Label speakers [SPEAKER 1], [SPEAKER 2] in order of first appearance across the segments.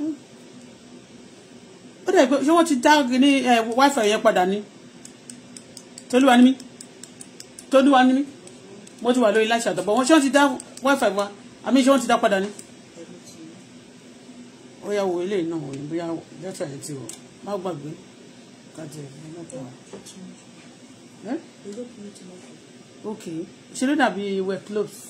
[SPEAKER 1] ó dẹ̀ pé ṣé wọ́n ti dá ní wifi yẹn padà ni tolúwa ni mí tolúwa ni mí mo ti wà lórí láti àtọ̀bọ̀ wọn ṣé wọ́n ti dá wifi wa àmì ṣé wọ́n ti dá padà ni ó yà wò ilé náà òyìn bóyá lẹ́tà yẹn ti wọ̀ má gbàgbé kájẹ ọlọ́pàá ok ṣe ló dàbí wet clothes.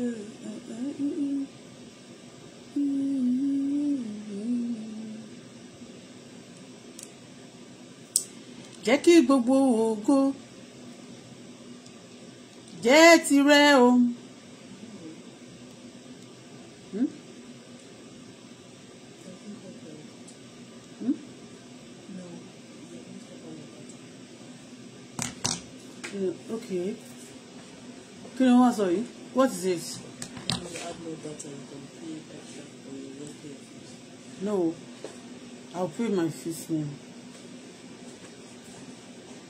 [SPEAKER 1] jẹ́ kí gbogbo ògo jẹ́ tirẹ̀ o. Hmm? Hmm? Hmm, ok kí ni wọ́n sọ yìí. What is it? No, I'll pay my fees now.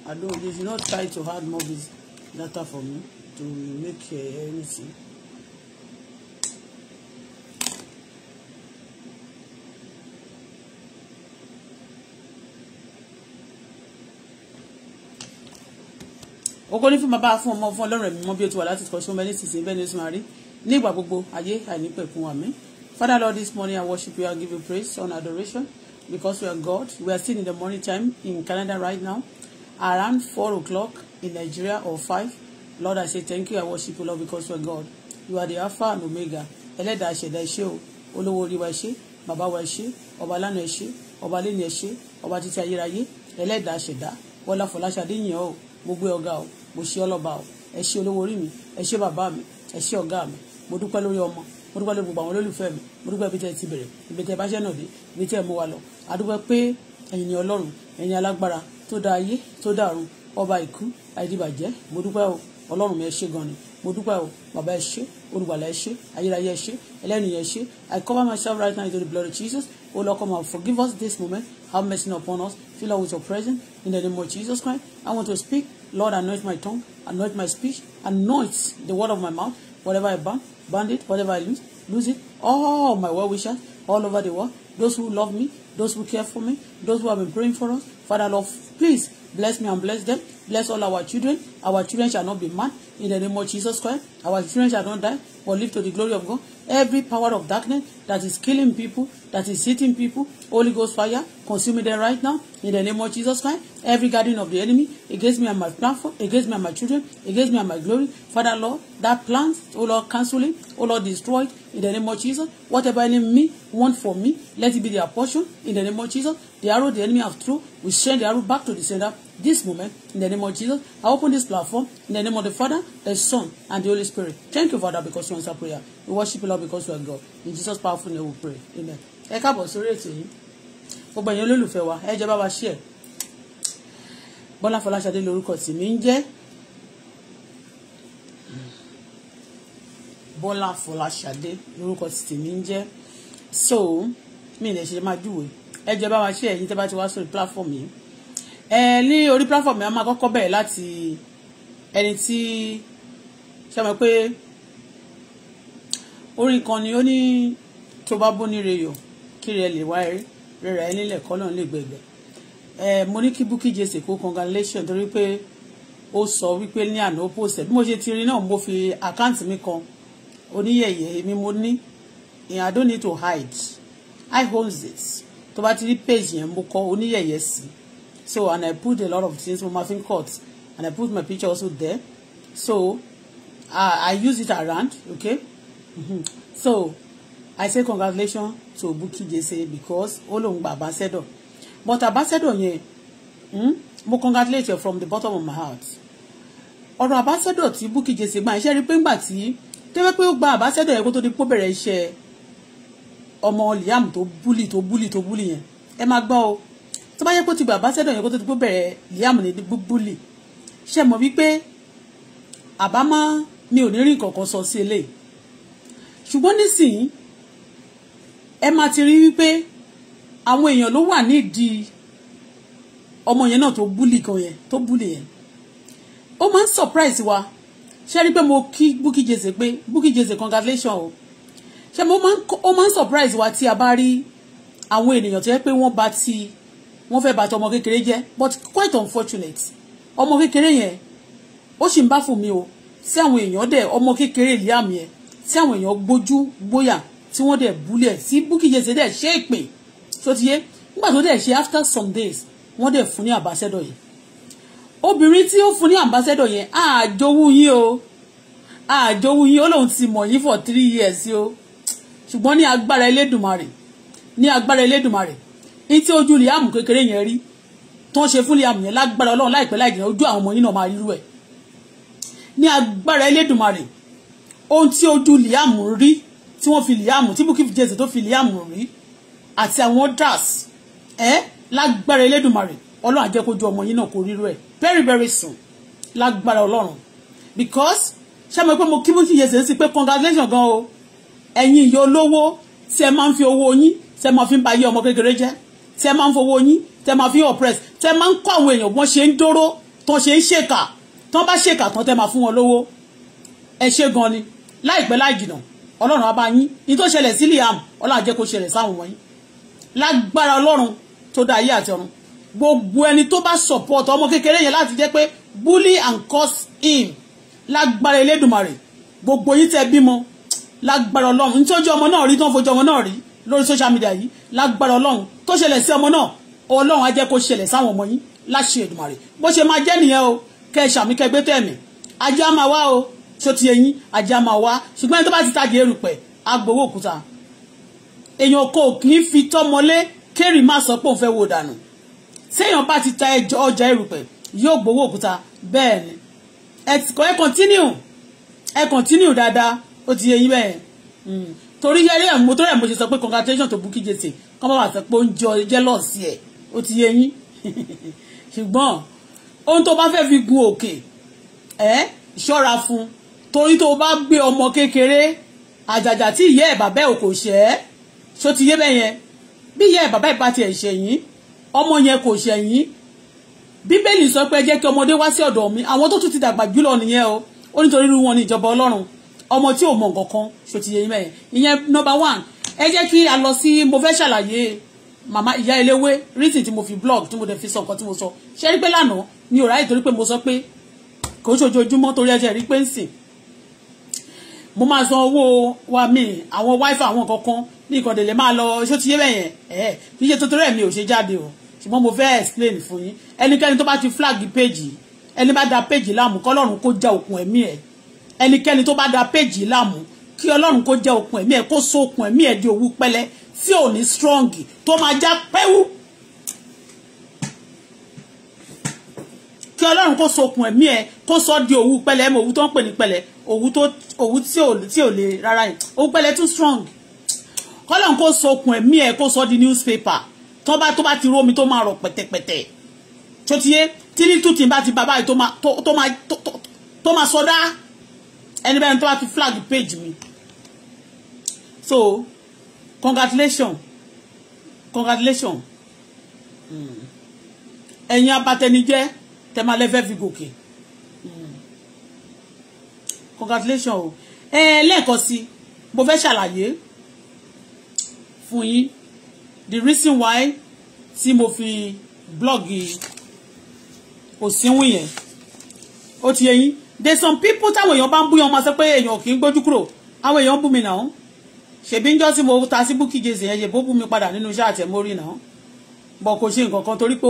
[SPEAKER 1] I don't, they should not try to add more data for me to make uh, anything. ògo ní fún bàbá fún ọmọ fún ọlọ́run ẹ̀mí mọ́ bí o ti wà láti kọ́ sọ́mọ ẹni sísìn bẹ́ẹ̀ ni oṣù màrí ní ìgbà gbogbo ayé àìnípẹ̀kun àmín Father Lord this morning I worship you I give you praise and adoration because we are God we are still in the morning time in Canada right now around four o'clock in Nigeria or five Lord I say thank you I worship you Lord because you are God you are the Alpha and Omega ẹlẹ́dà àṣẹ̀dá ẹṣẹ́ o olówó orí wa ẹṣẹ́ bàbá wa ẹṣẹ́ ọba lánàá ẹṣẹ́ ọba lẹ́nu ẹṣẹ́ ọba títí ayérayé ẹlẹ́dà àṣẹ̀dá wọlá fọláṣadé yìnyín o mo gbé ọgá o mo ṣe ọlọ́ba o ẹ ṣe olówó orí mi ẹ ṣe bàbá mi ẹ ṣe ọ̀gá mi mo dúpẹ́ lórí ọmọ mo dúpẹ́ lórí gbogbo àwọn olólùfẹ́ mi mo dúpẹ́ ibi tẹ́ ti bẹ̀rẹ̀ ibi tẹ́ bá ṣẹ́ náà dé ibi tẹ́ mú wa lọ a pé ẹ̀yin ọlọ́run ẹ̀yin alágbára tó dá ayé tó dá ọ̀run ọba ìkú àìdìbàjẹ́ mo dúpẹ́ o ọlọ́run mi ẹ ṣé gan ni mo dúpẹ́ o bàbá ẹ ṣé olùgbàlà ẹ ṣé ayérayé ẹ ṣé ẹlẹ́nìí ẹ ṣé I cover myself right now into the blood of Jesus O Lord come and forgive us this moment have mercy upon us fill us with your presence in the name of Jesus Christ I want to speak Lord, anoint my tongue, anoint my speech, anoint the word of my mouth, whatever I ban, ban it, whatever I lose, lose it. All my well wishers all over the world, those who love me, those who care for me, those who have been praying for us. Father, Lord, please bless me and bless them. Bless all our children. Our children shall not be mad. In the name of Jesus Christ, our children shall not die, but live to the glory of God every power of darkness that is killing people, that is hitting people, Holy Ghost fire, consuming them right now in the name of Jesus Christ. Every guardian of the enemy against me and my platform, against me and my children, against me and my glory. Father Lord, that plan, oh Lord, cancel it, oh Lord, destroy it in the name of Jesus. Whatever enemy want for me, let it be their portion in the name of Jesus. The arrow the enemy have through, we send the arrow back to the sender this moment in the name of Jesus. I open this platform in the name of the Father, the Son, and the Holy Spirit. Thank you, Father, because you answer prayer. We worship you, Lord, because you are God. In Jesus' powerful name we pray. Amen. Ẹ káàbọ̀ sórí ètò yìí. Gbogbo ẹ̀yin olólùfẹ́ wa, ẹ jẹ́ bá wa ṣí ẹ̀. Bọ́lá Fọláṣadé lorúkọ tèmi ń jẹ́. Bọ́lá Fọláṣadé lorúkọ tèmi ń jẹ́. So, mi ì lè ṣe máa júwèé ẹ jẹ́ bá wa ṣe ẹ̀yin tẹ́ bá ti wá sórí platform yìí ẹ ní orí platform yìí a máa kọ́kọ́ bẹ̀rẹ̀ láti ẹni tí ṣe mọ̀ pé orí kan ni ó ní tó bá bó ní reyò kiri ẹ lè wá ẹ rẹra ẹ nílẹ̀ kọ́ náà lè gbẹgbẹ ẹ mo ní kí Bukky Jesse kó congratulation torí pé ó sọ wípé ní àná ó pòsẹ bí mo ṣe ti rí náà mo fi àkáǹtì mi kan oníyẹyẹ mi mo ní I don't need to hide I own this tó bá ti rí page yẹn mo kọ oníyẹ̀yẹ sí so and I put a lot of things mo ma fi cut and I put my picture also there so I, I use it around okay mm-hmm. so I say congratulations to Bukky Jese because ó lóun gba ambassador but ambassador yẹn mm, mo congratulate you from the bottom of my heart ọ̀rọ̀ ambassador tí Bukky Jesse gbà iṣẹ́ rí pé ńgbà tí tẹ́wẹ́ pé ó gba ambassador yẹn kó tó di pọ́ bẹ̀rẹ̀ iṣẹ́ ọmọ Liam tó búlì tó búlì tó búlì yẹn ẹ máa gbọ́ o tó bá yẹ kó ti gbà bá sẹ́dọ̀ yẹn kó tó ti gbó bẹ̀rẹ̀ Liam ní búlì ṣe mọ̀ wípé àbámọ́ mi ò ní rí nǹkan kan sọ sí eléyìí ṣùgbọ́n nísìnyí ẹ máa ti rí wípé àwọn èèyàn ló wà nídìí ọmọ yẹn náà tó búlì kan yẹn tó búlì yẹn ó máa ń surprise wa ṣe rí pé mo kí Bukky Jesse pé Bukky Jesse congratulation o ṣe mo máa ń ó máa ń surprise wa tí a bá rí àwọn ènìyàn tó yẹ pé wọ́n bá ti wọ́n fẹ́ bá ti ọmọ kékeré jẹ́ but quite unfortunate ọmọ kékeré yẹn ó sì ń bá fún mi o tí àwọn èèyàn dẹ̀ ọmọ kékeré ìlú àmì ẹ̀ tí àwọn èèyàn gbójú gbóyà tí wọ́n dẹ̀ búlẹ̀ tí Bukky Jesse dẹ̀ ṣe ìpè tó ti yé nígbà tó dẹ̀ ṣe after some days wọ́n dẹ̀ fún ní àbáṣẹ́dọ̀ yẹn obìnrin tí ó fún ní àbáṣẹ́dọ̀ yẹn àjowú yín o àjowú yín ó lóun ti mọ̀ yín for three years o ṣùgbọ́n ní agbára elédùnmarè ní agbára elédùnmarè ní tí ojú liam kékeré yẹn rí tó ń ṣe fún liam yẹn lágbára ọlọ́run láìpẹ́ láìjìnà ojú àwọn ọmọ yìí náà máa rírú ẹ̀ ní agbára elédùnmarè ohun tí ojú liam rí tí wọ́n fi liam tí Bukky Jesse tó fi liam rí àti àwọn das ẹ lágbára elédùnmarè ọlọ́run á jẹ́ ọmọ yìí náà kó rírú ẹ̀ very very soon lágbára ọlọ́run because ṣé mo pé mo kí Bukky Jesse sí pé congratulation gan o ẹ̀yin ìyá olówó tí ẹ máa ń fi owó yín tí ẹ máa fi ń ba ayé ọmọ kékeré jẹ́ tí ẹ máa ń fowó yín tí ẹ máa fi ń oppress tí ẹ máa ń kọ́ àwọn èèyàn bọ́n ṣe ń dóró tán ṣe ń ṣèkà tán bá ṣèkà tán tẹ́ máa fún wọn lówó ẹ ṣe gan ni láìpẹ́ láì jìnà ọlọ́run á bá yín ní tó ṣẹlẹ̀ sí Liam ọlọ́run jẹ́ kó sáwọn wọ̀nyí lágbára ọlọ́run tó dá ayé àti ọ̀run gbogbo ẹni tó bá support ọmọ kékeré yẹn láti jẹ́ pé bully and curse him lágbára elédùnmarè gbogbo yín tẹ́ bímọ lágbára ọlọ́run ní tójú ọmọ náà rí tó ń fojú ọmọ náà rí lórí social media yìí lágbára ọlọ́run tó ṣẹlẹ̀ sí ọmọ náà ọlọ́run á jẹ́ kó ṣẹlẹ̀ sáwọn ọmọ yín láṣẹ Èdùmàrè bó ṣe máa jẹ́ nìyẹn o kẹ́ ẹ ṣàmì kẹ́ gbé tẹ̀mí ajá máa wá o tó ti yẹyìn ajá máa wá ṣùgbọ́n ẹni tó bá ti tajà erùpẹ̀ agbowó òkúta èèyàn kò kì í fi tọ́mọlé kérì má sọ pé òun fẹ́ wò continue ẹ continue dáadáa ó ti yẹ yín bẹ́ẹ̀ hmm. torí yẹ́rí ẹ̀ mo torí ẹ̀ mo ṣe sọ pé congratulation to Bukky Jesse kọ́ bá wà sọ pé ó ń jọ jẹ́lọ́ọ̀sì ẹ̀ ó ti yẹ yín ṣùgbọ́n ohun tó bá fẹ́ fi gun òkè ẹ̀ ṣọ́ra fún torí tó bá gbé ọmọ kékeré àjàjà tí ìyá ẹ̀ bàbá ẹ̀ kò ṣẹ́ ẹ́ ṣó ti yé bẹ́ẹ̀ yẹn bí ìyá ẹ̀ bàbá ẹ̀ bá tiẹ̀ ṣẹ̀yìn ọmọ yẹn kò ṣẹ̀yìn bíbélì sọ pé ẹ jẹ́ kí ọmọdé wá sí ọ̀dọ̀ mi àwọn tó tún ti dàgbà jùlọ nìyẹn o ó nítorí wọn ní ìjọba ọlọ́run ọmọ tí ò mọ nǹkan kan ṣòtìyẹ yín mẹ́yẹn ìyẹn number one ẹ jẹ́ kí a lọ sí mo fẹ́ ṣàlàyé màmá ìyá eléwé reason tí mo fi blog tí mo dẹ̀ fi sọ nǹkan tí mo sọ ṣe rí pé lánàá mi ò ráyè torí pé mo sọ pé kò ṣojoojúmọ́ torí ẹ̀jẹ̀ rí pé ń sìn mo máa san owó wa mi àwọn wifi àwọn kankan ní ìkọ̀dé lè máa lọ ṣó ti yé bẹ̀yẹn ẹ̀ kì í ṣe tuntun rẹ̀ mi ò ṣe jáde o ṣùgbọ́n mo fẹ́ explain fún yín ẹnikẹ́ni tó bá ti flag page ẹni bá da page láàmú kọ́lọ́run kó já òkun ẹ̀mí ẹ̀ ẹnikẹ́ni tó bá da péjì láàmú kí ọlọ́run kó jẹ́ okùn ẹ̀mí ẹ̀ kó so okùn ẹ̀mí ẹ̀ di òwú pẹ́lẹ́ tí ò ní strong tó máa já pẹ́wú kí ọlọ́run kó so okùn ẹ̀mí ẹ̀ kó sọ di òwú pẹ́lẹ́ ẹ̀mọ òwú tó ń pè ní pẹ́lẹ́ òwú tí ò lè rárá yìí òwú pẹ́lẹ́ tún strong kọ́lọ́run kó so okùn ẹ̀mí ẹ̀ kó sọ di newspaper tó bá tó bá ti rómi tó máa rọ̀ pẹ̀tẹ̀pẹ̀tẹ̀ tó ti yé tí ní tùtì bá ti bàbá yìí tó máa sọdá ẹni bẹ́ẹ̀ ni tó bá ti flag page mi so congratulation congratulation hmm. ẹ̀yin abatẹnijẹ́ tẹ máa lẹ́fẹ́ fi gòkè hmm. congratulation o ẹ lẹ́ẹ̀kan sí mo fẹ́ ṣàlàyé fún yín the reason why tí mo fi blog òsínwó yẹn ó ti yẹ yín there's some people táwọn èèyàn bá ń búyàn máa sọ pé èèyàn kì í gbójú kúrò àwọn èèyàn bú mi náà ṣèbí ń jọ́ sí mo ta sí búkì jèsè yẹn ṣèbó bú mi padà nínú iṣẹ́ àtẹ̀mórí náà bọ̀ kò ṣe nǹkan kan torí pé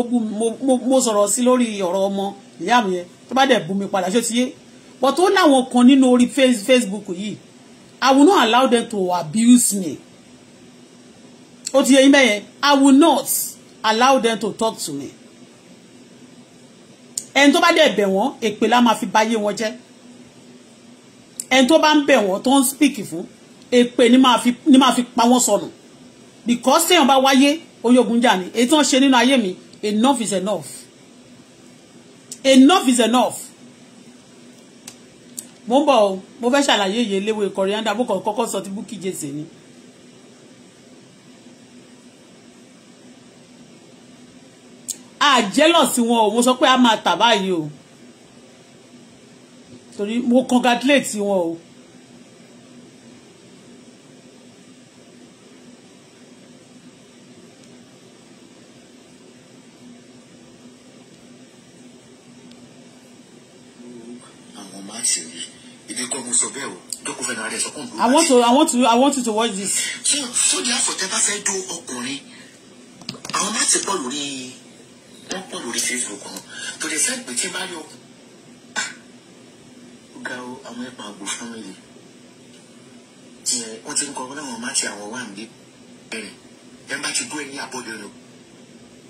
[SPEAKER 1] mo sọ̀rọ̀ sí lórí ọ̀rọ̀ ọmọ ìyá mi yẹn tó bá dẹ̀ bú mi padà ṣó ti yé but ó láwọn kan nínú orí Facebook yìí I will not allow them to abuse me ó ti yẹ yín bẹ́yẹn I will not allow them to talk to me ẹni tó bá dẹ̀ bẹ̀ wọ́n èpè la máa fi báyé wọn jẹ́ ẹni tó bá ń bẹ̀ wọ́n tó ń speak fún èpè ni máa fi pa wọ́n sọnù because téèyàn bá wáyé oyógun jà ní èyí tí wọ́n ṣe nínú ayé mi enough is enough enough is enough mo ń bọ̀ mo fẹ́ ṣàlàyé iye eléwé kọ̀ríándà mo kàn kọ́kọ́ sọ ti Bukky Jesse ni. a jealous wọn mo sọ pé a máa tà báyìí o torí mo congratulate wọn o.
[SPEAKER 2] I want
[SPEAKER 1] to I want to I want you to watch this.
[SPEAKER 2] So so therefore tẹ bá do ọkùnrin àwọn máa ti pọ̀ lórí wọ́n pọ̀ lórí facebook wọn tó lè sẹ́ pé tí bá yọ ah! ga o àwọn ẹ̀pà àgbò fún mi lè tiẹ̀ wọ́n ti ń kọ́ láwọn má ti àwọn wà níbí ẹ̀rìn ẹ̀ bá ti gbó ẹ̀yìn àbọ̀dọ̀ lọ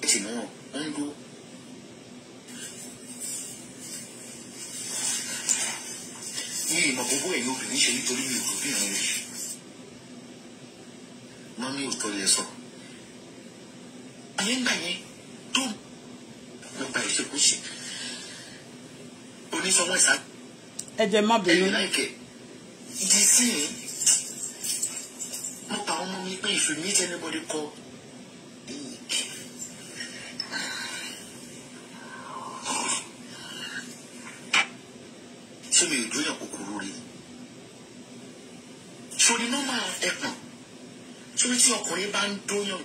[SPEAKER 2] ẹ̀ sì mọ́ wọn ń dúró. ní ìmọ̀ gbogbo ẹ̀yin obìnrin ṣe nítorí mi ò rò bí ìrìn rí mọ́mí ò tó lè sọ. àyè yẹn tó nípa ìṣekúṣe onífọwọ́ ìsá. ẹ jẹ má bínú. ẹ̀yìn láìkẹ́ ìdí sí i mo pa ọmọ mi pé if you meet anybody call ṣé mi ò dúnyà kòkòrò rí i sori nọ́mà ẹ̀pọ̀n sórí tí ọkùnrin bá ń dóyàn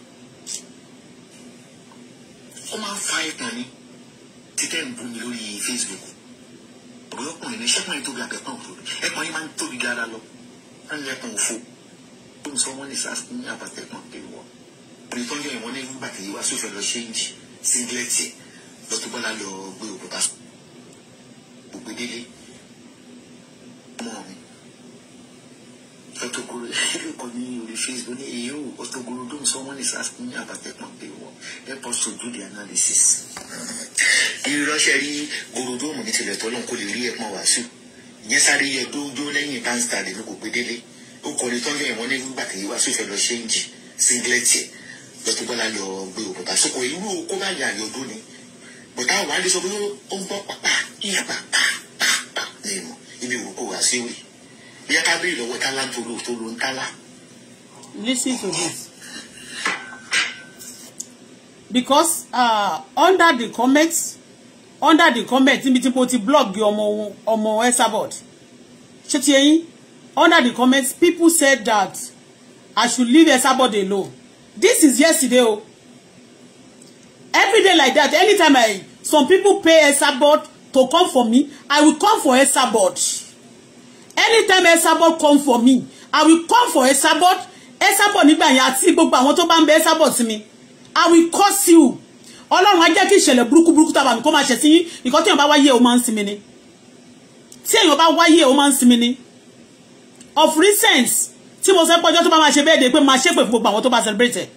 [SPEAKER 2] ó máa ń fa ẹ̀pọ̀n ni ti tẹ́ ń bú mi lórí Facebook ọ̀bọ̀yọ̀ ọkùnrin ní sẹ́kùnrin tóbi àbẹ̀pọ̀ òfòrò ẹ̀pọ̀ yín máa ń tóbi dára lọ wọ́n ní ẹ̀pọ̀ òfò tó ń sọ wọ́n ní sars ní àbàtẹ̀pọ̀ èèwọ̀ onítọ́jú ẹ̀wọ̀n ní nígbà tí wàá sófin lọ ṣéǹjì síngilẹ́tì lọ́tọ́ bọ́lá lọ gbé òkúta gbogbo délé ọmọ mi Auto Guru kò ní orí Facebook ní èyí ò Auto Guru dùn someone is asking about ẹ̀pọ̀n pé wọ́n help us to do the analysis. Irọ́ṣẹ́ rí Gurudom ní tilẹ̀ tọ́lọ́ kò lè rí ẹ̀pọ̀n wá sí. Ìyẹn sáré yẹ dóńdó lẹ́yìn Bansta lè ní kò gbé délé. Ó kọ́ ni tọ́jú ẹ̀wọ̀n ní gbígbà kì í wá sí ìfẹ́ lọ ṣe ń jì singlet yẹ. Dr. Bọ́lá lọ gbé òkú bá irú okó bá yà yọdún ni. Bọ̀dá wàá lè sọ pé ó ń bọ́ pàpà ìyá pàpà pàpà bí ká béèrè lọ́wọ́ tálá nítorí òtó ló ń tálá.
[SPEAKER 1] listen to this because uh, under the comments under the comment níbi tí mo ti blog ọmọ ọmọ Esabod ṣé ti yẹn under the comments people said that I should leave Esabod alone this is yesterday o oh. every day like that anytime I some people pay Esabod to come for me I will come for Esabod anytime Esabot, come for me I will come for Esabot. Esabot, nígbà yẹn àti gbogbo àwọn tó bá ń bẹ mi I will curse you ọlọ́run á jẹ́ kí ìṣẹ̀lẹ̀ burúkú burúkú tàbí kó máa ṣẹ̀ sí yín nǹkan tí èèyàn bá wáyé o máa ń sinmi ni tí èèyàn bá wáyé o máa ń ni of recent tí mo sẹ́ pọ́jọ́ to bá máa ṣe bẹ́ẹ̀ de pé máa ṣépè fún gbogbo àwọn tó bá celebrate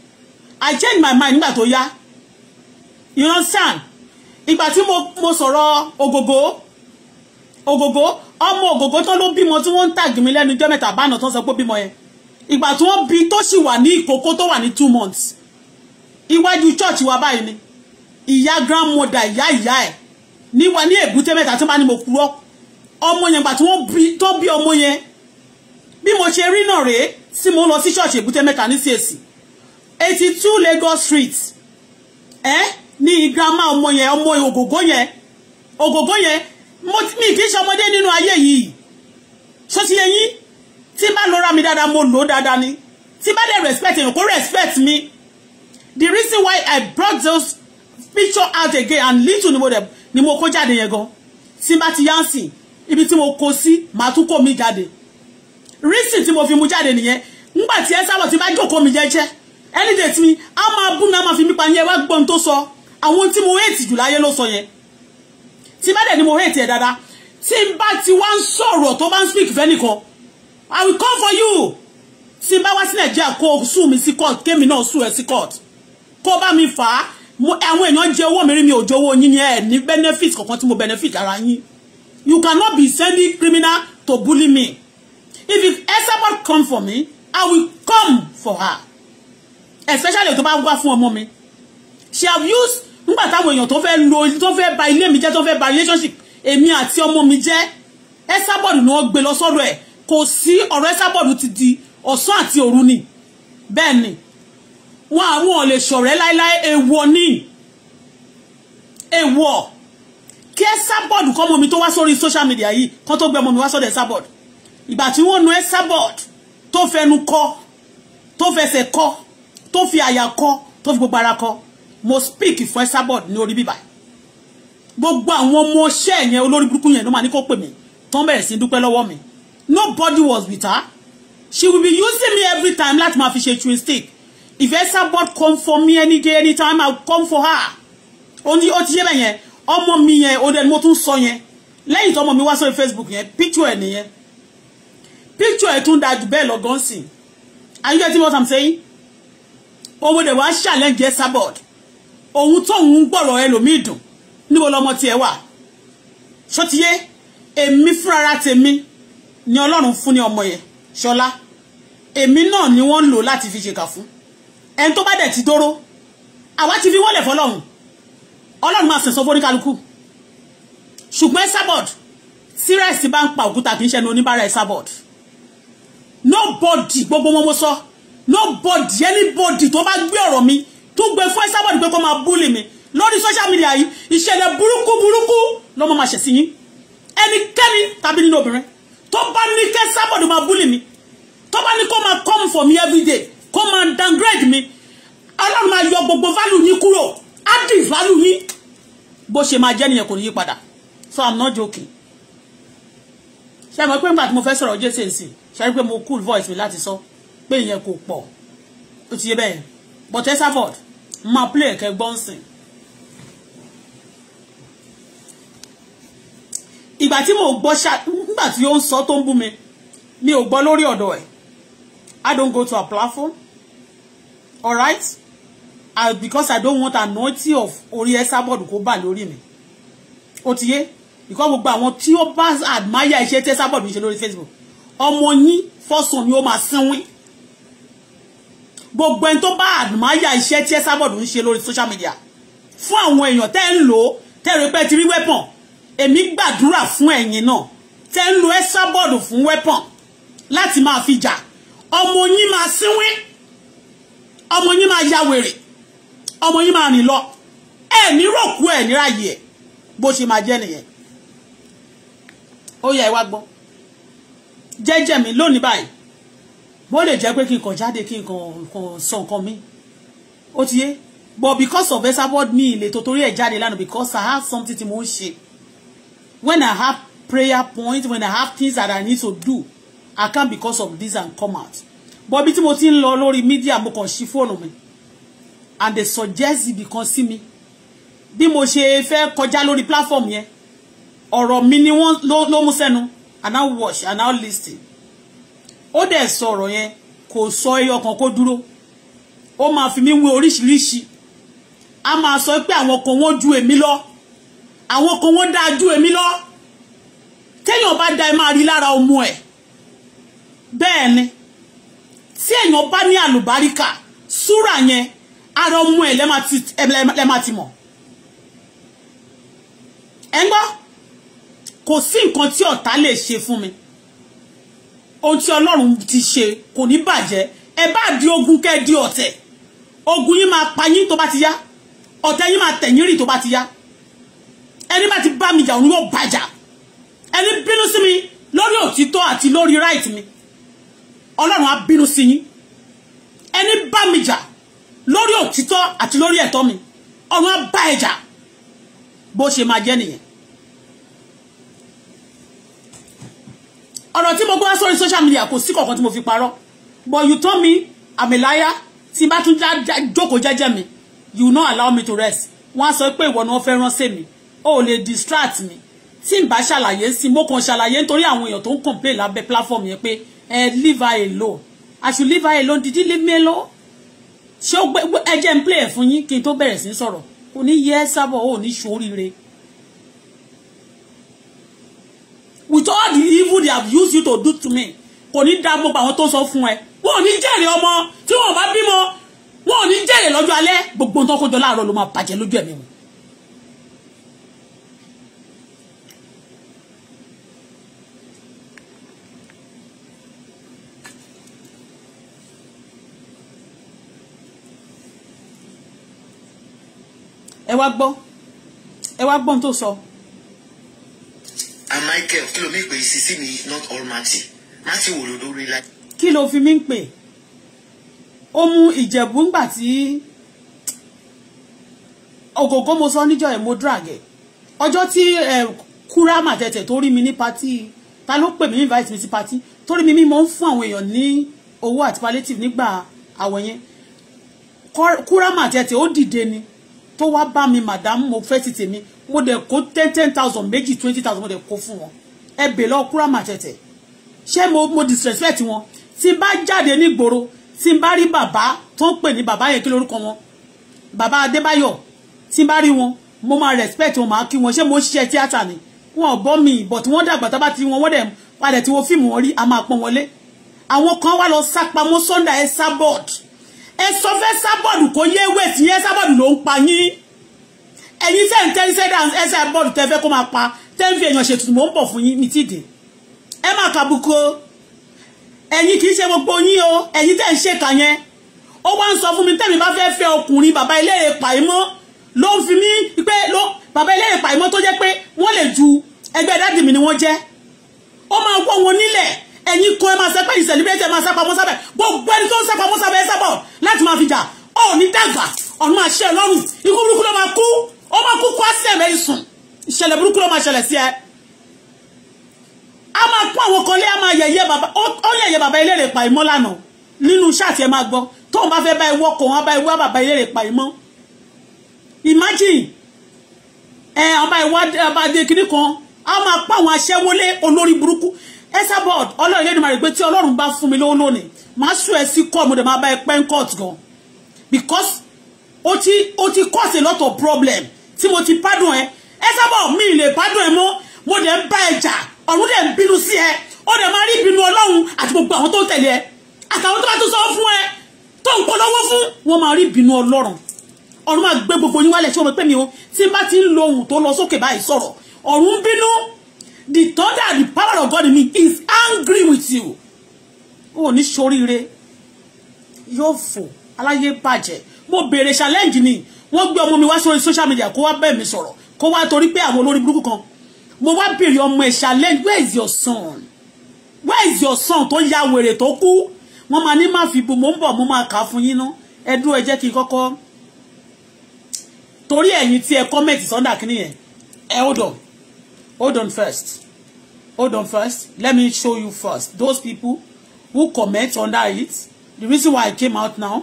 [SPEAKER 1] I change my mind nígbà tó yá you understand ìgbà tí mo sọ̀rọ̀ ògògó ògògó ọmọ ògògó tó ló bímọ tí wọ́n ń tàgì mí lẹ́nu jẹ́ mẹ́ta bánà tó ń sọ pé bímọ yẹn ìgbà tí wọ́n bí tó sì wà ní ìkókó tó wà ní two months iwájú church wa báyìí ni ìyá grandmother ìyá ìyá ẹ̀ níwa ní èbúté mẹ́ta tí wọ́n ní mo kúrọ́ ọmọ yẹn gbà tí wọ́n bí tó bí ọmọ yẹn bí mo ṣe rí náà rèé tí mo lọ sí church èbúté mẹ́ta ní CAC eighty two Lagos Street ẹ ní grandma ọmọ yẹn ọmọ ògògó yẹn ògògó yẹn mo mi kì í ṣọmọdé nínú yi, so ṣó ti yẹ yín tí bá lọ́ra mi dáadáa mo lò ó dáadáa ni tí bá dẹ̀ respect èèyàn ko respect me. the reason why I brought those picture out again and little ni mo dẹ̀ ni mo kó jáde yẹn gan tí bá ti yansi, ibi tí mo kó sí màá tún kó mi jáde reason tí mo fi mu jáde nìyẹn nígbà tí ẹ sábà tí bá jókòó mi jẹ́jẹ́ any day tí mi á máa bú mi á máa fi mi pa yẹn wá gbọ́n tó sọ àwọn tí mo hate jù láyé ló sọ yẹn tí bá dẹ̀ ni mo hate ẹ̀ dáadáa tí n bá ti wá ń sọ̀rọ̀ tó bá ń speak fẹ́nìkan i will come for you tí n bá wá sí nàìjíríà kó o sùn mi sí court kémi náà sùn ẹ sí court kó bá mi fà á àwọn èèyàn jẹ owó mi rí mi ò jẹ yín ni ẹ ní benefit kankan tí mo benefit ara yín you cannot be sending criminal to bully me if you ever come for me i will come for her especially tó bá wá fún ọmọ mi she have used nígbà táwọn èèyàn tó fẹ́ lo tó fẹ́ ba ilé mi jẹ́ tó fẹ́ ba relationship èmi àti ọmọ mi jẹ́ ẹ sábọ̀dù ni wọ́n gbé lọ sọ́dọ̀ ẹ̀ kò sí ọ̀rọ̀ ẹ sábọ̀dù ti di ọ̀sán àti òru ni bẹ́ẹ̀ ni wọn àwọn ò lè ṣọ̀rẹ́ láéláé èèwọ̀ ni èèwọ̀ kí ẹ sábọ̀dù kọ́ ọmọ mi tó wá sórí social media yìí kó tó gbé ọmọ mi wá sọ́dọ̀ ẹ sábọ̀dù ìgbà tí wọ́n nu ẹ sábọ̀dù tó fẹnu kọ tó fẹsẹ̀ kọ tó fi àyà kọ tó fi gbogbo ara kọ mo speak fún Esabod ní orí bíbá gbogbo àwọn ọmọ iṣẹ́ yẹn olórí burúkú yẹn ló máa ní kó pè mí tán bẹ̀rẹ̀ sí dúpẹ́ lọ́wọ́ mi nobody was with her she will be using me every time láti máa fi ṣe chewing stick if Esabod come for me any day any time I will come for her ó ní ó ti yé bẹ́ẹ̀ yẹn ọmọ mi yẹn ó dẹni mo tún sọ yẹn lẹ́yìn tọmọ mi wá sórí Facebook yẹn picture ẹ̀ nìyẹn picture ẹ̀ tún da jù bẹ́ẹ̀ lọ gan sí are you getting what I'm saying? de wa wá ṣàlẹ́ǹjẹ́ Esabod òun tóun ń gbọ̀rọ̀ ẹlòmíì dùn níbo lọmọ tiẹ̀ wà ṣótiyé èmi fúnra tèmi ni ọlọ́run fún ní ọmọ yẹn ṣọlá èmi náà ni wọ́n ń lò láti fi ṣèkà fún ẹni tó bá dẹ̀ ti dóró àwa ti fi wọ́lẹ̀ fọlọ́run ọlọ́run máa sẹ̀sọ́ fórí kálukú ṣùgbọ́n Esabod tí rẹ́ẹ̀sì bá ń pa òkúta kì í ṣẹ́ni oníbàárà Esabod nobody gbogbo wọn mo sọ nobody anybody tó bá gbé ọ̀rọ̀ mi tó gbé fún Esabod pé kó máa búlì mi lórí social media yìí ìṣẹ̀lẹ̀ burúkú burúkú ló máa ṣẹ̀ sí yín ẹnikẹ́ni tàbí nínú obìnrin tó bá ní kí Esabod máa búlì mi tó bá ní kó máa come for me every kó máa downgrade mi ọlọ́run máa yọ gbogbo value yín kúrò á value yín bó ṣe máa jẹ́ nìyẹn kò ní yí padà so i'm not joking ṣe mọ̀ pé nígbà tí mo fẹ́ sọ̀rọ̀ jésù èsì ṣe rí pé mo cool voice mi láti sọ pé ìyẹn kò pọ̀ ó ti yé bẹ́ẹ̀ but Esabod máa play ẹ̀kẹ́ gbọ́nsìn. ìgbà tí mo gbọ́ ṣá nígbà tí ó ń sọ tó ń bú mi mi ò gbọ́ lórí ọ̀dọ̀ ẹ̀ I don't go to her platform alright I, because I don't want anointing of orí ẹ sábọ̀dù kó bà lórí mi ó ti yé because gbogbo àwọn tí ó bá admire iṣẹ́ tẹ́ sábọ̀dù ń ṣe lórí Facebook ọmọ yín fọ́sùn ni ó máa sínwín gbogbo ẹni tó bá àdùmáyà iṣẹ́ tí ẹ sábọ̀dù ń ṣe lórí social media fún àwọn èèyàn tẹ́ ń lò ó tẹ́ rí pé ti rí wẹ́pọ̀n èmi gbàdúrà fún ẹ̀yin náà tẹ́ ń lo ẹ sábọ̀dù fún wẹ́pọ̀n láti máa fi jà ọmọ yín máa sínwín ọmọ yín máa ya wèrè ọmọ yín máa rìn lọ ẹ ní ròkú ẹ ní ráyè ẹ bó ṣe máa jẹ́ nìyẹn ó yẹ ẹ wá gbọ́ jẹ́jẹ́ mi lónìí báyìí bó lè jẹ́ pé kí n kàn jáde kí n kàn sọ nǹkan mi ó ti yé but because of Esabod mi ilé tó torí ẹ̀ jáde lánàá because I have something to mo ń when I have prayer point when I have things that I need to do I can because of this and come out but bí tí mo ti ń lọ media mo kàn ṣí fóònù mi and they suggest ibi kan sí mi bí mo ṣe fẹ́ kọjá lórí platform yẹn ọ̀rọ̀ mi ni wọ́n ló mú sẹ́nu and now watch and now listen ó dẹ̀ sọ̀rọ̀ yẹn kò sọ ẹyọ kan kó dúró ó máa fi mí wé oríṣiríṣi a máa sọ pé àwọn kan wọ́n ju èmi lọ àwọn kan wọ́n dáa ju èmi lọ téèyàn bá da ẹ máa rí lára ọmọ ẹ̀ bẹ́ẹ̀ ni tí èèyàn bá ní àlùbáríkà súrà yẹn ara ọmọ ẹ̀ lẹ́ máa ti mọ̀ ẹ ń gbọ́ kò sí nǹkan tí ọ̀tá lè ṣe fún mi ohun tí ọlọ́run ti ṣe kò ní bàjẹ́ ẹ bá di ogun kẹ́ di ọ̀tẹ̀ ogun yín máa pa yín tó bá ti yá ọ̀tẹ̀ yín máa tẹ̀yìn rì tó bá ti yá ẹni bá ti bá mi jà òun yóò bàjà ẹni bínú sí mi lórí òtítọ́ àti lórí right mi ọlọ́run á bínú sí yín ẹni bá mi jà lórí òtítọ́ àti lórí ẹ̀tọ́ mi ọ̀run á bá ẹ jà bó ṣe máa jẹ́ nìyẹn ọ̀rọ̀ tí mo gbọ́ sórí social media kò sí kankan tí mo fi parọ́ but you told me i'm a liar tí bá tún jókòó jẹ́jẹ́ mi you no allow me to rest wọ́n á sọ pé ìwọ ni wọ́n fẹ́ ránṣẹ́ mi o ò lè distract mi tí n bá ṣàlàyé sí mo kàn ṣàlàyé nítorí àwọn èèyàn tó ń complain lábẹ́ platform yẹn pé ẹ eh, leave her alone i should leave her alone did you leave me alone ṣé ó ẹ jẹ́ n play ẹ̀ fún yín kí n tó bẹ̀rẹ̀ sí sọ̀rọ̀ kò ní yẹ ẹ́ sábọ̀ ò ní ṣoríire with all the evil they have used you to do to me kò ní dá gbogbo àwọn tó sọ fún ẹ wọn ò ní jèrè ọmọ tí wọn bá bímọ wọn ò ní jèrè lọ́jọ́ alẹ́ gbogbo nǹkan kójọ láàárọ̀ ló máa bàjẹ́ lójú ẹ̀mí wọn. ẹ wá gbọ́ ẹ wá gbọ́ ohun tó sọ. So
[SPEAKER 2] and michael kí ló mi pè sisi mi not all matthew wò lódó rí
[SPEAKER 1] láì. kí ló fi mí ń pè ó mú ìjẹ̀bú ńgbà tí ògògó mo sọ níjọ́ ẹ̀ mo dragẹ̀ ọjọ́ tí kúrámà tẹ̀tẹ̀ tó rí mi ní patí ta ló pè mí invite mi sí patí torí mi mímọ́ ń fún àwọn èèyàn ní owó àti palliative nígbà àwọ̀ yẹn kúrámà tẹ̀tẹ̀ ó dìde ni tó wá bá mi màdámù mo fẹ́ ti tèmi mo dẹ̀ kó ten ten thousand méjì twenty thousand mo dẹ̀ kó fún wọn ẹ bè lọ kúrò àmà tẹ̀tẹ̀ ṣé mo mo disrespect wọn tí n bá jáde nígboro tí n bá rí bàbá tó ń pè ní bàbá yẹn kí lórúkọ wọn bàbá Adébáyọ̀ tí n bá rí wọn mo máa respect wọn máa kí wọn ṣé mo ń ṣiṣẹ́ tíátà ni wọn ò bọ́ mi but wọ́n dàgbà tá bá ti wọn wọ́n dẹ̀ palẹ̀ tí wọ́n fíìmù wọn rí a máa pọ́n wọlé àwọn kan wá lọ sápamọ́ Sunday ẹ̀ sábọ̀d ẹ̀ sọ fẹ́ sábọ̀d kò yé wẹ̀ sí ẹ̀ sábọ̀d ló ń pa yín ẹ̀yin tẹ́ ń tẹ́rí sẹ́dá ẹsẹ̀ bọ́ọ̀lù tẹ́ fẹ́ kó máa pa tẹ́ ń fi èèyàn ṣètùtù mò ń bọ̀ fún yín ní tìdè ẹ má kàbùkù o ẹ̀yin kì í ṣe gbogbo yín o ẹ̀yin tẹ́ ń ṣèkà yẹn ó wá ń sọ fún mi tẹ́mi bá fẹ́ fẹ́ ọkùnrin bàbá eléyè pàìmọ́ ló ń fi mí pé ló bàbá eléyè pàìmọ́ tó jẹ́ pé wọ́n lè ju ẹgbẹ́ dádì mi ni wọ́n jẹ́ ó máa wọ́ wọn nílẹ̀ ẹ̀yin kan ẹ máa sẹ́pẹ́ yìí celebrate ẹ máa sápa mọ́ sábẹ́ gbogbo ẹni tó ń sápa mọ́ sábẹ́ ẹ sábọ̀ láti máa fi jà ó ní dàgbà ọ̀nà máa ṣe ọlọ́run ikú burúkú ló máa kú ó máa kúkú á sí ẹ̀mẹ́ ìsùn ìṣẹ̀lẹ̀ burúkú ló máa ṣẹlẹ̀ sí ẹ a máa pọ́n àwọn kan lé a máa yẹ̀yẹ́ bàbá ó yẹ̀yẹ́ bàbá ilé rẹ̀ pa ìmọ́ lánàá nínú iṣẹ́ àti ẹ̀ máa gbọ́ tóun bá fẹ́ bá ìwọ́ kò wọ́n bá ìwọ́ bàbá ilé rẹ̀ pa ìmọ́ imagine ẹ ọba ìwọ́ ọba adé kiri kan a máa pọ́n àwọn aṣẹ́wọlé olórí burúkú Esabod ọlọ́run ilé ìdìmọ̀ rẹ̀ pé tí ọlọ́run bá fún mi lówó lónìí máa sùn ẹ sí kọ́ mo dẹ̀ máa bá ẹ pẹ́ ń kọ́ọ̀tù gan because ó ti ó ti cause a lot of problems tí mo ti pádùn ẹ ẹ sábà mi lè pádùn ẹ mọ́ mo dẹ̀ ń bá ẹ jà ọ̀run dẹ̀ ń bínú sí ẹ ó dẹ̀ máa rí ìbínú ọlọ́run àti gbogbo àwọn tó ń tẹ̀lé ẹ àtàwọn tó bá tún sọ fún ẹ tó ń polówó fún wọn máa rí ìbínú ọlọ́run ọ̀run máa gbé gbogbo yín wálẹ̀ tí wọ́n pẹ́ mi o tí n bá ti ń lo ohun tó lọ sókè báyìí sọ̀rọ̀ ọ̀run bínú the thunder the power of God in me is angry with you o ní ṣoríire yóò fò aláyé bàjẹ́ mo béèrè challenge ni wọ́n gbé ọmọ mi wá sórí social media kó wá bẹ́ẹ̀ mi sọ̀rọ̀ kó wá torí pé àwọn olórí burúkú kan mo wá bèrè ọmọ ẹ̀ challenge where is your son where is your son tó ya wèrè tó kú wọ́n máa ní má fi bu mo ń bọ̀ mo máa kà á fún yín ná ẹ dúró ẹ jẹ́ kí n kọ́kọ́ torí ẹ̀yin tí ẹ comment sunday kìíní yẹn ẹ hold on hold on first hold on first let me show you first those people who comment under it the reason why I came out now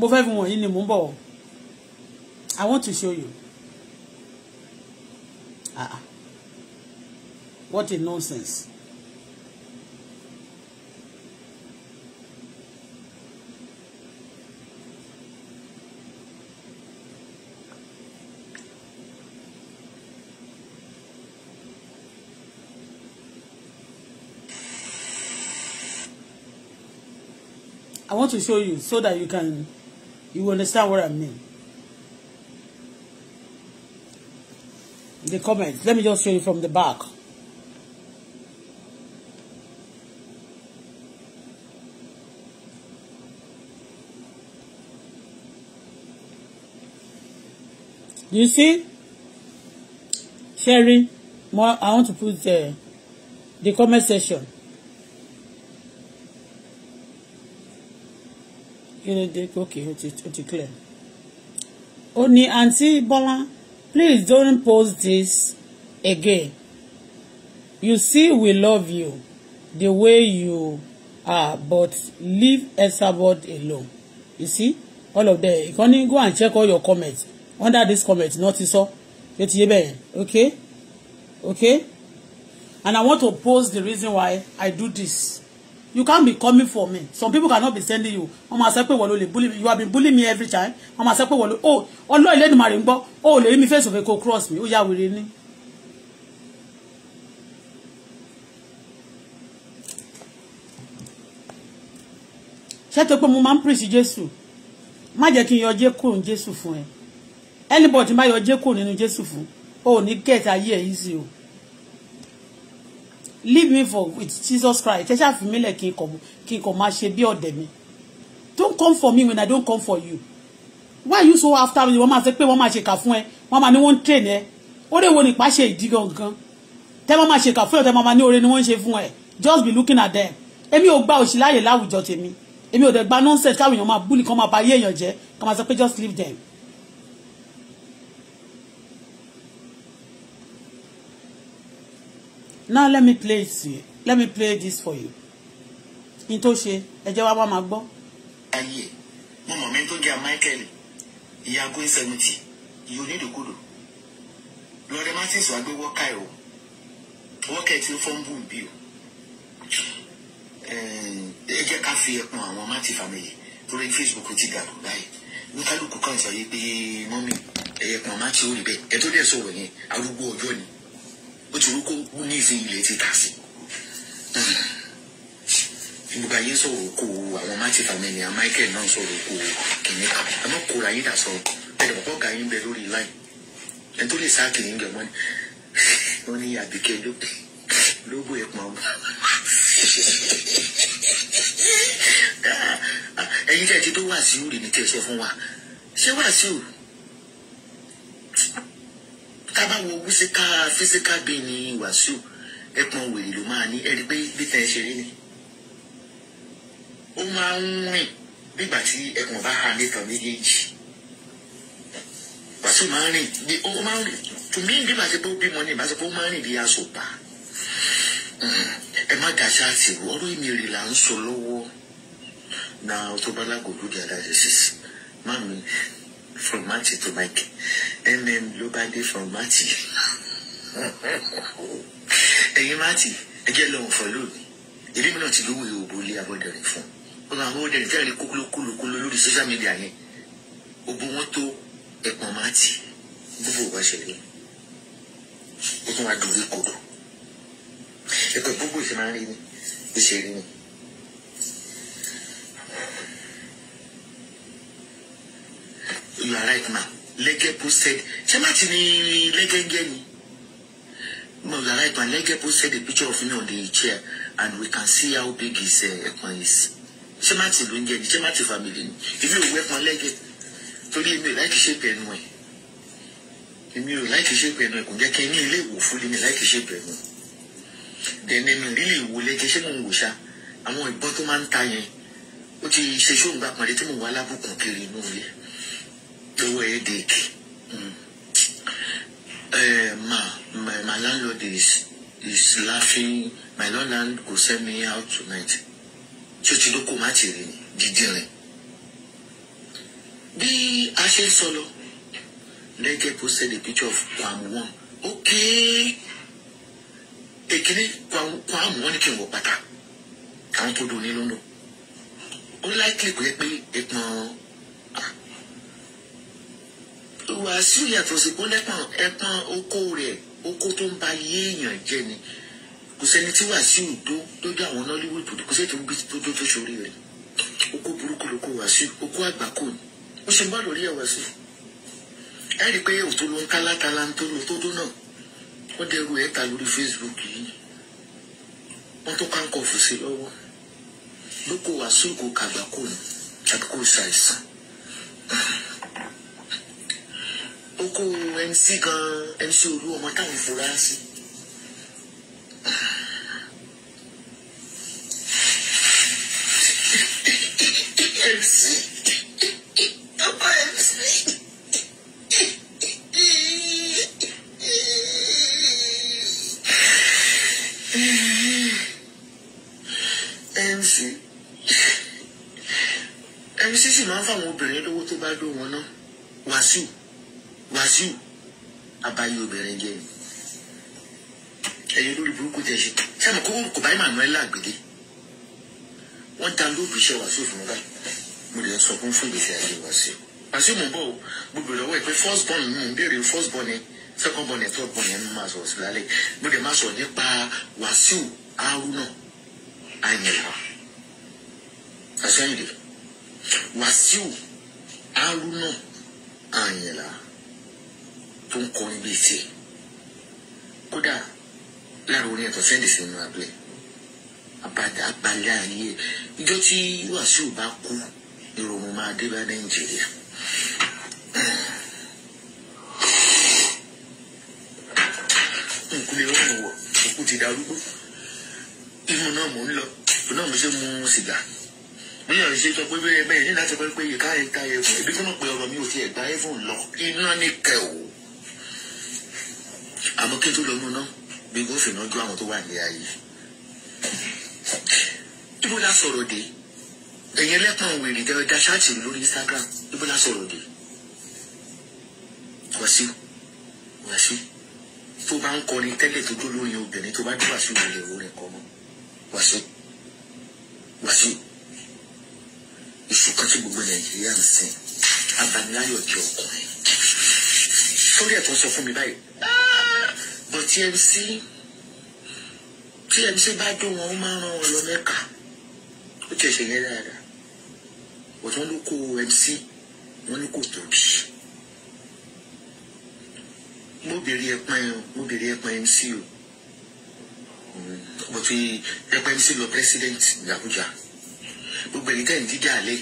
[SPEAKER 1] mo fẹ́ fi wọ̀nyí ni mò ń bọ̀ I want to show you ah ah what a nonsense. I want to show you so that you can You understand what I mean? The comments. Let me just show you from the back. You see? Sherry, I want to put the, uh, the comment section. kí ló dé okay ti clear ó ní àǹtí Bọ́lá please don't post this again you see we love you the way you are but leave Esabod alone you see all of them ìkànnì go and check all your comments under this comment náà ti sọ ó ti yé bẹ́ẹ̀ okay okay and I want to post the reason why I do this you can't be coming for me some people cannot be sending you wọ́n máa sọ pé wọ́n ló lè bully me you have been bullying me every time wọ́n máa sọ pé wọ́n ló oh ọlọ́ ìlẹ́dùnmarè ń gbọ́ oh lè rí mi face of eco cross Me, ó yá wèrè ni. ṣé tó pé mo máa ń pèsè Jésù má jẹ́ kí n yọ jékò ní Jésù fún ẹ anybody má yọ jékò nínú Jésù fún o ò ní gẹ̀ẹ́ta ayé ẹ̀ yìí sí o leave me for with Jesus Christ ẹ ṣáà fi mí lẹ̀ kí n kọ̀ kí n kọ̀ máa ṣe bí ọ̀dẹ̀ mi don't come for me when I don't come for you why you so after me wọ́n máa ṣe pé wọ́n máa ṣe kà fún ẹ wọ́n máa ní wọ́n ń train ẹ ó lè wo nípa ṣe ìdí gangan tẹ́ wọ́n máa ṣe kà fún ẹ tẹ́ wọ́n máa ní oore ni wọ́n ń ṣe fún ẹ just be looking at them èmi ò gba òṣì láàyè láwùjọ tèmi èmi ò dẹ̀ gba nonsense káwọn èèyàn máa búlì kán máa bà ayé èèyàn jẹ́ kán máa sọ pé just leave them now let me play it to you let me play this for you in tó ṣe ẹ jẹ́ wá wá máa gbọ́. ayé mo mọ̀ mi tó jẹ́ michael
[SPEAKER 2] ìyá going seventy ìyá onídòkodò lọ́dẹ martins wàá gbé wọ́ọ̀kà ẹ̀ o wọ́ọ̀kà ẹ̀ tí ó fọ́n bù ń bí o ẹ jẹ́ ká fi ẹkùn àwọn ti family lórí facebook ti dàrú báyìí oníkálukú kan sọ yìí pé mọ́mí ẹ̀yẹ̀kùn máti ó rí bẹ́ẹ̀ ẹ tó dẹ̀ sọ̀rọ̀ yẹn arúgbó ọjọ́ ni bó ti wú kó wú ní ìsìn ilẹ̀ ti tà sí. gbogbo ayé sọ̀rọ̀ oko àwọn máa ti fà mí ni àwọn Michael náà sọ̀rọ̀ oko kìnìún kan àmọ́ kóra yín dà sọ̀rọ̀ ẹ̀rọ ọ̀pọ̀ ọ̀gá yín bẹ lórí line ẹni tó lè sá kìnìún gẹ̀ wọ́n wọ́n ní àbíkẹ́ lógo ẹ̀pọ̀n ọmọ. Ah, ah, ẹ̀yin tẹ̀ ti tó wá sí òrì ní tẹ̀ sọ fún wa ṣé wá sí òrì tá a bá wo físíkà físíkà bíi ní Wàsíù ẹpọn wèrè ló máa ní ẹni pé bíta ẹ ṣe rí ni ó máa ń rìn nígbà tí ẹpọn bá ha nítan méjèèjì Wàsíù máa ń rìn bí ó máa ń rìn tùmí nígbà tí ó bímọ ní ìbáṣepọ ó máa ń rìn bí asòpà ẹ má dàṣà àti ìwọ ọ̀rọ̀ ìmìrì là ń sọ lọ́wọ́ na ọtọbalago lórí adájọ sísè má mi from Marty to Mike. MM ló bá from Marty. Ẹ̀yin Marty, ẹ jẹ́ lọ́wọ́ fọ́lọ́ mi. Èmi mìíràn ti lówó ìhòòbó ilé abọ́dẹ̀rìn fún. Wọ́n máa wọ́n dẹ̀rìn fẹ́rẹ̀ kúlókúlókúló lórí social media yẹn. Òbó wọn tó ẹ̀pọ̀n Matthew. Gbogbo ìwà ṣẹlẹ̀. Ó tún wá dorí kodò. Ẹ̀pẹ̀ gbogbo ìṣẹ̀márí ni. Ìṣèrí ni. you are right ma lẹ́gẹ́ posted ṣé má ti ní lẹ́gẹ́ngẹ́ ni ma you are right ma lẹ́gẹ́ said. The picture of me on the chair and we can see how big his ẹ̀pọ̀n eh, uh, is ṣé má ti ló ń jẹ ni ṣé má ti family ni èmi ò wẹ́pọ̀n lẹ́gẹ́ torí èmi ò láìkí ṣe pẹ̀lú ẹ̀ èmi ò láìkí ṣe pẹ̀lú ẹ̀ kò jẹ́ kí n ní ilé ìwò fún mi láìkí shape pẹ̀lú ẹ̀ dẹ̀ni mi ò rí lè wò lẹ́gẹ́ ṣé mò ń wò ṣá àwọn ìbọn tó máa ń ta yẹn ó ti ṣe ṣóǹgbà pàdé tí mò ń lábùkún kiri inú ilé lower headache. Mm. Uh, eh, ma, my, my landlord is is laughing. My landlord go send me out tonight. tí o ti ló kó má ti rìn dídìrín. bí a ṣe ń sọ lọ lẹ́gẹ̀ posted a picture of kwam one okay èkìní kwam one ni kí n wọ pátá àwọn tó dùn ní lóńdó ó láìkí kò pé ẹ̀pọ̀n wàásù yàtọ̀ sí pọ́lẹ́pọ̀n ẹ̀pọ̀n oko rẹ̀ oko tó ń ba yé èèyàn jẹ ni kò sẹ́ni tí wàásù tó lójú àwọn nollywood kò sẹ́ni tó ń bí tó tó sórí rẹ̀ oko burúkú ló kó wàásù oko àgbákò ni ó ṣe ń bá lórí ẹ̀ wàásù ẹ rí i pé òtún ló ń ká látara ń tó lò tó dún náà wọ́n dẹrù ẹ̀ ta lórí facebook yìí wọ́n tó kánkọ̀ fò sí lọ́wọ́ ló kó wàásù kó kàgbákò ni àbí ṣàìsàn ó kó mc gan mc olú ọmọ táwọn fura sí. mc ọmọ mc. MC MC sì máa ń fáwọn obìnrin lówó tó bá dó wọn náà. Wàsíù abayé obìnrin jẹ́ ẹ̀yin lórí burúkú tẹ̀ ṣe sẹ́mi kókó kò bá Emmanuel lágbèdè wọ́n ta lóògùn iṣẹ́ Wàsíù fún wa mo lè sọ fún fún ìgbésí ayé Wàsíù Wàsíù mo bọ̀ gbogbo ìlọ́wọ́ ẹ̀ pé first born mi ń béèrè first born ni second born ni third born ni máa sọ̀rọ̀ sí lálẹ́ mo lè máa sọ̀rọ̀ nípa Wàsíù Haruna Àyìnlá àṣẹ́yìnlẹ̀ Wàsíù Haruna Àyìnlá tó ń kọrin bíi tiẹ̀ kódà lára orin ẹ̀tọ́ sẹ́ndì sínú abúlé abalẹ̀ ayé ìjọ tí Wàsíù bá kú ìrònú máa dé bá Nàìjíríà. nkúlẹ̀ ọ̀hún wọ̀ òkú ti darúgbó ìmú náà mò ń lọ ìmú náà mo ṣe mu sìgá mílíọ̀n ṣe sọ pé bẹ́ẹ̀ bẹ́ẹ̀ ní láti pẹ́ pé ìka ẹ̀ka ẹ̀fọn ìbí fún ọ̀pẹ ọ̀rọ̀ mi ò ti ẹ̀gbá ẹ̀fọn lọ iná ní kẹ̀ ò àmọ́ kí n tó lọ nù náà bí n kò fi náà ju àwọn tó wà ní ayé ibo la sọ̀rọ̀ dé ẹ̀yẹn lẹ́pọ̀n wèrè tẹ́ ọjà ṣáàtì lórí Instagram ibo la sọ̀rọ̀ dé Wasiu Wasiu tó bá ń kọrin tẹ́lẹ̀ tó dúró lóyún obìnrin tó bá dúró Wasiu ìrẹ̀lẹ̀ orin kọ́ mọ́ Wasiu Wasiu ìṣùkọ́ tí gbogbo Nàìjíríà ń sìn abàmìláyọ̀ jẹ́ ọkùnrin sórí ẹ̀ tó ń sọ fún mi báyìí. TMC TMC bá dùn wọn ó máa ràn wọn lọ mẹ́ka ó ti ẹ̀ṣẹ̀ yẹn dáadáa ọ̀tún ló kó MC wọn ní kò tóbi mo bèrè ẹ̀pẹ́ mo bèrè ẹ̀pẹ́ MC o mo ti ẹ̀pẹ́ MC lọ president ní Abuja gbogbo ẹ̀yìn tẹ̀ ń dídá alẹ́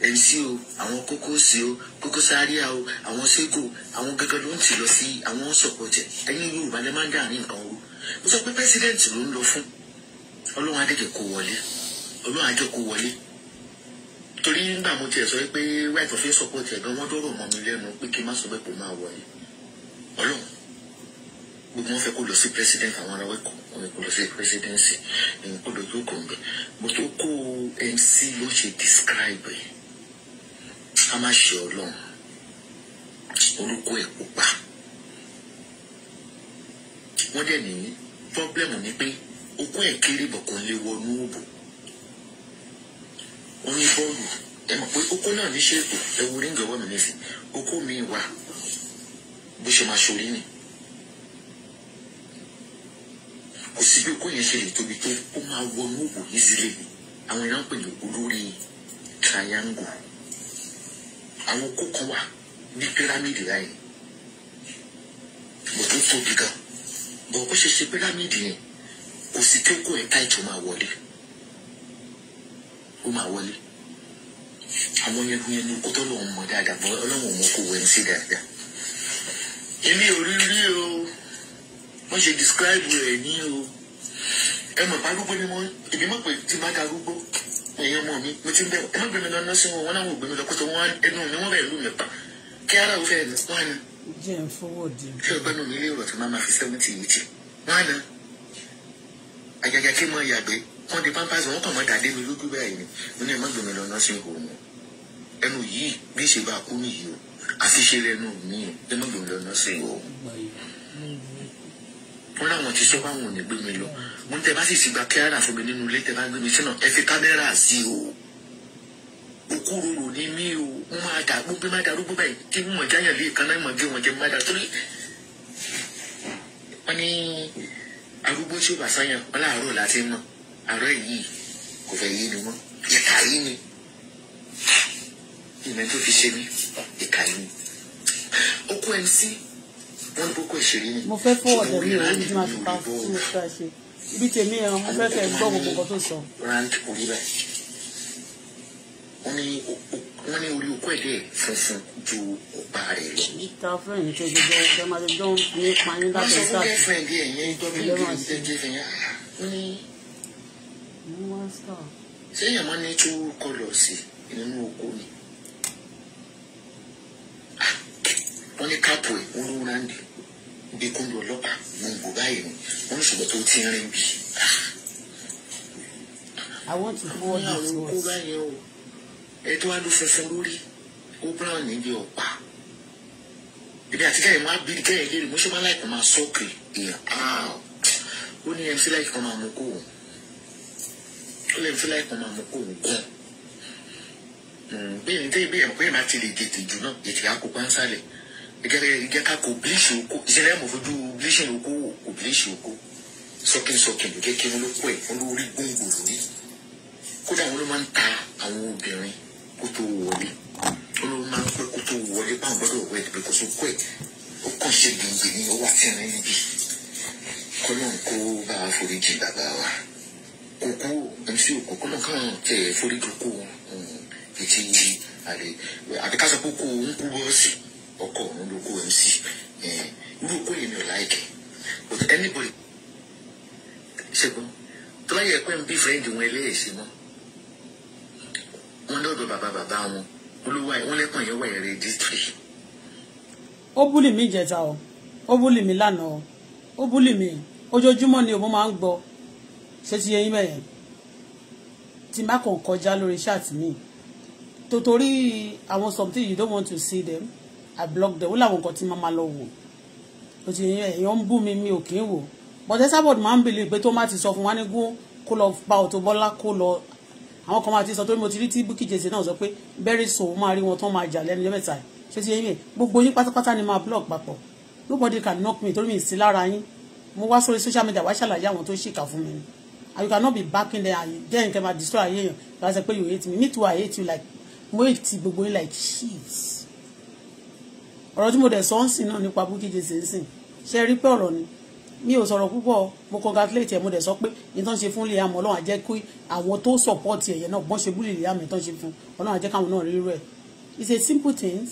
[SPEAKER 2] ẹnsí o àwọn kókó sí o kókó sáríà o àwọn ségò àwọn gẹ́gẹ́ ló ń tì lọ sí àwọn sọpọtẹ ẹ̀yin yorùbá lẹ máa ń dàrin nǹkan o mo sọ pé pẹsidẹǹtì ló ń lọ fún ọlọ́run adẹjẹ kó wọlé ọlọ́run adẹjẹ kó wọlé torí nígbà mo tiẹ̀ sọ pé wáìtọ̀ fi sọpọtẹ gan wọ́n dọ́rọ̀ mọ́ mi lẹ́nu pé kí n má sọ pé kò máa wọlé ọlọ́run gbogbo wọn fẹ́ kó lọ sí president àwọn ará wẹkọ wọn fẹ́ kó lọ sí presidency ẹni kó lọ jókòó nbẹ bó tó kó MC ló ṣe describe ẹ a máa ṣe Ọlọ́run orúkọ ẹ pupa wọn dẹ ní pọblẹmù ni pé okó ẹ kéré bọkàn lè wọnú òbò oní bọ́ọ̀lù ẹ mọ̀ pé okó náà ní ṣètò ẹ wo ríngì ọwọ́ mi nísìn mi wà bó ṣe máa ṣorí nìyí. kò sí bí okó yẹn ṣe lè tóbi tó ó máa wọnú òwò yìí sílẹ̀ ni àwọn èèyàn ń pè ní olórí triangle àwọn okó kan wà ní pírámìdì láyé bọ̀ tó tóbi gan bọ̀ ó ṣe ṣe pírámìdì yẹn kò sí tí okó yẹn táìtì ó máa wọlé ó máa wọlé àwọn yẹn yẹn ní kótó lòun mọ̀ dáadáa bọ́ ọlọ́run mọ̀ kó wẹ̀ ń sí dáadáa èmi ò rí rí o wọ́n ṣe describe rẹ̀ ní o ẹ mọ̀ pa ni mo èmi mọ̀ pé tí má da arúgbó ẹ̀yin mi mo ti ń bẹ̀ ẹ má gbẹmí lọ ná sí wọn wọn náà wò gbẹmí lọ kótó wọn ẹnu mi wọn bẹ̀ lù mí pa kí ara òfin ẹ̀ wọn ni. jẹ́ ń fọwọ́ di. ṣé ọgbẹ́ni mi lè rọ̀ tó máa ma fi seventy yìí ti wọn ni àjàjà kí mo yàgbẹ́ wọn di pampers wọn kàn mọ́ dàdé mi lójú báyìí ni mo ní ẹ má gbẹmí lọ ná sí wọn ẹnu yìí bí wọ́n láwọn ti ṣe wáwọn ò ní gbé mi lọ mo ní tẹ́ bá sì ti gba kíára fún mi nínú ilé tẹ́ bá gbé mi sínú ẹ fi kámẹ́rà sí o òkúròrò ni mí o mo máa dà gbogbo máa darúgbó báyìí kí mo mọ̀ jáyàn lé ìkànnà ìmọ̀ gé wọn jẹ máa dà torí wọ́n ní arúgbó tí ó bá sáyàn wọ́n láàárọ̀ láti mọ̀ àárọ̀ yìí kò fẹ́ yé ni wọ́n ìkà yìí ni ìmọ̀ tó fi ṣe mí ìkà yìí ni ó ẹni sí mo fẹ́ fọwọ́ ọ̀dọ̀ mi ò ní máa fi
[SPEAKER 1] pa tí mo fẹ́ ibi tèmi ẹran mo fẹ́ fẹ́ gbọ́ gbogbo nǹkan tó sọ.
[SPEAKER 2] rank orí bẹ́ẹ̀ wọ́n ní orí okó ẹ̀dẹ̀ funfun ju
[SPEAKER 1] ọ̀pá rẹ̀ lọ. níta fún ẹ̀yìn tó gbogbo ọjọ́ máa jọ ń ní pààyàn lábẹ́ sáà. wọ́n sọ
[SPEAKER 2] fún gẹ́fẹ̀ ẹ̀dẹ̀ ẹ̀yẹn ìjọba ìgbìmọ̀ ṣé èèyàn máa ní tó kọlọ̀ sí nínú okó ni. wọ́n ní káàpù ẹ̀ wọ́n ló rán dé gbé kóńdó ọlọ́pàá mọ̀ ń gò báyìí ni ní ṣùgbọ́n tó ti rìn bí. àwọn ti kó wọn yàrá wọn. kó báyẹn o ẹ tó lórí kó brown níbi ọ̀pá ibi àti kẹyìn máa bí kẹyìn léèrè mo ṣe máa láìpẹ́ máa sọ́ọ̀kì ó ní mc láìpẹ́ kan máa mú kó òun ó lè mc láìpẹ́ kan máa mú kó òun gùn hmm, bẹ́ẹ̀ ni tẹ́yìn bẹ́ẹ̀ pé màá ti lè tètè jù náà ètè àkópa ń sálẹ̀ ìjẹ́ká kò bíríṣì oko ìṣẹ̀lẹ̀ mọ̀ fojú bíríṣì oko wò kò bíríṣì oko sọkínsọkín ló jẹ́ kí wọ́n ló pọ̀ ẹ̀ wọ́n ló rí gbòǹgbò lórí kódà wọ́n ló máa ń ta àwọn obìnrin kó tó wọlé wọ́n ló máa ń pẹ́ kó tó wọlé báwọn gbọ́dọ̀ wọ ẹ̀ kó tó kọ́ ẹ̀ ó kàn ṣe gbòǹgbò ní ọwọ́ àtẹ̀rín níbi kọ́lọ́n kó bá a foríjì bàbá wa kókó mc òkú kọ́lọ́n kàn tẹ̀ foríjì kó ètí àlè àbíkásọ̀ kókó ń kú bọ́ọ̀sì ọkọ òun ló kó mc irú okó yìí mi ò láìkẹ but anybody ṣẹgun tó bá yẹ pé n bí friend wọn eléyèsí mọ wọn lọ́dọ̀ bàbá bàbá wọn olúwa wọn lẹkùn yẹn wà ẹrẹ dídìrì.
[SPEAKER 1] ó búlì mí ìjẹta o ó búlì mí lánàá o ó búlì mí ojoojúmọ́ ni òun máa ń gbọ́ ṣé ti yẹ yín bẹ́ẹ̀ tí má kàn kọjá lórí ṣáàtì mi tòtòrí àwọn something you don't want to see them I block them ó làwọn nǹkan tí màmá lọ wò ó ti yẹn èèyàn ń bú mi mi ò kí ń wò bọ̀dẹ́ sábọ̀dù máa ń bèlè pé tó má ti sọ fún wa ní gún kó lọ pa Auto Bola kó lọ àwọn kan máa ti sọ tó mo ti rí tí Bukky Jesse náà sọ pé bẹ́rẹ̀ sọ ó máa rí wọn tán máa jà lẹ́nu mẹ́ta ṣé ti yẹn gbogbo yín pátápátá ni máa block papọ̀ nobody can knock me torí mi sí lára yín mo wá sórí social media wá ṣàlàyé àwọn tó ṣìkà fún mi ni you cannot be backing there and then kẹ́ máa destroy ayé yẹn láti sọ pé you hate me me too I hate you like mo hate gbogbo yín like shit ọ̀rọ̀ tí mo dẹ̀ sọ ń sìn náà nípa Bukky Jesse ń sìn ṣe rí pé ọ̀rọ̀ ni mi ò sọ̀rọ̀ púpọ̀ mo congratulate ẹ̀ mo dẹ̀ sọ pé ìtàn ṣe fún Liam Ọlọ́run á jẹ́ kí àwọn tó support ẹ̀yẹ náà bọ́n ṣe búlì Liam ìtàn ṣe fún Ọlọ́run á káwọn náà rírú ẹ̀ it's a simple thing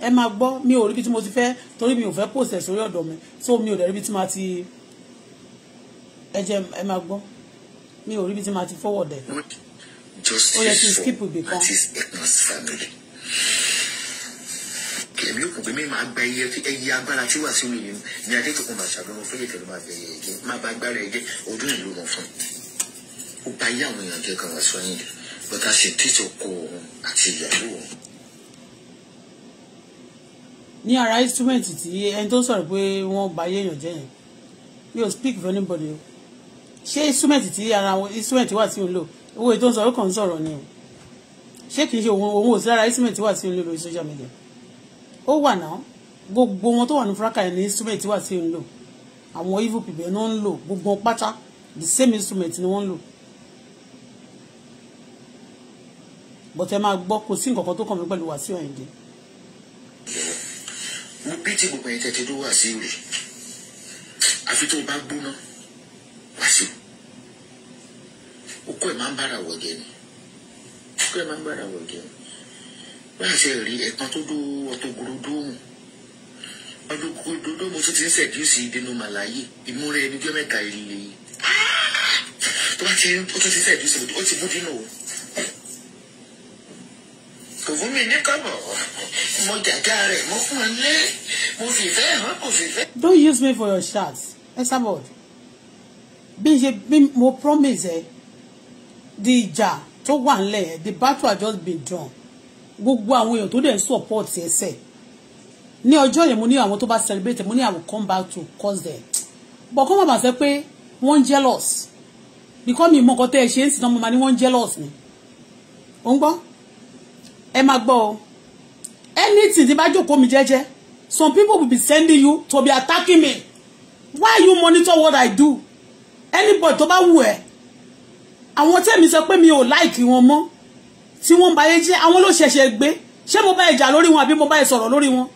[SPEAKER 1] ẹ máa gbọ́ mi ò rí bí tí mo ti fẹ́ torí mi ò fẹ́ post sórí ọ̀dọ̀ mi so mi ò dẹ̀ rí bí tí ma ti ẹ jẹ́ ẹ máa gbọ́ mi ò rí bí tí ma ti forward ẹ̀ ó
[SPEAKER 2] yẹ kí n skip ibì kan ẹ̀mí òkùnkùn mi máa gba iye ẹyẹ agbára tí ó wà sínú yìí ní adé tó kún máa ṣàbẹ̀wò fún ìyẹ̀tẹ̀ ló máa bẹ̀yẹ ẹ̀jẹ̀ máa bá agbára ẹ̀jẹ̀ ọdún ìlú wọn fún ó bá yé àwọn èèyàn jẹ́ kan wá sọ yín bọ́tà ṣe títí ọkọ òun àti ìyàwó òun.
[SPEAKER 1] ní ara instrument tí ẹni tó sọ̀rọ̀ pé wọ́n bá yé èèyàn jẹ́ yẹn yóò speak for anybody o ṣé instrument tí ara instrument wà tí ò ń lò owó ètò ìsọ̀rọ̀ kan ń sọ̀rọ̀ ni o ṣé kì í ṣe òun òun ò sí ara instrument wà tí ò lò lórí social media ó wà náà gbogbo wọn tó wà ní fúrákà yẹn ní instrument wà sí ń lò àwọn evil people yẹn náà ń lò gbogbo pátá the same instrument ni wọ́n ń lò bọ́tẹ́ máa gbọ́ kò sí nǹkan kan tó kàn mí pẹ̀lú Wàsíù Àyìndé.
[SPEAKER 2] mo bí tí gbogbo ẹ̀yìn tẹ́tẹ́ tó wà sí rè àfi tó o bá gbóná Wàsíù okó ẹ̀ máa ń bára wọ̀ jẹ ni okó ẹ̀ máa ń bára wọ̀ jẹ ni ó rí ẹ̀kan tó dó ọ̀tọ̀ gòròdóòmù ọdún gòròdóòmù tó ti ń sẹ̀díùsì ìdènà màláyé ìmúra ẹni jẹ́ mẹ́ta ìlè tó bá ti ń tó ti sẹ̀díùsì ó ti bú dínà o kò ní kọ́bọ̀ mo jàjà rẹ̀ mo fún un lé mo fìfẹ́ hàn kò fìfẹ́.
[SPEAKER 1] don't use me for your shots ẹ sábọ̀d bí ṣe bí mo promise ẹ di ìjà tó wà ńlẹ̀ the battle had just been done gbogbo àwọn èèyàn tó dẹ̀ ń support ẹsẹ̀ ní ọjọ́ yẹn mo ní àwọn tó bá celebrate mo ní I will come back to cause them but kọ́ bàbá sẹ́ pé wọ́n jealous because mi mọ̀ nǹkan tẹ́ ẹ ṣe ń sìn náà mo máa ní wọ́n jealous ni ò ń gbọ́ ẹ máa gbọ́ o anything tí bá jókòó mi jẹ́jẹ́ some people will be sending you to be attacking me why you monitor what I do anybody tó bá wù ẹ́ àwọn tẹ́mi sọ pé mi ò like wọn mọ́ tí wọ́n ń ba ayé jẹ́ àwọn ló ṣẹ̀ṣẹ̀ gbé ṣé mo bá ẹ jà lórí wọn àbí mo bá ẹ sọ̀rọ̀ lórí wọn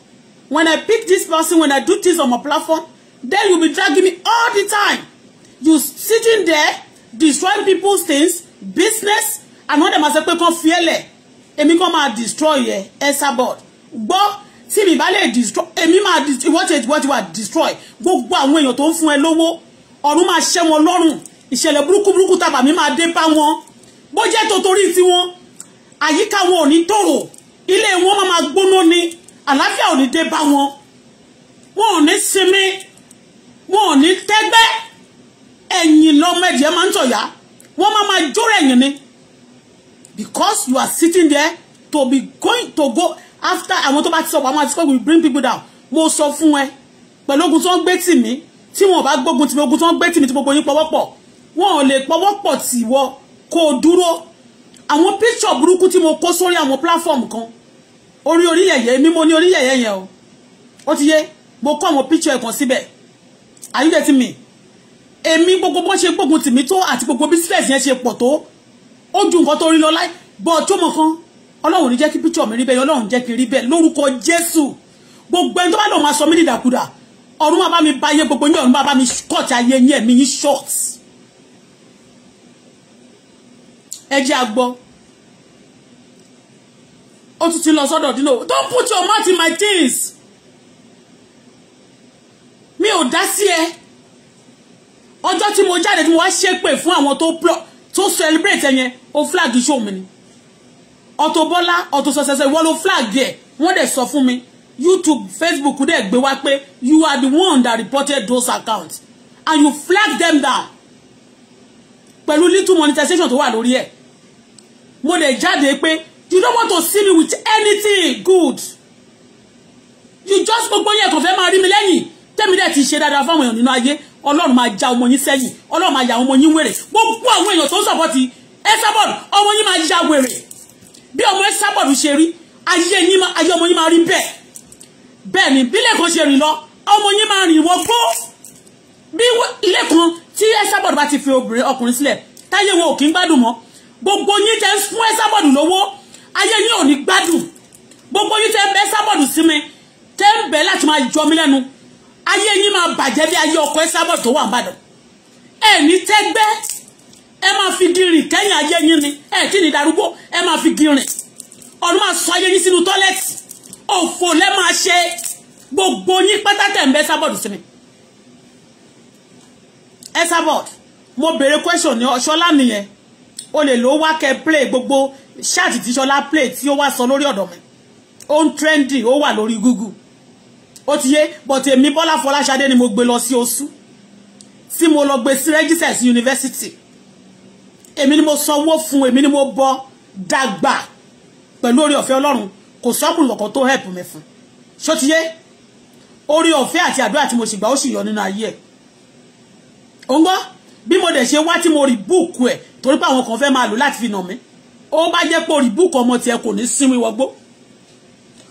[SPEAKER 1] when I pick this person when I do things on my platform then you be dragging me all the time you sitting there destroying people's things business and wọ́n dẹ̀ máa sọ pé kán fi ẹ lẹ̀ èmi kàn máa destroy yẹ ẹ sábọ̀d gbọ́ tí mi bá lè destroy èmi máa ìwọ́tí ìwọ́tí wà destroy gbogbo àwọn èèyàn tó ń fún ẹ lówó ọ̀run máa ṣẹ́ wọn lọ́rùn ìṣẹ̀lẹ̀ burúkú burúkú tàbà mi máa dé bá wọn bó jẹ́ tó torí tiwọn àyíká wọn ò ní tòrò ilé wọn máa gbóná ni àlàáfíà ò ní dé bá wọn wọn ò ní sinmi wọn ò ní tẹ́gbẹ́ ẹ̀yìn lọ́mọ ẹ̀jẹ̀ máa ń tọ̀yà wọ́n máa máa jóró ẹ̀yìn ni because you are sitting there to be going to go after àwọn tó bá ti sọ pé àwọn àti pé we bring people down mo sọ fún ẹ pẹ̀lú ogun tó ń gbé tì mí tí wọn ò bá gbógun tì mí ogun tó ń gbé tì mí tí gbogbo yín pọwọ́pọ̀ wọn ò lè pọwọ́pọ̀ tì wọ kó o dúró àwọn picture burúkú tí mo kó sórí àwọn platform kan orí oríyẹ̀yẹ̀ mímọ́ ní oríyẹ̀yẹ̀ yẹn o ó ti yé mo kó àwọn picture ẹ̀kan síbẹ̀ are you getting me èmi gbogbo bọ́n ṣe gbógun tìmí tó àti gbogbo business yẹn ṣe pọ̀ tó ó ju nǹkan tó rí lọ láì bọ́ tó mọ̀ kan ọlọ́run ní jẹ́ kí picture mi rí bẹ́ẹ̀ ọlọ́run jẹ́ kí rí bẹ́ẹ̀ lórúkọ jésù gbogbo ẹni tó bá lọ́ọ́ máa sọ mí nídàkudà ọ̀run máa bá mi bá yé gbogbo yín ọ̀run máa bá mi cut ayé yín ẹ̀mí yín short ẹ jẹ́ ó tún ti lọ sọ́dọ̀ dílò don't put your mouth in my things mi ò dá sí ẹ ọjọ́ tí mo jáde tí mo wá ṣépè fún àwọn tó plọ tó celebrate yẹn o flag show mi ni Auto Bola Auto Success ìwọ ló flag yẹ wọ́n dẹ̀ sọ fún mi YouTube Facebook dẹ̀ gbé wá pé you are the one that reported those accounts and you flag them down pẹ̀lú little monetization tó wà lórí ẹ̀ mo lè jáde pé you don't want to see me with anything good you just gbogbo yẹn kàn fẹ́ máa rí mi lẹ́yìn tẹ́mi dẹ̀ ti ṣe dáadáa fáwọn èèyàn nínú ayé ọlọ́run máa ja ọmọ yín sẹ́yìn ọlọ́run máa ya ọmọ yín wèrè gbogbo àwọn èèyàn tó ń sọ̀bọ̀ ti Esabod ọmọ yín máa ya wèrè bí ọmọ Esabod ṣe rí ayé yín ayé ọmọ yín máa rí bẹ́ẹ̀ bẹ́ẹ̀ ni bí lẹ́ẹ̀kan ṣe rìn lọ ọmọ yín máa rìn wọ́n gbó bí ilé kan tí Esabod bá ti fi obìnrin ọkùnrin sílẹ̀ táyé wọn ò kí ń gbádùn mọ́ gbogbo yín tẹ́ ń fún Esabod lówó ayé yín ò ní gbádùn gbogbo yín tẹ́ ń bẹ Esabod sí mi tẹ́ ń bẹ láti máa jọ mí lẹ́nu ayé yín máa bàjẹ́ bí ayé ọkọ Esabod tó wà nìbàdàn ẹ̀mí tẹ́gbẹ́ ẹ máa fi gìrìn kẹ́yìn ayé yín ni ẹ tí ní darúgbó ẹ máa fi gìrìn ọ̀run máa sọ ayé yín sínú tọ́lẹ́tì òfò lẹ́ máa ṣe gbogbo yín pátá tẹ̀ ń bẹ Esabod sí mi Esabod mo béèrè question ní Ṣọlá nìyẹn o lè lọ wá kẹ́ play gbogbo ṣáàtì tí ṣọlá play tí ó wá sọ lórí ọ̀dọ̀ mi ó ń trendy ó wà lórí google ó ti yé but èmi bọ́lá fọláṣadé ni mo gbé lọ sí oṣù tí mo lọ gbé sí registers university èmi ni mo sanwó fun èmi ni mo bọ́ dàgbà pẹ̀lú ofe ọ̀fẹ́ ọlọ́run kò sọ́kùnrin kankan tó help me fun. ṣó ti yé orí ọ̀fẹ́ àti àdúrà tí mo sì gbà ó sì yọ nínú ayé ẹ̀ òun gbọ́ bí mo dẹ̀ ṣe wá tí mo rí búùkù ẹ̀ torí pé àwọn kan fẹ́ máa lò láti fi nà mí ó bá jẹ́ pé orí búùkù ọmọ tiẹ̀ kò ní sinmi wọgbó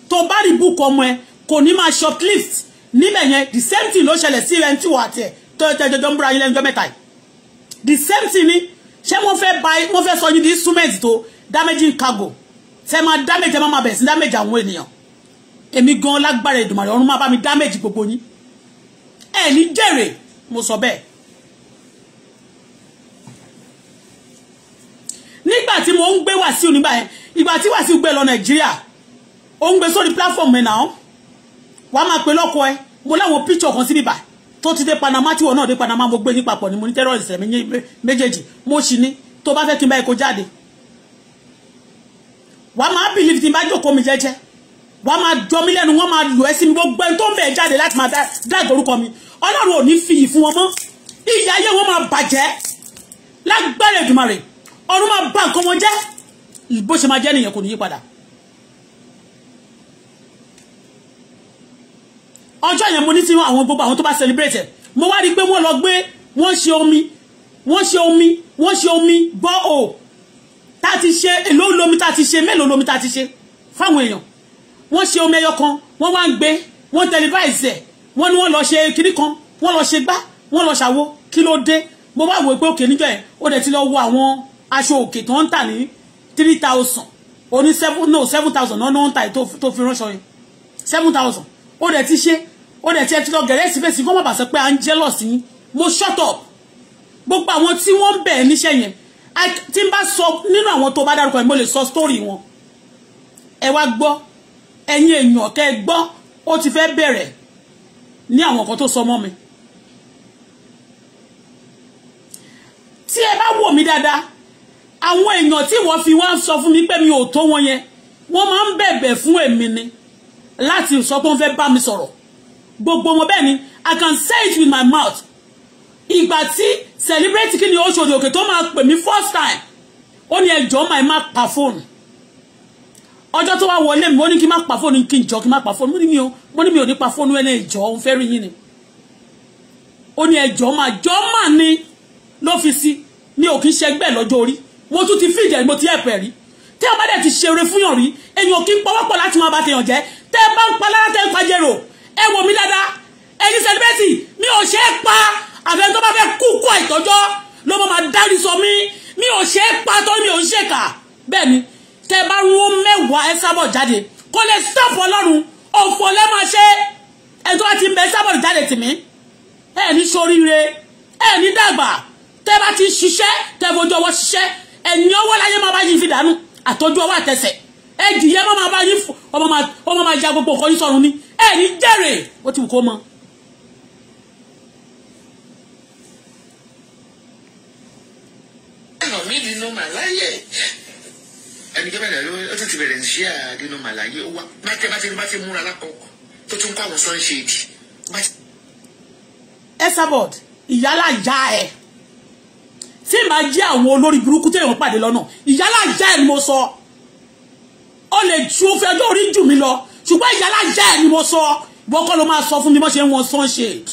[SPEAKER 1] tó bá rí búùkù ọmọ ẹ kò ní máa shoplift níbẹ̀ yẹn the same thing ló ṣẹlẹ̀ sí ẹni tí wọ́n àti ẹ̀ tó ẹ jẹjọ ń búra yín lẹ́nu mẹ́ta yìí the same thing ni ṣé wọ́n fẹ́ ba wọ́n fẹ́ sọ yín di instrument tó damaging cargo tẹ máa damage ẹ máa bẹ̀rẹ̀ sí damage àwọn ènìyàn èmi gan lágbára Èdùmàrè ọ̀run máa bá mi damage gbogbo yín ẹ̀ ní jèrè mo sọ bẹ́ẹ̀ nígbà tí mo ń gbé Wàsíù nígbà yẹn ìgbà tí Wàsíù gbé lọ Nàìjíríà ó ń gbé sórí platform ẹ̀ náà wàá máa pe lọ́kọ ẹ mo láwọn picture kan sí níbà tó ti dé Panama tí wọn náà dé Panama mo gbé ní papọ̀ ni mo ní terrorist ẹ̀ méjèèjì mo sì ní tó bá fẹ́ kí n bá ẹ kó jáde wàá máa believe tí n bá jókòó mi jẹ́jẹ́ wàá máa jọ mí lẹ́nu wọ́n máa lò ẹ́ sí mi gbogbo ẹni tó ń bẹ̀ jáde láti máa dáàbò orúkọ mi ọlọ́run ò ní fi yìí fún wọn mọ́ ìyà ayé wọn máa bàjẹ́ lágbára Èdùmàrè ọ̀run máa bà nǹkan wọn jẹ́ bó ṣe máa jẹ́ nìyẹn kò ní yí padà ọjọ́ yẹn mo ní tí àwọn gbogbo àwọn tó bá celebrate ẹ̀ mo wá rí i pé wọ́n lọ gbé wọ́n ṣe omi wọ́n ṣe omi wọ́n ṣe omi bọ́ ò tá a ti ṣe èlò lomi tá a ti ṣe mélòó lomi tá a ti ṣe fáwọn èèyàn wọ́n ṣe omi ẹyọ kan wọ́n wá ń gbé wọ́n televise ẹ̀ wọ́n ní wọ́n lọ ṣe kinní kan wọ́n lọ ṣe gbá wọ́n lọ ṣàwo kí ló dé mo wá wò pé òkè níjọ́ yẹn ó dẹ̀ ti lọ wo àwọn aṣọ òkè tó ń tà ní three thousand oní seven no seven thousand náà náà ń tà tó fi ránṣọ yẹn seven thousand ó dẹ̀ ti ṣe ó dẹ̀ ti ẹ ti lọ gẹ̀rẹ́ sí fèsì kó má bàa sọ pé à ń jealous yín mo shut up gbogbo àwọn tí wọ́n ń bẹ̀ níṣẹ́ yẹn tí n bá sọ nínú àwọn tó bá dárúkọ yẹn mo lè sọ story wọn ẹ wá gbọ́ ẹ̀yin èèyàn tẹ́ gbọ́ ó ti fẹ́ bẹ̀rẹ̀ ní àwọn kan tó sọ mọ́ mi tí ẹ bá wò mí dáadáa àwọn èèyàn tí wọ́n fi wá ń sọ fún mi pé mi ò tó wọn yẹn wọ́n máa ń bẹ̀bẹ̀ fún èmi ni láti sọ pé wọ́n fẹ́ bá mi sọ̀rọ̀ gbogbo wọn bẹ́ẹ̀ ni I can say it with my mouth ìgbà tí celebrate kí ni ó ṣòdì òkè tó máa pè mí first time ó ní ẹjọ́ máa má pa fóònù ọjọ́ tó wá wọlé mi ó ní kí n má pa fóònù kí n jọ kí n má pa fóònù mo ní mi ò mo ní mi ò ní pa fóònù ẹni ìjọ òun fẹ́ rí yín ni ó ní ẹjọ́ máa jọ́ máa ní ló fi sí mi ò kí ń ṣẹgbẹ́ lọ́jọ́ orí mo tún ti fìdí mo ti ẹ̀pẹ̀ rí tẹ́ ẹ bá dẹ̀ ti ṣeré fún yàn rí èèyàn kí n pọwọ́pọ̀ láti máa bá tèèyàn jẹ́ tẹ́ ẹ bá ń pa lára tẹ́ ń pajẹ́rò ẹ wò mí dáadáa ẹ̀yin mi ò ṣe pa àfẹ́ tó bá fẹ́ kú kú àìtọ́jọ́ ló máa dárí sọ mí mi ò ṣe é pa to mi ò ń ṣèkà bẹ́ẹ̀ ni tẹ́ ẹ bá ń wó mẹ́wàá ẹ sábọ̀ jáde kó stop ọlọ́run òfò lẹ́ máa ṣe ẹ tó bá ti ń bẹ sábọ̀ jáde tì mí ẹ ní ṣoríire ẹ ní dàgbà tẹ́ bá ti ṣiṣẹ́ tẹ́ fojú ọwọ́ ṣiṣẹ́ ẹ̀yin ọwọ́ láyé máa bá yín fi dànù àtọ́jú ọwọ́ àtẹsẹ̀ ẹ jìyẹ má máa bá yín ọmọ máa ja gbogbo ọkọ yín sọ̀rùn ni ẹ ní jèrè ó ti wù kó mọ.
[SPEAKER 2] ọ̀nà mi nínú màláyé ẹni tó bẹ̀rẹ̀ ó ti ti bẹ̀rẹ̀ ṣí àdínú màláyé ó wá bàtẹ́ bá ti bá ti múra lápapọ̀ tó tún kọ́ àwọn sunshade.
[SPEAKER 1] ẹ sábọ̀d ìyálà ìyá ẹ̀ tí màá jẹ́ àwọn olórí burúkú tí èèyàn pàdé lọ́nà ìyálà ìyá ẹ̀ ni mo sọ ó lè ju ó fi ọjọ́ orí jù mí lọ ṣùgbọ́n ìyálà ìyá ẹ̀ ni mo sọ wọ́n kọ́ ló máa sọ fún mi bó ṣe ń wọn sunshade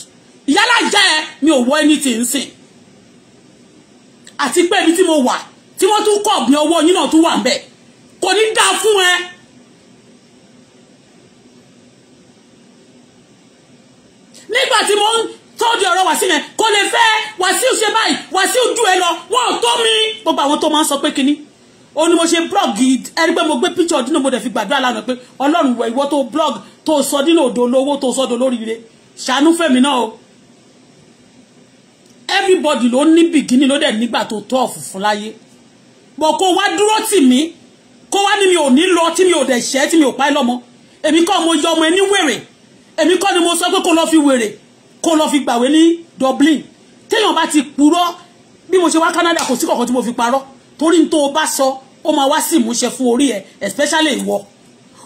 [SPEAKER 1] ìyálà ìyá ẹ̀ mi ò wọ anything sìn àti pé ibi tí mo wà tí wọ́n tún kọ̀ bí ọwọ́ yín náà tún wà ń kò ní dáa fún ẹ nígbà tí mo ń tóòdì ọ̀rọ̀ wàsíù yẹn kò lè fẹ́ wàsíù ṣe báyìí wàsíù dù ẹ lọ wọn ò tó mi gbogbo àwọn tó máa ń sọ pé kinní ó ní mo ṣe blog ẹni pé mo gbé picture ọdún náà mo dẹ̀ fi gbàdúrà lánàá pé ọlọ́run wọ ìwọ tó blog tó sọ nínú òdo lówó tó sọdọ lóríire ṣàánú fẹ́mi náà o everybody ló ní bìgínì ló dẹ̀ nígbà tó tọ́ ọ̀fùnfún láyé bọ̀ kó wá dúró tì mí kó wá ní mi ò ní lọ tí mi ò dẹ̀ ṣẹ́ tí mi ò pa ẹ́ lọ́mọ èmi kọ́ mo yọ ọmọ ẹni wèrè èmi kọ́ ni mo sọ pé kó lọ fi wèrè kó lọ fi gbàwé ní Dublin téèyàn bá ti purọ́ bí mo ṣe wá Canada kò sí kankan tí mo fi parọ́ torí n tó o bá sọ ó máa wá sí ìmúṣẹ fún orí ẹ especially ìwọ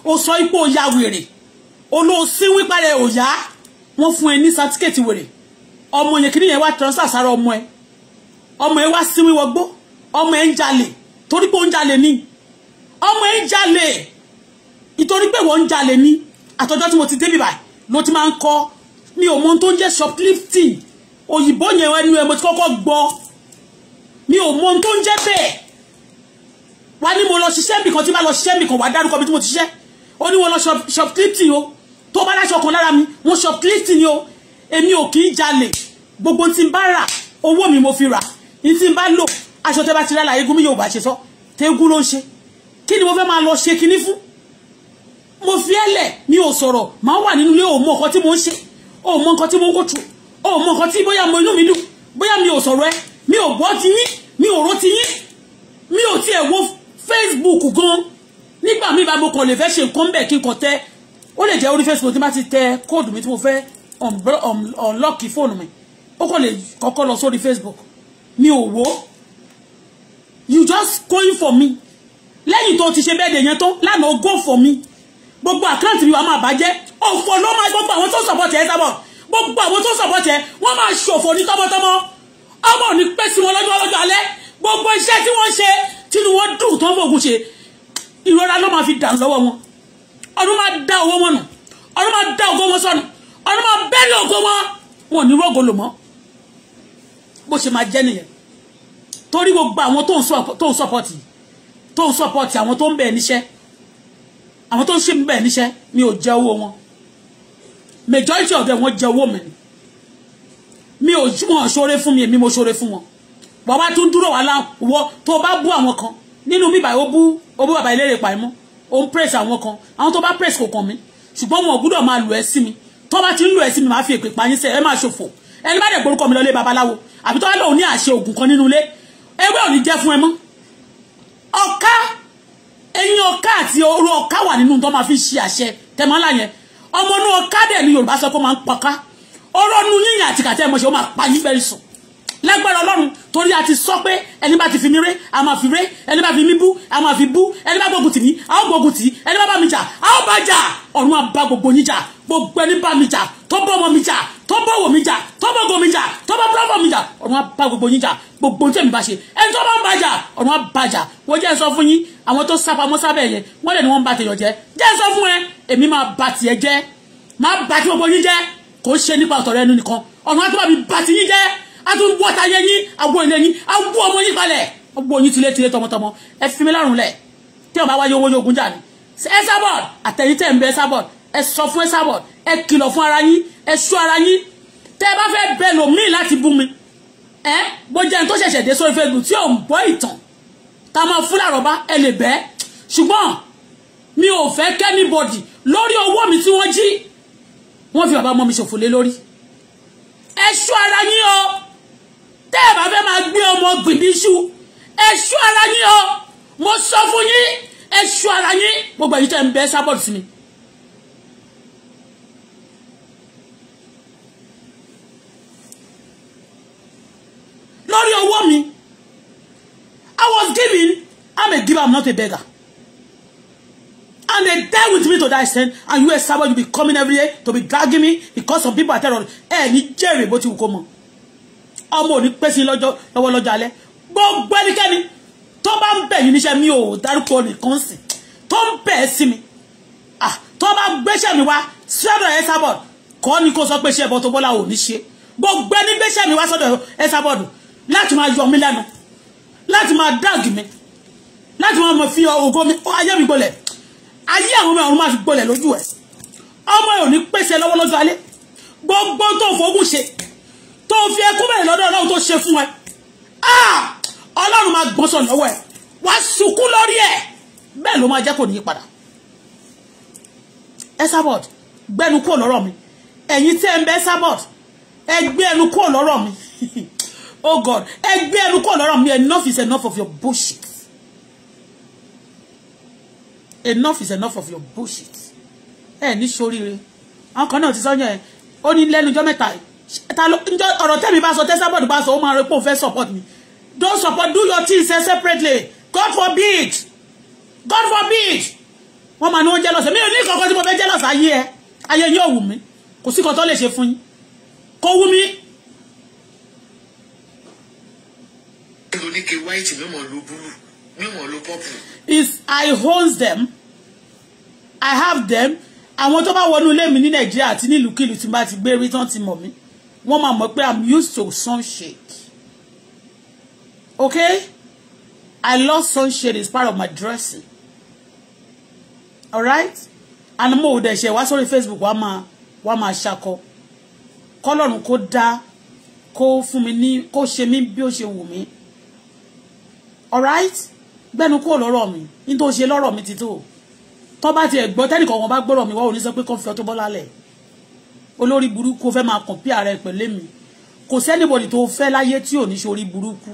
[SPEAKER 1] ó sọ ipò ya wèrè olóòsín wípa rẹ ò yá wọ́n fún ẹ ní certificate wèrè ọmọ yẹn kìnìyẹn wá transfer sára ọmọ ẹ ọmọ ẹ wá sí wíwọgbó ọmọ ẹ ń jalè torí pé ó ń jalè ní ọmọ ẹ ń jalè ìtorí pé wọ́n ń jalè ní àtọjọ́ tí mo ti débìbà ló ti máa ń kọ́ mi ò mọ ohun tó ń jẹ́ shoplifting òyìnbó yẹn wá nínú ẹ mo ti kọ́kọ́ gbọ́ mi ò mọ ohun tó ń jẹ́ bẹ́ẹ̀ wá ní mo lọ ṣiṣẹ́ nbìkan tí bá lọ ṣiṣẹ́ nbìkan wà dárúkọ bí tí mo ti ṣiṣẹ́ ó ní wọn lọ shoplifting o tó bá láṣọ kan lára mi wọn shoplifting ni o èmi ò kì í jalè gbogbo tí n bá rà owó mi mo fi rà ní tí n bá lò aṣọ tẹ́ bá ti rà láyé gúnmí yóò bá ṣe sọ tẹ́gún ló ń ṣe kí ni mo fẹ́ máa lọ ṣe kinní fún mo fi ẹ̀lẹ̀ mi ò sọ̀rọ̀ máa wà nínú ilé òun mọ̀ ọ̀kan tí mo ń ṣe o mọ nǹkan tí mo go through o mọ nǹkan tí bóyá mo inú mi dùn bóyá mi ò sọ̀rọ̀ ẹ mi ò gbọ́ ti yín mi ò rò ti yín mi ò tiẹ̀ wo Facebook gan nígbà míì bá mo kàn lè fẹ́ ṣe nǹkan bẹ́ẹ̀ kí n kàn tẹ ó lè jẹ́ orí Facebook tí bá ti tẹ kóòdù mi tí mo fẹ́ ọ̀nlọ́ọ̀kì fóònù mi ó kàn lè kọ́kọ́ lọ sórí Facebook mi ò wò you just going for me lẹ́yìn tó ti ṣe bẹ́ẹ̀ dè yẹn tó lánàá go for me gbogbo àkáǹtì mi wàá máa bàjẹ́ òfò ló máa gbogbo àwọn tó sọ̀pọ̀tì ẹ sábọ̀ gbogbo àwọn tó sọ̀pọ̀tì ẹ wọ́n máa ṣòfò ní tọmọtọmọ ọmọ ò ní pẹ́ sí wọn lọ́jọ́ lọ́jọ́ alẹ́ gbogbo iṣẹ́ tí wọ́n ṣe tínú wọn dùn tó ń fògùn ṣe ìrora ló máa fi dànù lọ́wọ́ wọn ọdún máa dá owó wọn nù ọdún máa dá ògo wọn sọnù ọdún máa bẹ́ẹ̀lì ògo wọn wọn ò ní rògo lò mọ́ bó ṣe máa jẹ́ nìyẹn torí gbogbo àwọn tó ń sọpọ́tì tó ń sọpọ́tì àwọn tó ń bẹ̀ẹ́ níṣẹ́ àwọn tó ń ṣe bẹ̀ẹ́ níṣẹ́ mi ò jẹ́ owó wọn majority of them wọ́n jẹ́ women. mi mi ò wọn ṣoore fún mi èmi mo ṣoore fún wọn bàbá tún dúró wà láwọ tó bá bú àwọn kan nínú mi báyìí ó bú ó bú bàbá eléré pàìmọ́ ó ń press àwọn kan àwọn tó bá press kò kàn mí ṣùgbọ́n wọn ò gbúdọ̀ máa lù ẹ́ sí mi tó bá ti ń lù ẹ́ sí mi màá fi èpè pa yín sẹ́ ẹ máa ṣòfò ẹni bá dẹ̀ gborúkọ mi lọ lé babaláwo àbí tó bá lòun ní àṣẹ ògùn kan nínú ilé ewé ò ní jẹ́ fún ẹ mọ́ ọ̀ká ẹyin ọ̀ká àti orú ọ̀ká wà nínú tó máa fi ṣe àṣẹ tẹ̀mọ́lá yẹn ọmọ náà kádẹ̀ ni yorùbá sọ pé ó máa ń pọká ọ̀rọ̀ nu yíyàn àti kàtẹ́ ẹ̀mọ́ṣe ó máa pa yín bẹ́ẹ̀ sùn lágbára ọlọ́run torí a ti sọ pé ẹni bá ti fi mi ré a máa fi ré ẹni bá fi mi bú a máa fi bú ẹni bá gbógun tì a ó gbógun tì í ẹni bá bá mi jà a ó bá jà ọ̀run á gbogbo yín jà gbogbo ẹni bá mi jà tó bọ́ ọmọ mi jà tó bá wò mí jà tó bá gò mí jà tó bá púlọ́fọ̀ mí jà ọ̀run á bá gbogbo yín jà gbogbo tẹ̀mí bá ṣe ẹni tó bá ń bàjà ọ̀run á bàjà wọ́n jẹ́ sọ fún yín àwọn tó sápamọ́ sábẹ́ yẹn wọ́n lè ní wọ́n ń ba tèèyàn jẹ́ jẹ́ sọ fún ẹ èmi máa ba tiẹ̀ jẹ́ máa ba tí gbogbo yín jẹ́ kò ṣe nípa ọ̀tọ̀ rẹ nu nìkan ọ̀run á ba ti jẹ́ ẹ sọ fún Esabod ẹ kìlọ̀ fún ara yín ẹ sọ ara yín tẹ́ ẹ bá fẹ́ bẹ lòmíì láti bú mi ẹ bó jẹ́ ní tó ṣẹ̀ṣẹ̀ dé sórí Facebook tí ò ń bọ́ ìtàn tá a máa fún làrọ̀bá ẹ lè bẹ́ ṣùgbọ́n mi ò fẹ́ kẹ́nìbọ̀dì lórí owó mi tí wọ́n jí wọ́n fi bàbá ọmọ mi ṣòfò lé lórí ẹ sọ ara yín o tẹ́ ẹ bá fẹ́ máa gbé ọmọ gbìdíṣu ẹ sọ ara yín o mo sọ fún yín ẹ sọ ara yín gbogbo ẹ̀yin tẹ́ ń bẹ Esabod sí mi lórí owó mi I was giving I'm a giver I'm not a beggar and they die with me to that extent and you a servant you be coming every day to be dragging me because some people are telling terror ẹ ní jèrè bó ti wù kó mọ ọmọ ò ní pèsè lọ́jọ́ lọ́wọ́ lọ́jọ́ alẹ́ gbogbo ẹnikẹ́ni tó bá ń bẹ̀ yín níṣẹ́ mi ò dárúkọ nìkan sìn tó ń bẹ̀ ẹ́ sí mi ah, tó bá gbéṣẹ́ mi wá sọ́dọ̀ ẹ sábọ̀ kọ́ ni kó sọ pé ṣé ẹ̀bọ tó bọ́lá ò ní ṣe gbogbo ẹni gbéṣẹ́ mi wá sọ́dọ̀ ẹ sábọ̀ dùn láti máa yọ mí lẹ́nu láti máa dáàgì mi láti máa fi ògo mi ayé mi gbolẹ̀ ayé àwọn ọmọ ọ̀run máa fi gbolẹ̀ lójú ẹ̀ ọmọ ẹ̀ ò ní pèsè lọ́wọ́ lọ́jọ́ alẹ́ gbogbo tó fòógùn ṣe tó fi ẹkún bẹ̀rẹ̀ lọ́dọ̀ ọlọ́run tó ṣe fún ẹ ah! ọlọ́run máa gbọ́sọ̀ lọ́wọ́ ẹ wàá sunkún lórí ẹ bẹ́ẹ̀ ló máa jẹ́ kò ní í padà Esabod gbẹnu kúrò lọ́rọ̀ mi ẹ̀yin tẹ́ ń bẹ Esabod ẹ gbé ẹnu lọ́rọ̀ mi oh God ẹ gbé ẹnu kúrò mi enough is enough of your bullshit enough is enough of your bullshit ẹ ní ṣoríire àwọn kan náà ti sọ́yìn ẹ̀ ó ní lẹ́nu ọjọ́ mẹ́ta ọ̀rọ̀ tẹ́mi bá sọ tẹ́sàbọ̀dù bá sọ ó máa rẹ pé òun support mi don't support do your things separately God forbid God forbid wọ́n máa ní wọ́n jealous mi ò ní kankan tí mo fẹ́ jealous ayé ẹ ayé yóò wù mí kò sí kan tó lè ṣe fún yín kò wù mí
[SPEAKER 2] lo white mi lo blue mi lo purple.
[SPEAKER 1] is I hold them I have them àwọn tó bá wọnú ilé mi ní Nàìjíríà àti nílùkulù tí n bá ti gbé rí tán ti mọ̀ mí wọ́n máa mọ̀ pé I'm used to sunshade okay I love sunshade it's part of my dressing alright and mo ò dẹ̀ ṣe wá sórí Facebook wá máa wá máa ṣakọ kọ́lọ́run kó dá kó fún mi ní kó ṣe mí bí ó ṣe wù mí alright gbẹ́nu kúrò lọ́rọ̀ mi ní tó ṣe lọ́rọ̀ mi ti tó tó bá tiẹ̀ gbọ́ tẹ́nìkan wọn bá gbọ́rọ̀ mi wọ́n ò ní sọ pé kó fi Auto Bola lẹ̀ olórí burúkú fẹ́ máa kàn pí ààrẹ pẹ̀lẹ́ mi kò sẹ́nìbọ̀dì tó fẹ́ láyé tí ò ní ṣe orí burúkú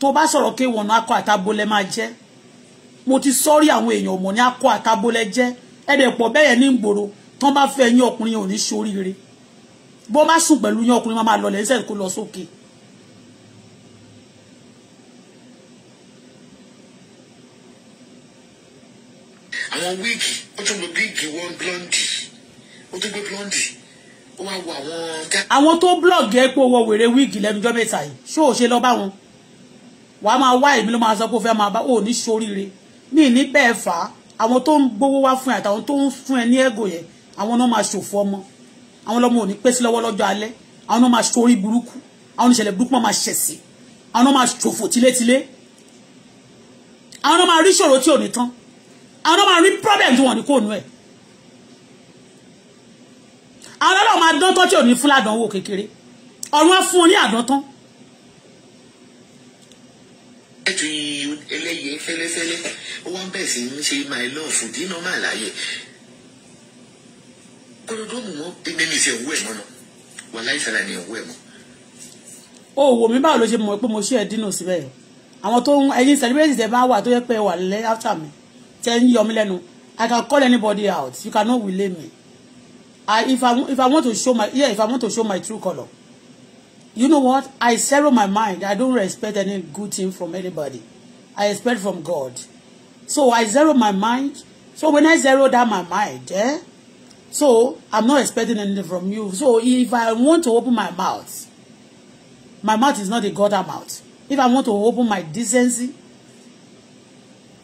[SPEAKER 1] tó bá sọ̀rọ̀ ké wọ̀nà akọ àtabo lẹ máa jẹ́ mo ti sọ́rí àwọn èèyàn mọ̀ ní akọ àtabo lẹ jẹ́ ẹ̀dẹ̀ pọ̀ bẹ́yẹn ní gbòòrò tán bá fẹ́ yín ọkùnrin ò ní ṣoríire bó má sùn pẹ̀lú yín ọkùnrin má máa lọlẹ̀ ń sẹ́yìn kó lọ sókè. So àwọn
[SPEAKER 2] wíìgì ó tún gbé wíìgì wọn blọ́ndì ó tún gbé blọ́ndì ó wá wo àwọn.
[SPEAKER 1] àwọn tó blọ́ọ̀gì epo wọ wèrè wíìgì lẹ́nujọ́ mẹ́ta yìí ṣó o ṣe lọ bá wọn wàá máa wá èmi ló máa sọ pé ó fẹ́ máa bá ò ní ṣoríire ní ní bẹ́ẹ̀ fà á àwọn tó ń gbowó wá fún ẹ àtàwọn tó ń fún ẹ ní ẹ̀gò yẹn àwọn náà máa ṣòfò ọmọ àwọn ọlọ́mọ ò ní pẹ́ sí lọ́wọ́ lọ́jọ́ alẹ́ àwọn náà máa ṣorí burúkú àwọn oníṣẹ̀lẹ̀ burúkú máa ṣẹ̀sìn àwọn náà máa ṣòfò tilétilé àwọn náà máa rí ṣòro tí ò ní tán àwọn náà máa rí problem tí wọ́n ní kò nú ẹ̀ àwọn náà máa dán tán tí ò ní fún ládánwò kékeré ọ̀run á fún ọ ní àdántán.
[SPEAKER 2] ẹ̀jú eléyìí fẹ́lẹ́fẹ́lẹ́ ó wá ń bẹ̀ sí ń ṣe my love dínà máa láàyè kólódóòmù mọ́ mímí ṣe òwú ẹ̀ mọ́ wà láìsàlà ni òwú ẹ̀ mọ́.
[SPEAKER 1] o wò mí báwo ló ṣe mọ̀ pé mo ṣe ẹ̀ dínà síbẹ̀ àwọn tó ń ẹyin celebrate ẹ̀ bá wà tó yẹ pé wà lẹ́ after mi tẹ́ ń yọ I can call anybody out you cannot relay me I if I if I want to show my yeah if I want to show my true color. you know what I zero my mind I don't respect any good thing from anybody I expect from God so I zero my mind so when I zero down my mind eh so I'm not expecting anything from you so if I want to open my mouth my mouth is not a gutter mouth if I want to open my decency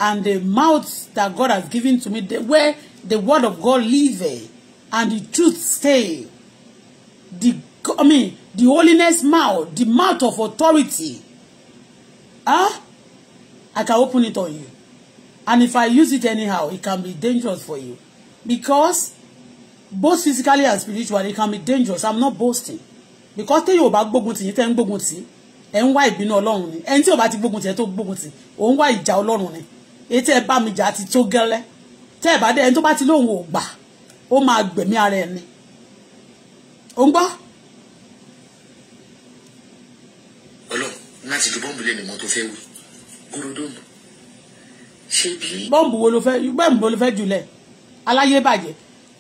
[SPEAKER 1] and the mouth that God has given to me, the, where the word of God lives, and the truth stay. The I mean the holiness mouth, the mouth of authority. Huh? Ah? I can open it on you. And if I use it anyhow, it can be dangerous for you. Because both physically and spiritually, it can be dangerous. I'm not boasting. Because tell you about gbógun you tell tẹ́ and why tì, ẹ̀ ń wá ìbínú Ọlọ́run ni. Ẹni tí ò bá ti gbógun tì ẹ̀ tó èyí tẹ́ ẹ bá mi jà ti tó gẹ́lẹ́ tẹ́ ẹ bá dẹ́ ẹni tó bá ti lóun ò gbà ó máa gbẹ̀mí ara ẹ̀ ni ó ń gbọ́.
[SPEAKER 2] ọlọ́run láti lu bọ́ǹbù lẹ́nu mọ́ tó fẹ́ wí gúrúdóòmù
[SPEAKER 1] ṣé bí. bọ́ǹbù wo ló fẹ́ bọ́ǹbù wo ló fẹ́ jùlẹ̀ aláyé bàjẹ́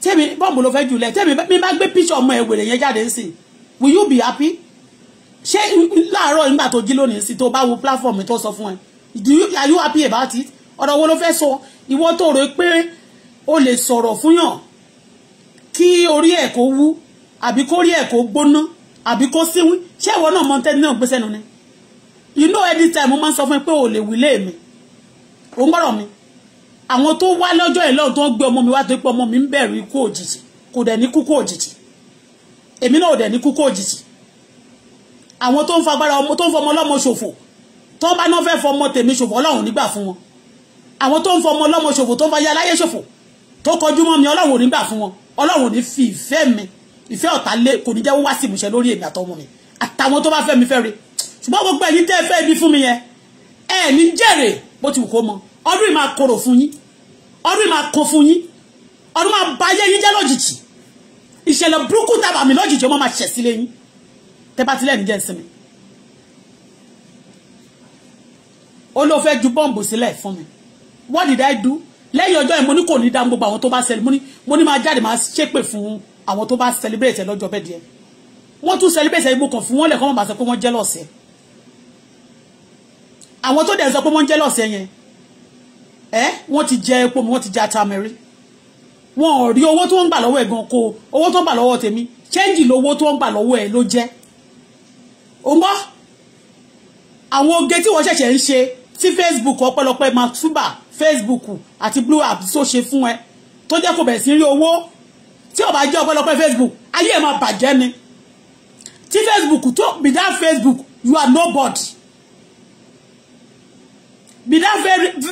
[SPEAKER 1] tẹ́mi bọ́ǹbù ló fẹ́ jùlẹ̀ tẹ́mi mi bá gbé píṣọ ọmọ ẹ̀ wèrè yẹn jáde ń sìn will you be happy ṣé láàárọ̀ nígbà tó jí lónìí sí tó bá wo platform tó sọ fún ẹ are you happy about it ọ̀rọ̀ wo ló fẹ́ sọ ìwọ tó rò pé o lè sọ̀rọ̀ fúnyàn kí orí ẹ̀ kó wú àbí kó rí ẹ̀ kó gbóná àbí kó síwín ṣé ìwọ náà mọ tẹ́ni náà gbéṣẹ́ nu ni you know anytime mo máa ń sọ fún ẹ pé o lè wílé mi ò ń gbọ́rọ̀ mi àwọn tó wá lọ́jọ́ yìí lọ́dún tó ń gbé ọmọ mi wá tó pé ọmọ mi ń bẹ̀rù ikú òjijì kò dẹ̀ ní kúkú òjijì èmi náà ò dẹ̀ ní kúkú òjijì àwọn tó ń fagbára ọmọ tó ń fọmọ ọlọ́mọ ṣòfò tó bá náà fẹ́ fọmọ tèmi ṣòfò ọlọ́run nígbà fún wọn àwọn tó ń fọmọ ọlọ́mọ ṣòfò tó ń fa yàrá ayé ṣòfò tó kọjú mọ́ mi ọlọ́run ò ní gbà fún wọn ọlọ́run ò ní fi ìfẹ́ mi ìfẹ́ ọ̀tá lé kò ní jẹ́wọ́ wá sí ìmúṣẹ lórí èmi àtọmọ mi àtàwọn tó bá fẹ́ mi fẹ́ re ṣùgbọ́n gbogbo ẹ̀yin tẹ́ ẹ fẹ́ ibi fún mi yẹn ẹ ní jèrè bó ti wù kó mọ ọdún yìí máa korò fún yín ọdún yìí máa kó fún yín ọdún máa ba ayé yín jẹ́ lójijì ìṣẹ̀lẹ̀ burúkú tàbà mi lójijì ó máa ṣẹ̀ sílé yín tẹ́ bá tilẹ̀ níjẹ́ ìsinmi ó ló fẹ́ ju bọ́ǹbù sílẹ̀ fún mi what did I do lẹ́yìn ọjọ́ yẹn mo ní kò ní dá gbogbo àwọn tó bá celebrate mo ní mo ní máa jáde máa ṣépè fún àwọn tó bá celebrate lọ́jọ́ bẹ́ẹ̀ díẹ̀ wọ́n tún celebrate mo kàn fún wọn lẹ́kọ́ wọn bá sọ pé wọ́n jealous ẹ̀ àwọn tó dẹ̀ sọ pé wọ́n jealous ẹ̀ yẹn ẹ́ wọ́n ti jẹ epo mi wọ́n ti jẹ ata mi rí wọn ò rí owó tó ń gbà lọ́wọ́ ẹ̀ gan ko owó tó ń gbà lọ́wọ́ tèmi change lówó tó ń gbà lọ́wọ́ ẹ̀ ló jẹ́ o mọ́ àwọn oge tí wọ́n ṣẹ̀ṣẹ̀ ń ṣe tí Facebook ọpẹ́lọpẹ́ máa túbà Facebook àti Blue app tó ṣe fún ẹ tó jẹ́ kó bẹ̀rẹ̀ sí rí owó tí ó jẹ́ ọpẹ́lọpẹ́ Facebook ayé ẹ̀ máa bàjẹ́ ni tí Facebook tó without Facebook you are nobody without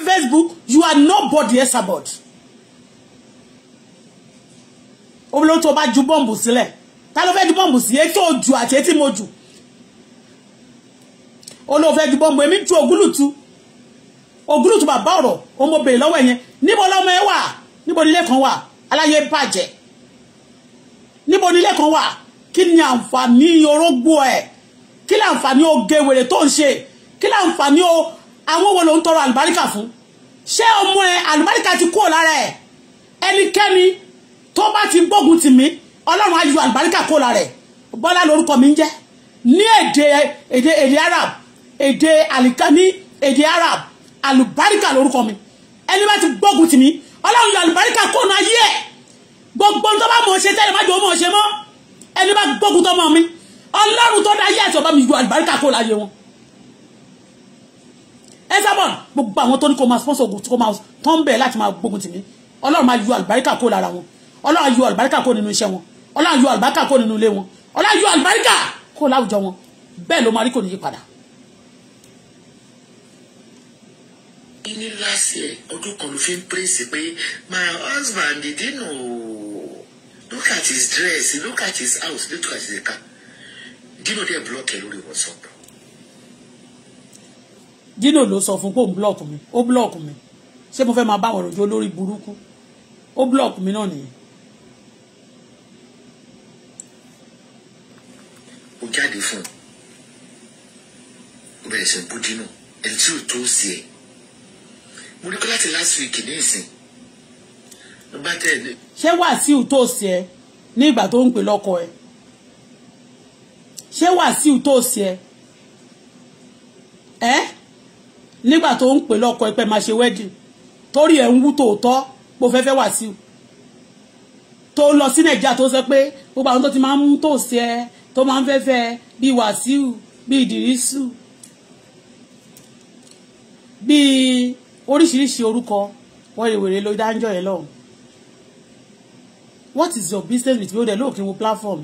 [SPEAKER 1] Facebook you are nobody yes about obìnrin tó bá ju bọ́ǹbù sílẹ̀ ta ló fẹ́ ju bọ́ǹbù sí etí òjò àti etí mojù olóòfẹ́ ju bọ́ǹbù èmi ju ògúlùtù ògúlùtù bàbá ọ̀rọ̀ òun mo bèrè lọ́wọ́ ẹ̀yẹn níbo lọ́mọ ẹ wà níbo nílé kan wà aláyé bàjẹ́ níbo nílé kan wà kí ni àǹfààní orógbó ẹ̀ kí ni àǹfààní oge wèrè tó ń ṣe kí ni àǹfààní o àwọn wo ló ń tọrọ àlùbáríkà fún ṣé ọmọ ẹ àlùbáríkà ti kúrò lára ẹ ẹnikẹ́ni tó bá ti gbógun tì mí ọlọ́run á yọ àlùbáríkà kúrò lára ẹ bọ́lá lórúkọ mi ń jẹ́ ní èdè èdè èdè arab èdè àlìkání èdè arab àlùbáríkà lórúkọ mi ẹni bá ti gbógun tì mí ọlọ́run yọ àlùbáríkà kóònù ayé ẹ̀ gbogbo tó bá mọ̀ ṣe tẹ́lẹ̀ má jọ mọ̀ ṣe mọ́ ẹni bá gbógun tó mọ̀ mi ọlọ́run tó dá ayé àti ọba mi yọ àlùbáríkà kóònù ayé wọn. ẹ sábọ̀ gbogbo àwọn tó ní kó máa sponsor ogun tó máa tó ń bẹ̀ láti máa gbógun tì mí ọlọ́run máa yọ àlùbáríkà kóònù lára wọn ọlọ́run yọ àlùbáríkà kóònù nínú iṣẹ́ wọn ọlọ́run yọ àlùbáríkà kóònù nínú ilé wọn ọlọ́run yọ àlùbáríkà kóònù láwùjọ ní last year ọdún kan ló fi ń praise pé my
[SPEAKER 2] husband he didn't know look at his dress look at his house look at his car Dino dẹ̀ block
[SPEAKER 1] ẹ lórí WhatsApp. Dino ló sọ fún pé òun block mi ó block mi ṣé mo fẹ́ máa bá ọ̀rọ̀ jọ lórí burúkú ó block mi náà nìyẹn. ó jáde fún un
[SPEAKER 2] ó bẹ̀rẹ̀ sí bú Dino ẹni tí ò tó sí ẹ̀ mo rí kíláàsì last week ní ìsìn ló bá tẹ̀ ẹ́.
[SPEAKER 1] ṣé wàsíù tó sí ẹ ní ìgbà tó ń pè lọ́kọ ẹ ṣé wàsíù tó sí ẹ ẹ nígbà tó ń pè lọ́kọ ẹ pé máa ṣe wedding torí ẹ ń wú tòótọ́ mo fẹ́ fẹ́ wàsíù tó lọ sí nàìjíríà tó sọ pé gbogbo àwọn tó ti máa ń mú tó sí ẹ tó máa ń fẹ́ bíi wàsíù bíi ìdìrísù bíi oríṣiríṣi orúkọ wọ́n lè wèrè ló dáńjọ́ yẹn lọ́hùn what is your business with me ó dẹ̀ lóòkè wo platform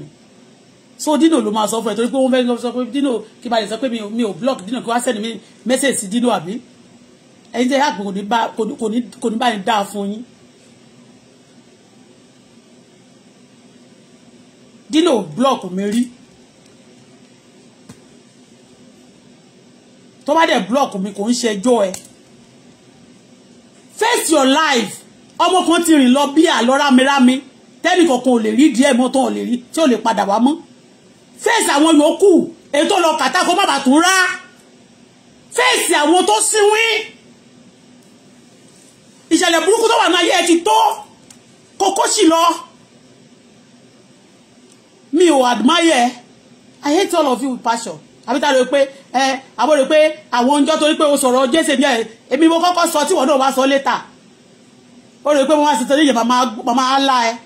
[SPEAKER 1] so Dino ló máa sọ fún ẹ torí pé wọ́n fẹ́ẹ́ sọ pé Dino kí n bá lè sọ pé mi ò block Dino kí wọ́n á send mi message sí Dino àbí ẹni tẹ́ yàgbé kò ní bá ní dáa fún yín Dino block mi rí tó bá dẹ̀ block mi kò ń ṣẹjọ́ ẹ face your life ọmọ kan ti rìn lọ bí àlọ́ rámirámi tẹ́nì kankan ò lè rí díẹ̀ mọ́ tó ò lè rí tí ò lè padà wá mọ́ face àwọn yòókù èyí tó lọ kàtàkó má bàa tún rá face àwọn tó sínwín ìṣẹ̀lẹ̀ burúkú tó wà ní ayé ẹ ti tó kókó sì lọ mi ò admire I hate all of you with passion àbí tá a rò pé ẹ àwọn rò pé àwọn oúnjẹ torí pé o sọ̀rọ̀ jésè bí ẹ èmi mo kọ́kọ́ sọ tí wọ́n náà wá sọ létà ó rò pé mo wá sí torí ìyẹn màmá máa la ẹ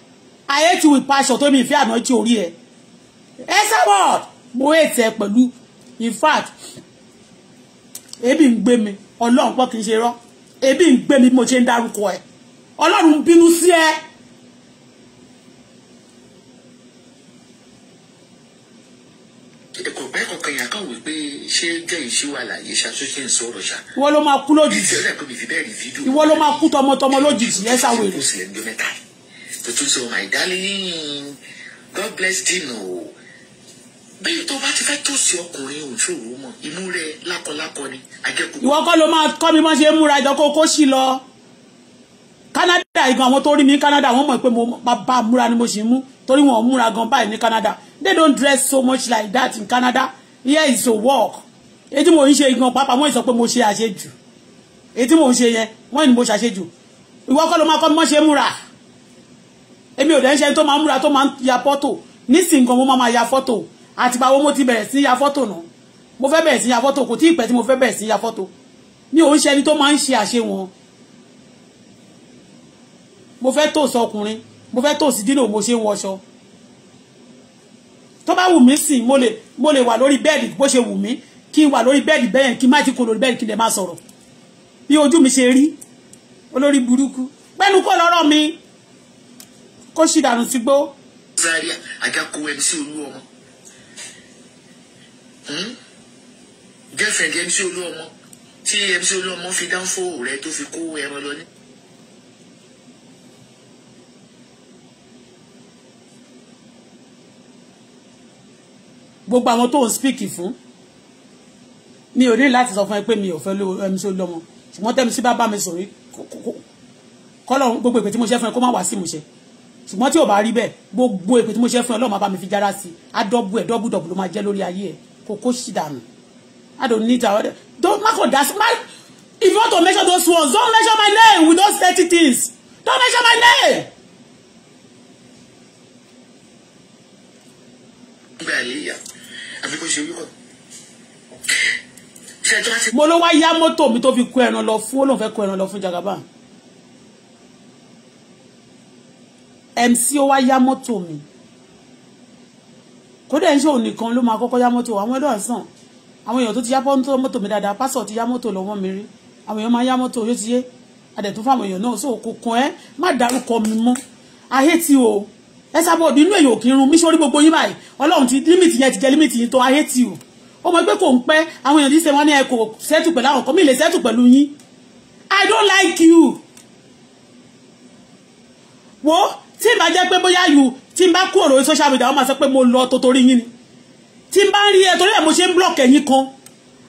[SPEAKER 1] I hate you with passion tó mi ìfẹ́ àná tí orí ẹ ẹ sábọ̀d mo hate ẹ pẹ̀lú in fact ebi ń gbé mi ọlọ́run pọ̀ kì í ṣe rọ́ ebi ń gbé mi bí mo ṣe ń dárúkọ ẹ ọlọ́run bínú sí ẹ. kò pẹ́
[SPEAKER 2] kankan yà wípé ṣé jẹ́ ìṣú àlàyé ṣàtúnṣe ń sọ̀rọ̀ ṣá. ìwọ ló máa kú lójijì ìwọ ló
[SPEAKER 1] máa kú tọmọtọmọ lójijì ẹ ṣàwé. mo sì lè gbé
[SPEAKER 2] tún sọ my darling God bless dino bẹ́ẹ̀ tó bá ti fẹ́ tó sí ọkùnrin òṣòro mọ̀ imú rẹ lákọlákọ
[SPEAKER 1] ni àjẹkù. ìwọ kọ́ ló máa kọ́ mi mọ́ ṣe múra ìdánwò kó sí lọ Canada ìgbà àwọn tó rí mi Canada wọ́n mọ̀ pé mo bá múra ni mo sì mú torí wọn múra gan báyìí ní Canada they don't dress so much like that in Canada here is a work etí mò ń ṣe igan pápá wọ́n sọ pé mo ṣe àṣejù etí mò ń ṣe yẹn wọ́n ní mo ṣàṣejù ìwọ kọ́ ló máa kọ́ mọ́ ṣe múra èmi ò dẹ̀ ń ṣe tó máa múra tó máa ya fọ́tò nísìnyí gan mo máa máa ya fọ́tò àtìgbà wo mo ti bẹ̀rẹ̀ sí ya fọ́tò náà mo fẹ́ bẹ̀rẹ̀ sí ya fọ́tò kò tí ì pẹ́ tí mo fẹ́ bẹ̀rẹ̀ sí ya fọ́tò mi ò ń ṣe ẹni tó máa ń ṣe àṣe wọn mo fẹ́ tòsọ ọkùnrin mo fẹ́ tòsí dínà mo ṣe ń wọṣọ tó bá wù mí sìn mo lè wà lórí bẹ́ẹ̀dì bó ṣe wù mí kí n wà lórí bẹ́ẹ̀dì bẹ́ẹ̀ kí n má ti kó lórí bẹ́ẹ̀dì kí n lè má sọ̀rọ̀ bí ojú mi ṣe rí olórí burúkú pẹ́nu kó lọ́rọ̀ mi kó ṣì dànù sí gbó.
[SPEAKER 2] Zaria àjàkú MC Olúọmọ girlfriend MC Olúọmọ tí MC Olúọmọ fi dáńfó rẹ tó fi kó ẹran lọ ní.
[SPEAKER 1] gbogbo àwọn tó ń speak fún mi ò ní láti sọ fún ẹ pé mi ò fẹ́ lówó ẹ̀mí sí olómọ ṣùgbọ́n tẹ́mi sí bá bá mi sọ̀rí kọ́lọ̀ gbogbo ìpè tí mo ṣe fún ẹ kó má wá sí ìmúṣẹ ṣùgbọ́n tí ò bá rí bẹ́ẹ̀ gbogbo ìpè tí mo ṣe fún ẹ ọlọ́run bá mi fi jára sí i á dọ́bù ẹ̀ dọ́bù dọ̀bù ló máa jẹ́ lórí ayé ẹ̀ kó kó ṣì dànù I don't need our don't má kò dá sí if you want to measure those ones don't measure my name with those dirty things don't measure my name. gbàlíyà àbí bó ṣe wí bọ̀. mo ló wá yá mọ́tò mi tó fi kó ẹran lọ fún ó fẹ́ kó ẹran lọ fún jagaba MC ó wá yá mọ́tò mi kódà ń ṣe òun nìkan ló máa kọ́kọ́ yá mọ́tò àwọn ẹ̀dọ́ àìsàn àwọn èèyàn tó ti yá mọ́tò mi dáadáa pásọ̀ ti yá mọ́tò lọ́wọ́ mi rí àwọn èèyàn máa yá mọ́tò yóò ti yé adẹ̀tún fáwọn èèyàn náà sóò kò kàn ẹ́ má dárúkọ mi mọ́ ahé tí o ẹsà bọ̀dù inú èyàn òkè irun mi sórí gbogbo yín báyìí ọlọ́run ti límìtì yẹn ti jẹ límìtì yín tó ayé tì o ó mọ̀ pé kò ń pẹ́ àwọn èèyàn ti ṣe wọ́n ní ẹ kò sẹ́tù pẹ̀lú àwọn kan mi lè sẹ́tù pẹ̀lú yín I don't like you wo tí n bá jẹ́ pé you tí n bá kú social media wọ́n máa sọ pé mo lọ tó torí yín ni tí n bá rí ẹ torí mo ṣe block ẹ̀yìn kan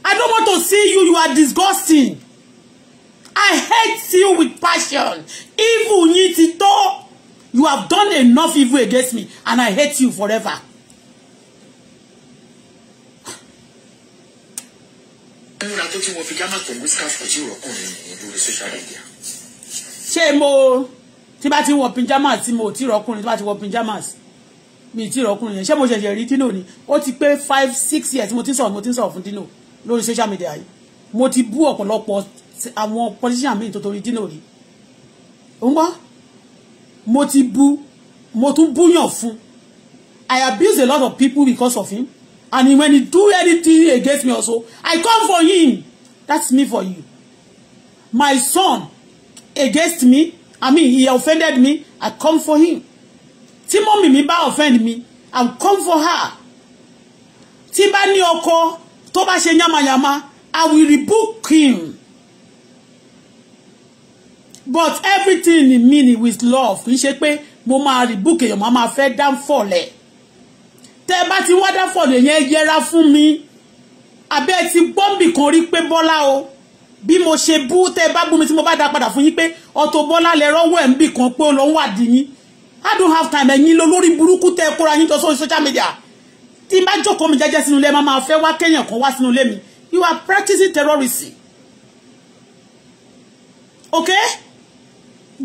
[SPEAKER 1] I don't want to see you you are disgusting I hate you with passion evil yín ti tọ́. You have done enough evil against me, and I hate you forever. múra tó tí mo tí bá ti wọ pyjamas tí mo ti rọkùnrin tí bá ti wọ mi ti rọkùnrin yẹn mo ṣẹ̀ṣẹ̀ rí Dino ni ó ti pé five six years mo ti sọ̀rọ̀ mo ti sọ̀rọ̀ fún Dino lórí social media yìí mo ti bú ọ̀pọ̀lọpọ̀ àwọn politician mi tó torí Dino rí. ó ń gbọ́ mo ti bú mo tún búyàn fún I abuse a lot of people because of him and when he do anything against me also I come for him that's me for you my son against me I mean he offended me I come for him tí mọ́mì mi bá offend me I come for her tí bá ní ọkọ tó bá ṣe yamayama I will rebuke him but everything in me with love kì í ṣe pé mo máa rí book èèyàn máa máa fẹ́ dáńfọ̀lẹ̀ tẹ́ ẹ bá ti wá dáńfọ̀lẹ̀ yẹn yẹra fún mi àbẹ́ ti gbọ́ǹbì kan rí pé bọ́lá o bí mo ṣe bú tẹ́ ẹ bá bú mi tí mo bá dá padà fún yín pé Auto Bola lẹ rọ́wọ́ ẹ̀ ń bì kan pé ó lọ ń wàdí yín I don't have time ẹ̀yin lọ lórí burúkú tẹ́ ẹ kóra yín jọ sórí social media tí n bá jókòó mi jẹ́jẹ́ sínú ilé máa máa fẹ́ wá kéèyàn kan wá sínú ilé mi you are practicing terrorism okay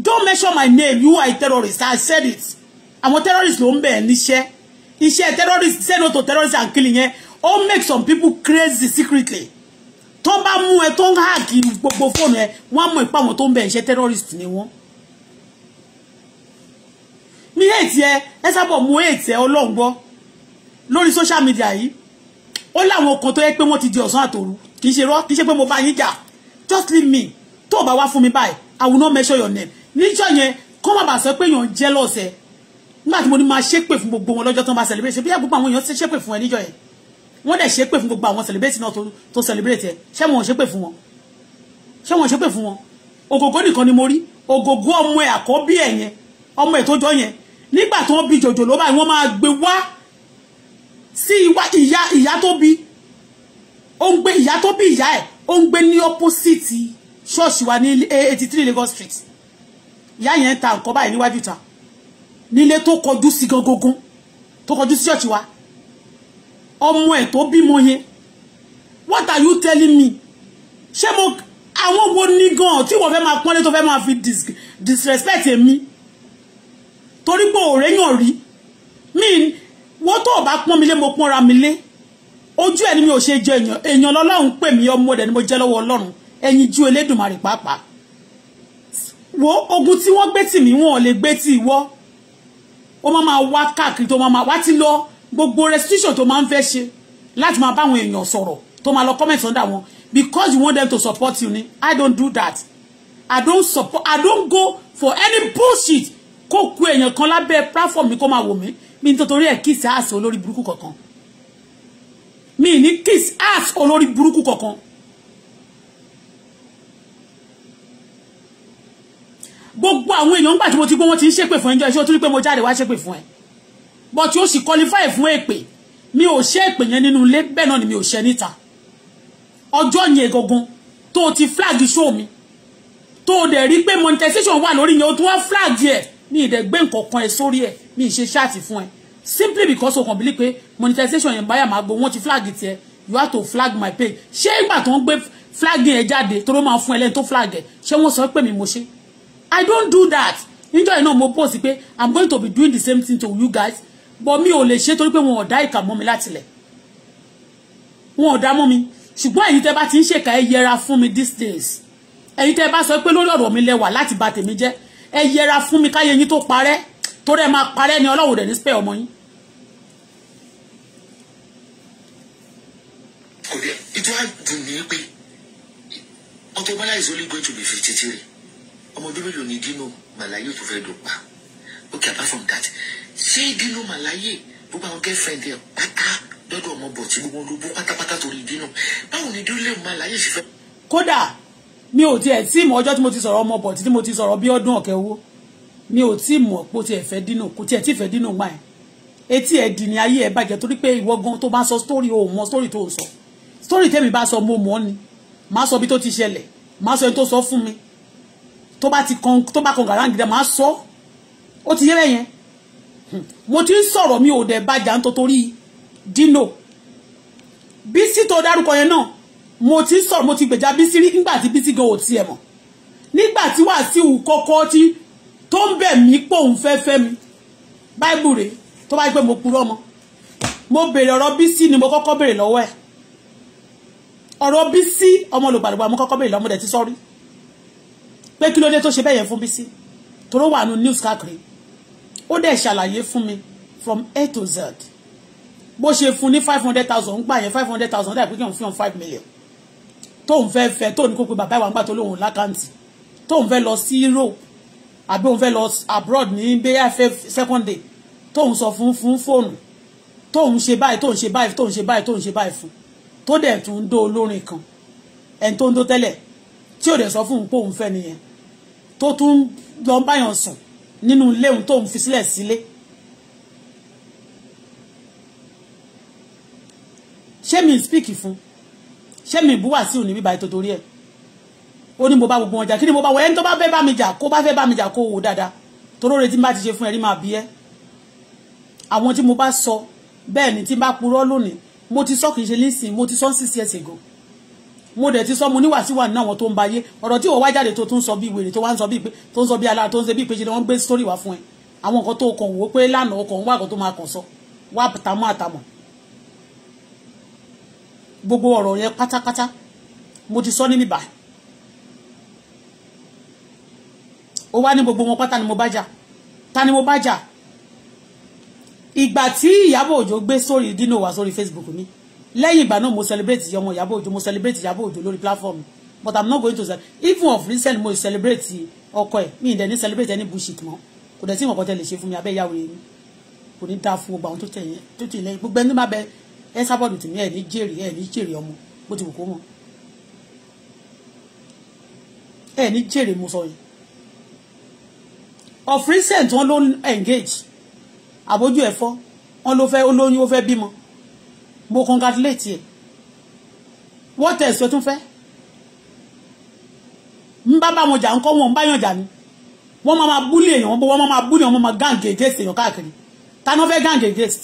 [SPEAKER 1] don't mention my name you are a terrorist i said it àwọn terrorist ló ń bẹ̀ níṣẹ́ iṣẹ́ terrorist say no to terrorist and killing yẹn ó make some people crazy secretly tó bá mú ẹ tó ń háàkì gbogbo fóònù ẹ wọ́n mọ̀ ìpá àwọn tó ń bẹ̀ iṣẹ́ terrorist ni wọ́n. mi hate ẹ ẹ sábọ̀ mo hate ẹ ọlọ́run gbọ́ lórí social media yìí ó láwọn kan tó yẹ pé wọ́n ti di ọ̀sán àtòru kì í ṣe rọ́ kì í ṣe pé mo bá yín jà just leave me tó o bá wá fún mi báyìí i will not measure your name níjọ́ yẹn kó má bàa sọ pé èèyàn jẹ́ lọ́sẹ̀ nígbà tí mo ní máa ṣépè fún gbogbo wọn lọ́jọ́ tó ń bá celebrate ṣe bí gbogbo àwọn èèyàn ṣe ṣépè fún ẹ níjọ́ yẹn wọ́n dẹ̀ ṣépè fún gbogbo àwọn celebrate náà tó celebrate ẹ ṣé wọn ò ṣépè fún wọn ṣé wọn ò ṣépè fún wọn ògògó nìkan ni mo rí ògògó ọmọ ẹ àkọ́bí ẹ yẹn ọmọ ẹ tó jọ yẹn nígbà tó ń bi jòjò ló báyìí wọ́n máa gbé wá sí ìwá ìyá ìyá tó bí ó ń gbé ìyá tó bí ìyá ẹ̀ ó ń gbé ní opposite ṣọ́ọ̀ṣì wa ní eighty three Lagos Street ìyá yẹn ta nǹkan báyìí níwájú ta nílé tó kọjú sí gangan tó kọjú sí ṣọ́ọ̀ṣì ọmọ ẹ̀ tó bímọ yẹn what are you telling me ṣé mo àwọn wo ní gan tí wọ́n fẹ́ máa pọ́nlé tó fẹ́ máa fi disrespect mi torí pé ọ̀rẹ́ yàn rí mi wọ́n tó bá pọ́n mi lé mo pọ́nra mi lé ojú ẹ̀ ni mi ò ṣe jẹ èèyàn èèyàn lọ́lọ́run pè mí ọmọ rẹ̀ ni mo jẹ́ lọ́wọ́ ọlọ́run ẹ̀yìn ju Elédùmarè pàápàá wo ogun tí wọ́n gbé tì mí wọn ò lè gbé tì ìwọ ó máa máa wá káàkiri tó máa máa wá ti lọ gbogbo restitution tó máa ń fẹ́ ṣe láti máa bá àwọn èèyàn sọ̀rọ̀ tó máa lọ comment under wọn because you want them to support you ni I don't do that I don't support I don't go for any bullshit kó ku èèyàn kan lábẹ́ platform mi kó máa wò mí mi ní tòtórí ẹ̀ kiss ass olori burúkú kankan mi ní kiss ass olori burúkú kankan. gbogbo àwọn èèyàn nígbà tí mo ti gbọ́ wọ́n ti ń ṣépè fún ẹjọ́ iṣẹ́ tó ní pé mo jáde wá ṣépè fún ẹ but ó sì qualify fún èpè mi ò ṣe èpè yẹn nínú ilé bẹ́ẹ̀ náà ni mi ò ṣe níta ọjọ́ yẹn gangan tó o ti flag show mi tó o dẹ̀ rí pé monetization wà lórí yẹn o tún wá flag yẹ mi ì dẹ̀ gbé nǹkan kan ẹ sórí ẹ mi ì ṣe ṣáàtì fún ẹ simply because o kàn bí pé monetization yẹn báyà máa gbó wọ́n ti flag tiẹ̀ you have to flag my page ṣé ìgbà tó ń gbé flag yẹn jáde tó ló máa fún ẹ lẹ́yìn tó flag ẹ ṣé wọ́n sọ pé mi mo ṣe I don't do that níjọ́ yìí náà mo post pé I'm going to be doing the same thing to you guys but mi ò lè ṣe torí pé wọn ò dá ìkà mọ́ mi látilẹ̀ wọn ò dá mọ́ mi ṣùgbọ́n ẹ̀yin tẹ́ bá ti ń ṣèkà ẹ yẹra fún mi these days ẹ̀yin tẹ́ bá sọ pé lórí ọ̀rọ̀ mi lẹ́wà láti bà tèmi jẹ́ ẹ yẹra fún mi káyé yín tó parẹ́ torí ẹ máa parẹ́ ni ọlọ́wọ́ rẹ̀ ní spẹ́ ọmọ yín.
[SPEAKER 2] kò dé ìtura dùn mí pé Auto Bola is only going to be fifty three ọmọ ọdún mélòó ni Dino Melaye tó fẹ́ lò pa okay apart from that
[SPEAKER 1] ṣé Dino Melaye gbogbo àwọn girlfriend ẹ̀ pátá lọ́dọ̀ ọmọ bọ̀ tí gbogbo olóbó pátápátá torí Dino báwo ni Dino Melaye ṣe fẹ́. kódà mi ò tiẹ̀ tí mọ ọjọ́ tí mo ti sọ̀rọ̀ ọmọ bọ̀ tí mo ti sọ̀rọ̀ bí ọdún ọ̀kẹ́ owó mi ò tí mọ̀ pé o tiẹ̀ fẹ́ Dino kò tiẹ̀ tí fẹ́ Dino gbà ẹ̀ etí ẹ̀ dì ní ayé ẹ̀ bàjẹ́ torí pé ìwọ gan tó bá sọ story o mọ story tó o sọ story tẹ́mi bá sọ mo mọ̀ ni màá sọ bí tó ti ṣẹlẹ̀ màá sọ ẹni tó sọ fún mi tó bá ti kan tó bá kan gàrangídá máa sọ ó ti yé bẹ́ẹ̀ yẹn mo ti ń sọ̀rọ̀ mi ò dẹ̀ bàjá nítorí dino bísí tó dárúkọ yẹn náà mo ti ń sọ̀rọ̀ mo ti gbèjà bísí rí nígbà tí bísí gan ò tiẹ̀ mọ̀ nígbà tí Wàsíù kọ́kọ́ tí tó ń bẹ̀ mí pò ń fẹ́ fẹ́ mi báìbù rèé tó bá yẹ pé mo purọ́ mọ́ mo béèrè ọ̀rọ̀ bísí ni mo kọ́kọ́ béèrè lọ́wọ́ ẹ̀ ọ̀rọ̀ bísí ọmọ lògbàlògbà mo kọ́kọ́ béèrè lọ́mọdé ti sọ́rí pé kí ló dé tó ṣe bẹ́ẹ̀ yẹn fún Bísí toró wà nù news káàkiri ó dẹ̀ ṣàlàyé fún mi from A to Z bó ṣe fún ní five hundred thousand ń gbà yẹn five hundred thousand dàbí kí òun fi hàn five million tóun fẹ́ fẹ́ tóun ní kó pe bàbá ìwà ń gbà tó lóun lákàntì tóun fẹ́ lọ sí Europe àbí òun fẹ́ lọ abroad ní bẹ́yà fẹ́ second day tóun sọ fún fún fóònù tóun ṣe báyìí tóun ṣe báyìí tóun ṣe báyìí tóun ṣe báyìí fún tó dẹ̀ tún ń dó olórin kan ẹni tó ń dó tẹ́lẹ̀ tí ò dẹ̀ sọ fún un pé òun fẹ́ nìyẹn tó tún lọ báyàn sùn nínú ilé òun tóun fi sílẹ̀ sílé. ṣé mi speak fún ṣé mi bú wá sí òní bíbá ètò torí ẹ̀ ó ní mo bá gbogbo wọn jà kí ni mo bá wọ ẹni tó bá fẹ́ bá mi jà kó bá fẹ́ bá mi jà kó wò dáadáa toró retí bá ti ṣe fún ẹ rí máa bí ẹ àwọn tí mo bá sọ bẹ́ẹ̀ ni tí n bá purọ́ lónìí mo ti sọ kì í ṣe nísìnyí mo ti sọ ń sísí ẹsẹ̀ gan-an mo dẹ̀ ti sọ mo níwà sí wà ní àwọn tó ń bayé ọ̀rọ̀ tí ò wá jáde tó tún sọ bí wèrè tó wá ń sọ bí pé tó ń sọ bí alára tó ń ṣe bí ìpèjì ni wọ́n ń gbé sítórì wá fún ẹ àwọn nǹkan tó kàn wò pé lánàá ọkàn wà kan tó máa kàn sọ wà tàmọ́ àtàmọ́ gbogbo ọ̀rọ̀ yẹn pátápátá mo ti sọ ní níbà ó wá ní gbogbo wọn pátá ni mo bá jà ta ni mo bá jà ìgbà tí Ìyábọ̀ Òjó gbé sórí dínà wá sórí Facebook mi lẹ́yìn ìgbà náà mo celebrate ọmọ Ìyábọ̀ Òjó mo celebrate Ìyábọ̀ Òjó lórí platform but i'm not going to even of recent mo celebrate ọkọ ẹ̀ mi ì dẹ̀ ní celebrate any bullshit mọ́ kò dẹ̀ tí nǹkan kan tẹ̀ lè ṣe fún mi abẹ́ ìyàwó yẹn kò ní dáa fún gbogbo àwọn tó tẹ̀yìn tó tẹ̀yìn lẹ́yìn gbogbo ẹni má bẹ ẹ sábọ̀dù tì mí ẹ̀ ní jèrè ẹ̀ ní jèrè ọmọ bó ti wù kó mọ̀ ẹ̀ ní jèrè mo sọ yìí of recent wọn ló engage àbójú ẹ̀fọ́ wọn ló fẹ́ olóyún ó fẹ́ bímọ mo congratulate ẹ wọ́n tẹ̀ ẹ̀sọ́ tún fẹ́ ń bá bá wọn jà ń kọ́ ni wọ́n ma ma búlì èèyàn bụ wọn ma ma against èèyàn káàkiri táná fẹ́ gáǹgì against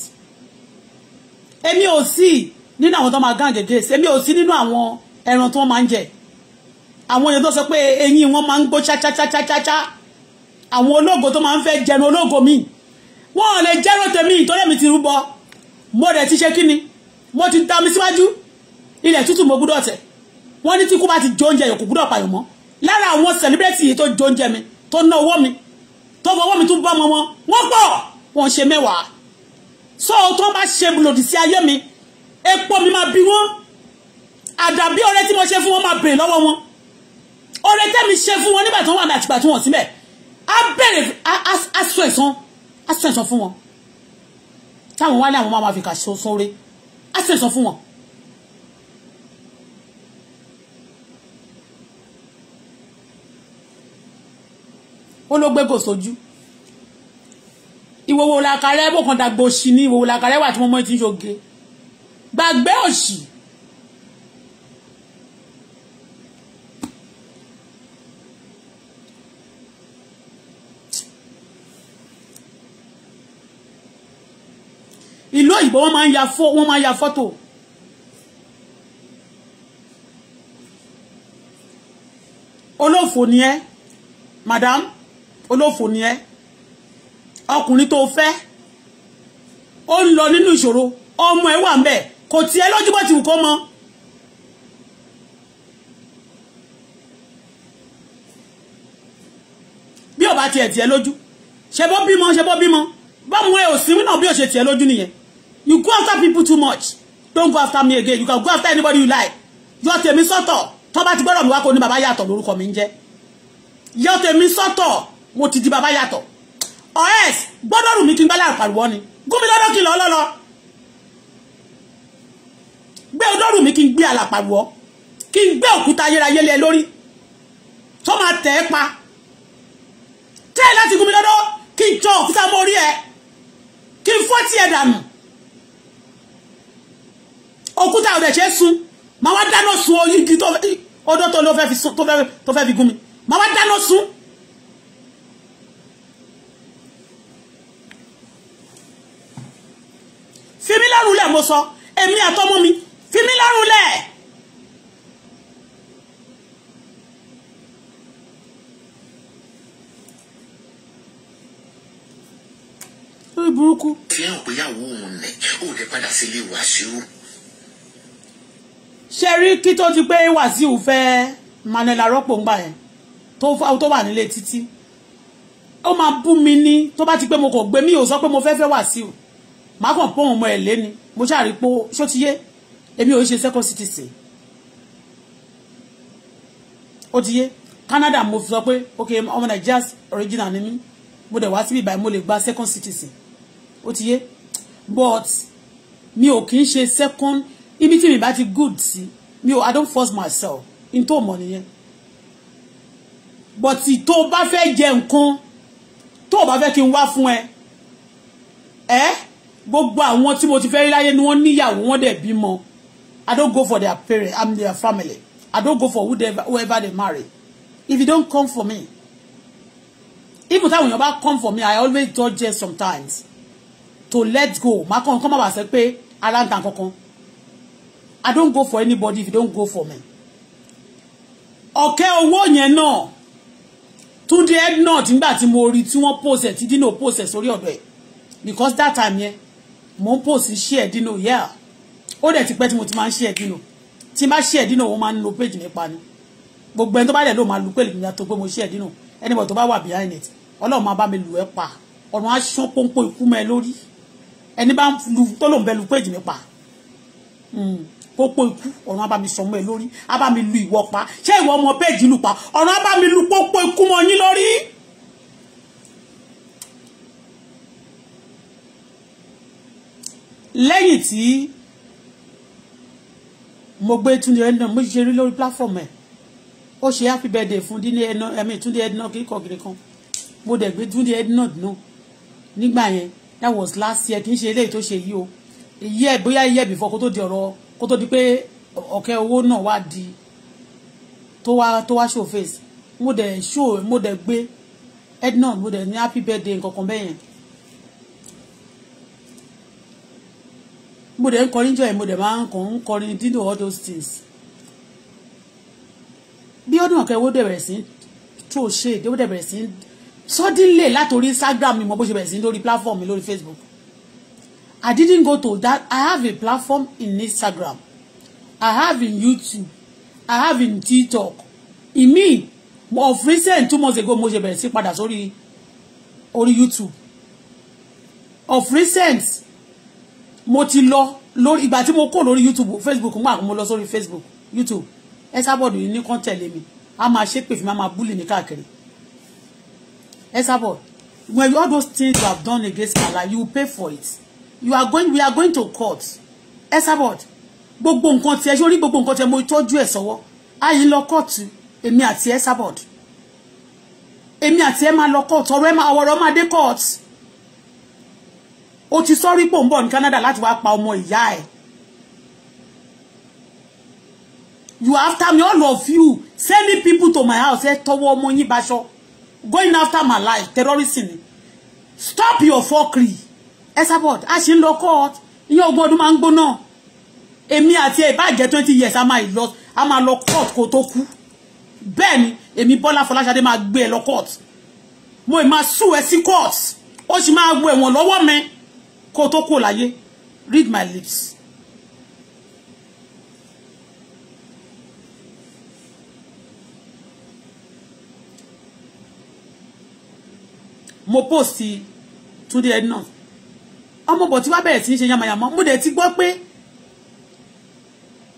[SPEAKER 1] èmi ò sí ninu awon to máa against nínú àwọn ẹran tó máa ń jẹ àwọn èèyàn tó ma àwọn ma nfe ologo wọn ti mo ti wọ́n ti dá mi síwájú ilẹ̀ tútù mo gbúdọ̀ tẹ̀ wọ́n ní tí kú bá ti jẹ oúnjẹ yẹn kò gbúdọ̀ pààyàn mọ́ lára àwọn sẹ̀líbírẹ́tì yìí tó jẹ oúnjẹ mi tó ná owó mi tó fọwọ́ mi tún bá ọmọ wọn wọ́n pọ̀ wọ́n ṣe mẹ́wàá so tó bá ṣe lòdì sí ayé mi epo mi máa bí wọn àdàbí ọrẹ tí mo ṣe fún wọn máa bèrè lọ́wọ́ wọn ọrẹ tẹ́mi ṣe fún wọn nígbà tí wọ́n wà ní àtìgbà tí wọ́n síbẹ̀ á bẹ̀rẹ̀ aṣọ ẹ̀sán aṣọ ẹ̀sán fún wọn táwọn wá ní àwọn máa fi kà sóore àṣẹ sọ fún wọn. ó ló gbé gò sójú ìwòwò làkàrẹ́ bó kan dàgbò òṣì ní ìwòwò làkàrẹ́ wà tí mo mọ́ ti ń gbàgbé òṣì. ìlú òyìnbó wọ́n máa ń ya fọ́ wọ́n máa ń ya fọ́tò olófò ni ẹ́ madam olófò ni ẹ́ ọkùnrin tó fẹ́ ó ń lọ nínú ìṣòro ọmọ ẹ̀ wà ń bẹ̀ kò tiẹ̀ lójú bó ti wù kó mọ. bí ò bá tiẹ̀ tiẹ̀ lójú ṣe bó bímọ ṣe bó bímọ báwọn ẹ ò sí wínà bí ò ṣe tiẹ̀ lójú nìyẹn You go after people too much. Don't go after me again. You can go after anybody you like. Yọ tèmi sọ́tọ̀. Tó bá ti gbọ́dọ̀ mi wá kó ní bàbá yàtọ̀ lórúkọ mi ń jẹ́. Yọ tèmi sọ́tọ̀. Mo ti di bàbá yàtọ̀. Or else, gbọ́dọ̀ rù mí kí n gbálẹ̀ àpàrọ̀ ni. Gúnmi lọ́dọ̀ kí lọ lọ́lọ́. Gbé odórù mi kí n gbé àlàpàrọ̀. Kí n gbé òkúta ayérayé lé e lórí. Tó máa tẹ̀ ẹ́ pa. Tẹ́ẹ̀ láti gúnmi lọ́dọ̀ kí n tọ́ òkúta mórí ẹ̀. Kí n fọ́ tí dànù òkúta ọ̀dẹ̀ ṣe é sun màá wá dáná sun oyigi tó ọdọ́ tó ló fẹ́ fi sun tó fẹ́ fi gún mi màá wá dáná sun. fi mí lọ́rùn lẹ̀ mo sọ èmi àtọmọ mi fi mí lọ́rùn lẹ̀. lórí burúkú. fi
[SPEAKER 2] hàn pé àwọn òun nẹ ò lè padà sílé wàásù
[SPEAKER 1] ṣe rí kí tó ti pé Wàsíù fẹ́ Manuel arọ́pò ń gbà yẹn tó wà nílé títí ó máa bú mi ní tó bá ti pé mo kò gbé mi ò sọ pé mo fẹ́ fẹ́ Wàsíù má kàn pọ́n ọmọ ẹ̀ lé ni mo ṣàrí pé ṣó ti yé èmi ò ṣe second citizen ó ti yé Canada mo sọ pé ok ọmọ Nigeria original ni mí mo dẹ̀ wá síbi ìbáyìí mo lè gba second citizen ó ti yé but mi ò kì í ṣe second citizen ibi tí mi bá ti good sí mi ò i don't force myself n tó mọ̀ nìyẹn but tó o bá fẹ́ jẹ nǹkan tó o bá fẹ́ kí n wá fún ẹ ẹ gbogbo àwọn tí mo ti fẹ́ rí láyé ni wọ́n níyàwó wọ́n dẹ̀ bímọ i don't go for their parents i'm their family i don't go for whoever, whoever they marry if you don't come for me even táwọn èèyàn bá come for me i always dodge sometimes to let go má kàn kàn má bàa sẹ pé ara ń kankan I don't go for anybody if you don't go for me. ọ̀kẹ́ owó yẹn náà Túndé Ednut nígbà tí mo rí tí wọ́n pòsẹ̀ tí Dino pòsẹ̀ sórí ọ̀dọ̀ ẹ̀ because that time yẹn mo ń pòsì share Dino yeah ó dẹ̀ ti pẹ́ tí mo ti máa share Dino tí n bá share Dino wọ́n máa no page nípa ni gbogbo ẹni tó bá dẹ̀ ló máa lu page nípa tó pé mo share Dino anybody tó bá wà behind it ọlọ́run máa bá mi lù ẹ́ pa ọ̀nà aṣọ pọ́npọ́ ikú mẹ́ lórí ẹni bá lu tó lòun bẹ́ lu page nípa. Mm pópó ikú ọ̀run á mi sọmọ ẹ lórí á bá mi lu ìwọ pa ṣé ìwọ ọmọ péjì lù pa ọ̀run á mi lu pópó ikú mọ yín lórí. lẹ́yìn tí mo gbé Túndé ẹni náà mo ṣe rí lórí platform ẹ̀ ó ṣe happy birthday fún Túndé ẹni náà ẹ̀mí Túndé ẹni náà kíkọ̀ kiri kan mo dẹ̀ gbé Túndé ẹni náà náà nígbà yẹn that was last year kì í ṣe eléyìí tó ṣe yìí o ìyẹ́ bóyá ìyẹ́ before, kó tó di ọ̀rọ̀ kó tó di pé ọ̀kẹ́ owó náà wá di tó wá tó wá show face mo dẹ̀ show mo dẹ̀ gbé edna mo dẹ̀ ní happy birthday nkankan bẹ́ẹ̀ yẹn mo dẹ̀ ń kọrin jọ ẹ̀ mo dẹ̀ máa ń kàn ń kọrin dídò all those things bí ọdún ọ̀kẹ́ owó bẹ̀rẹ̀ sí tó ṣe èdè ó bẹ̀rẹ̀ sí suddenly látòrí Instagram mi mo bó ṣe bẹ̀rẹ̀ sí lórí platform mi lórí Facebook I didn't go to that. I have a platform in Instagram. I have in YouTube. I have in TikTok. In me, of recent two months ago, moje ṣe bẹ̀rẹ̀ sí padà sórí orí YouTube. Of recent, mo ti lo lórí ìgbà tí mo kó lórí YouTube, Facebook, mo lọ sorry Facebook, YouTube. Ẹ bo do ni kàn tẹ̀lé mi. A máa ṣépè fún mi, a máa búlì ní káàkiri. Ẹ sábọ̀dù. When all those things you have done against Allah, you pay for it you are going we are going to court Esabod gbogbo nǹkan tiẹ̀ sórí gbogbo nǹkan tiẹ̀ mo tọ́jú ẹ̀ sọ́wọ́ ayi lọ kóòtù èmi àti Esabod èmi àti ẹ máa lọ kóòtù ọ̀rọ̀ ẹ máa ọ̀rọ̀ máa dé kóòtù ó ti sọ́rí pò ń bọ̀ Canada láti wá pa ọmọ ìyá ẹ̀ you after me all of you Send people to my house ẹ tọwọ́ ọmọ yín baṣọ going after my life terrorism stop your fuckery. Esabod a sì ń lọ court ìyẹn ogún ọdún máa ń gbóná èmi àti ẹ̀ ìbàjẹ́ twenty years a máa lọ a máa lọ court kó tó kú bẹ́ẹ̀ ni èmi Bọ́lá Fọláṣadé máa gbé ẹ court mo ì máa sùn ẹ court ó sì máa wo ẹ̀wọ̀n lọ́wọ́ mi kó tó kú láyé read my lips. mo post the end now." ọmọ Bọ̀tí wá bẹ̀rẹ̀ sí ní ṣe yamayama mo dẹ̀ ti gbọ́ pé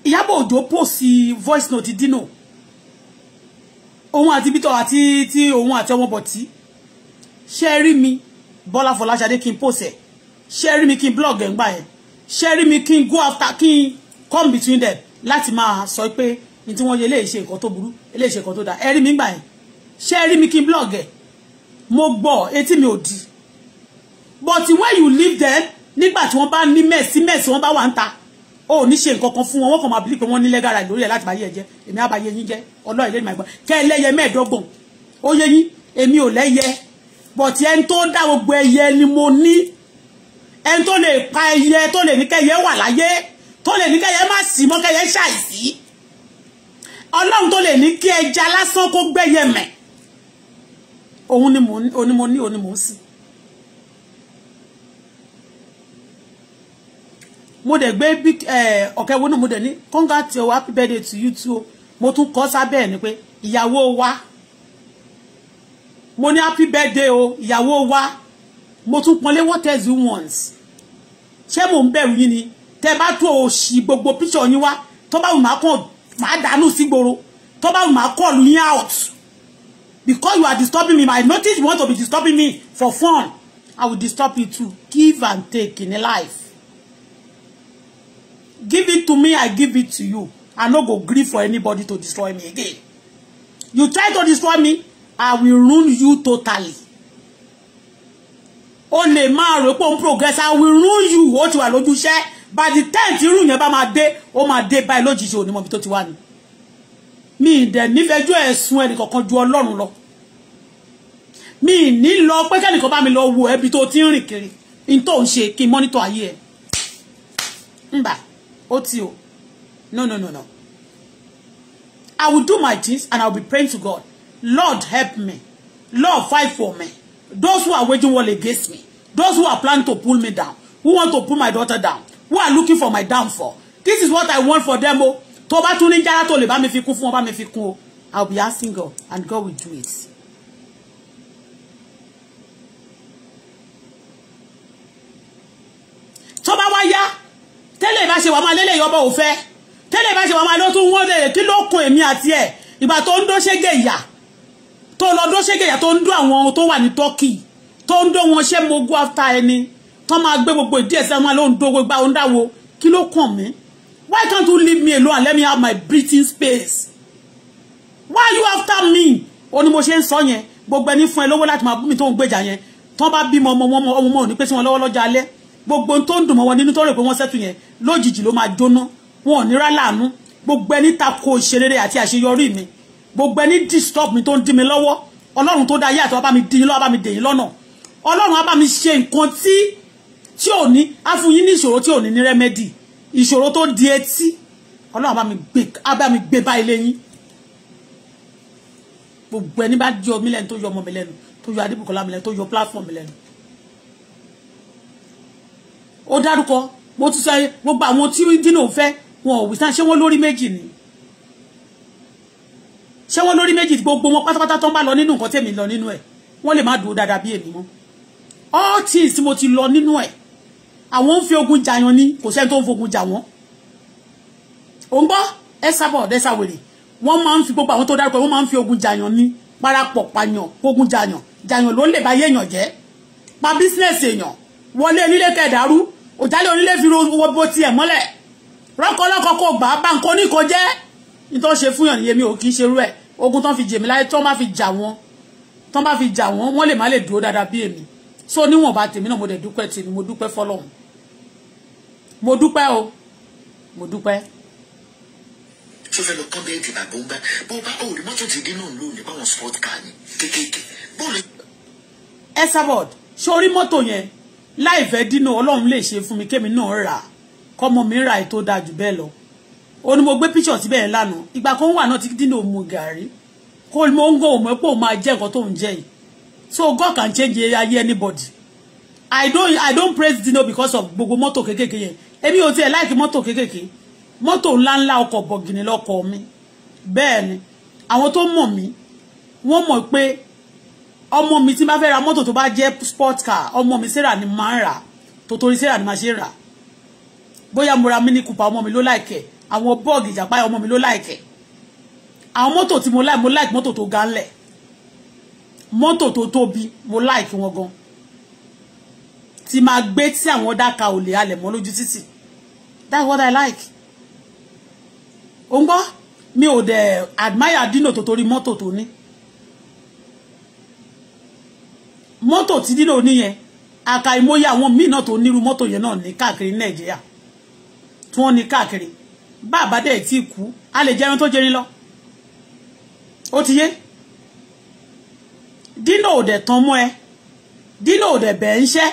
[SPEAKER 1] Ìyábọ̀ Òjó pòsì voice note Dino òun àti bítọ̀ àti tí òun àti ọmọ Bọ̀tí ṣe rí mi Bọ́lá Fọláṣadé kí n pòsì ẹ̀ ṣe rí mi kí n blog ẹ̀ ń gbà ẹ̀ ṣe rí mi kí n go after kí n come between them láti máa sọ pé ní tí wọ́n yẹ eléyìí ṣe nǹkan tó burú eléyìí ṣe nǹkan tó dáa ẹ rí mi gbà ẹ̀ ṣe rí mi kí n blog ẹ̀ mo gbọ́ etí mi ò di but when you leave them nígbà tí wọ́n bá ní mẹ́sì mẹ́sì wọ́n bá wà ń ta ó ní ṣe nǹkan kan fún wọn wọ́n kàn máa bí pé wọ́n ní lẹ́gàrà ìlórí ẹ̀ láti bá yẹ jẹ́ èmi á bá yẹ yín jẹ́ ọlọ́ọ̀lẹ́ ìmọ̀ ẹ̀gbọ́n kẹ́ ẹ lẹ́yẹ mẹ́ẹ̀ẹ́dọ́gbọ̀n ó yẹ yín èmi ò lẹ́yẹ but ẹni tó dá gbogbo ẹyẹ ni mo ní ẹni tó lè pa ẹyẹ tó lè ní kẹyẹ wà láyé tó lè ní kẹyẹ má sì mọ́ kẹyẹ ṣàìsí ọlọ́run tó lè ní kí ẹja lásán kó gbẹ́yẹ mẹ́ òun ni mo ní òun ni mo ní òun ni mo ń sìn mo dẹ̀ gbé eh, ọ̀kẹ́wò náà mo dẹ̀ ní kọ́ńgàtì o oh, happy birthday to you too mo tún kọ́ sábẹ́ ẹ̀ ni pé ìyàwó wa mo ní happy birthday o oh, ìyàwó wa mo tún pọnlé what else you want ṣé mò ń bẹ̀rù yín ni tẹ́ bá tó òṣì gbogbo píṣọ̀ yín wá tó bá wù má kàn má dànù sígboro tó bá wù má call yín out because you are disturbing me my notice you want to be disturbing me for fun I will disturb you too give and take in life give it to me i give it to you i no go grieve for anybody to destroy me again you try to destroy me i will ruin you totally o lè máa progress i will ruin you what you are wà lójú share. by the time you ruin your bá máa dé ó máa dé báyìí lójijì ò ní mọ̀ bí tó ti wà ní mi ìdẹ̀ nífẹ̀ẹ́jọ́ ẹ̀sùn ẹnìkọ̀kan ju ọlọ́run lo. mi ní lọ pé kẹ́nìkan bá mi lo wo ẹbí to ti ń kiri ní tó ń ṣe kí aye. mọ́nítọ̀ ayé ó o no no no no I will do my things and I will be praying to God Lord help me Lord fight for me those who are waging war against me those who are planning to pull me down who want to pull my daughter down who are looking for my downfall this is what I want for them o tó bá tún ní jára tó lè bá mi fi kún fún be asking God and God will do it. Toba bá wá yá bá ṣe wà máa lélẹ̀ yọba ò fẹ́ tẹ́lẹ̀ bá ṣe wà máa ló tún wọ́n lè kí ló kun èmi àti ẹ̀ ìgbà tó ń dó ṣége ìyà tó lọ dó ṣége ìyà tó ń dó àwọn tó wà ní Turkey tó ń dó after ẹni tó máa gbé gbogbo ìdí ẹ̀sẹ̀ wọn ló ń dó gbogbo àwọn dáwo kí ló kàn why can't you leave me alone and let me have my breathing space why are you after me ó mo ṣe ń sọ gbogbo ẹni fún ẹ lówó láti máa bú mi tó ń gbèjà yẹn tó bá bímọ ọmọ wọn ọmọ wọn ò ní pé sí wọn lọ́wọ́ gbogbo tó ń dùn mọ́ wọn nínú tó rò pé wọ́n sẹ́tù yẹn lójijì ló máa jóná wọn ò ní rá láàánú gbogbo ẹni tako ìṣerere àti àṣeyọrí mi gbogbo ẹni disturb mi tó ń dí mi lọ́wọ́ ọlọ́run tó dá ayé àti ọba mi dín lọ́wọ́ ọba mi dèyìn lọ́nà ọlọ́run á bá mi ṣe nǹkan tí tí ò ní á fún yín ní ìṣòro tí ò ní ní rẹ́mẹ́dì ìṣòro tó di etí ọlọ́run á bá mi gbé bá ilé yín gbogbo ẹni bá yọ mí lẹ́nu tó yọ ọmọ mi lẹ́nu tó yọ adébùkọ́lá mi lẹ́nu tó yọ platform mi lẹ́nu ó dárúkọ mo tún sọ gbogbo àwọn tí dínà fẹ́ wọn ò wíṣán ṣé wọ́n lórí méjì ni ṣé wọ́n lórí méjì gbogbo wọn pátápátá tó ń bá lọ nínú nǹkan tèmi lọ nínú ẹ̀ wọ́n lè má dúró dáadáa bí èmi mọ́ all things mo ti lọ nínú ẹ̀ àwọn ń fi ogun jà yan ni kò sẹ́ni tó ń fogun jà wọ́n òun gbọ́ ẹ sábọ̀ ọ̀dẹ́ sáwèrè wọ́n máa ń fi gbogbo àwọn tó dárúkọ wọ́n máa ń fi ogun jà yan ni parapọ̀ pàyàn kógun jàyàn jàyàn ló lè bá yéèyàn jẹ́ pa bísínẹ̀sì èèyàn wọlé onílé kẹdàrú òjálẹ̀ onílé fi wo tiẹ̀ mọ́lẹ̀ rọ́kọ lọ́kọ kò gbà á bá nǹkan oníkan jẹ́ nítorí ṣe fún yàn yẹmi ò kì í ṣerú ẹ̀ ogun tán fi jèmi láyé tán bá fi jà wọ́n tán bá fi jà wọ́n wọ́n lè má lè dúró dáadáa bí èmi so níwọ̀nba tèmi náà mo dẹ̀ dúpẹ́ tèmi mo dúpẹ́ fọlọ́run mo dúpẹ́ o mo dúpẹ́ tó fẹ́ lọ kán bẹ́ẹ̀tì bàbá ń bá bó bá ò rí mọ́tò ti dín náà lónìí báwọn sport car ni kékèké bóòlù. ẹ sábọ̀d ṣe orí mọ́tò yẹn láìfẹ́ dínà ọlọ́run lè ṣe fún mi kémi náà rà kọ́mọ mi ra ètò dáa jù bẹ́ẹ̀ lọ ó ní mo gbé píṣọ̀ síbẹ̀ lánàá ìgbà kan wà náà ti dínà mu gàrí kó mo ń gò mọ́ pé òun máa jẹ́ nǹkan tó ń jẹ́ yìí so God can change e- ayé anybody I don't I don't praise Dino because of gbogbo mọ́tò kékèké yẹn èmi ò tiẹ̀ láìkí mọ́tò kékèké mọ́tò ńláńlá ọkọ̀ bọ̀gìnì lọ́kọ̀ mi bẹ́ẹ̀ ni àwọn tó mọ̀ mí wọ́n mọ̀ pé ọmọ mi tí n bá fẹ́ ra mọ́tò tó bá jẹ́ sport car ọmọ mi Sarah ni máa ń rà tòtòrí Sarah ni máa ṣe rà bóyá mo ra mini cooper ọmọ mi ló láìkẹ̀ àwọn bọ́ọ̀gì ìjàpá ọmọ mi ló láìkẹ̀ àwọn mọ́tò tí mo like mo like mọ́tò tó ga ńlẹ̀ mọ́tò tó tóbi mo like wọn gan tí máa gbé tí àwọn ọ̀dà ka ò lè halẹ̀ mọ́ lójú títì that's what I like ó ń gbọ́ mi ò dẹ̀ admire dino tó torí mọ́tò tó ní. mọ́tò tí dídò níyẹn àkàìmọye àwọn míì náà tó nírú mọ́tò yẹn náà ní káàkiri nàìjíríà tí wọ́n ní káàkiri bàbá dẹ̀ tí kú a lè jẹun tó jẹrin lọ ó ti yé dínà ò dẹ̀ tán mọ́ ẹ dínà ò dẹ̀ bẹ̀ ń ṣẹ́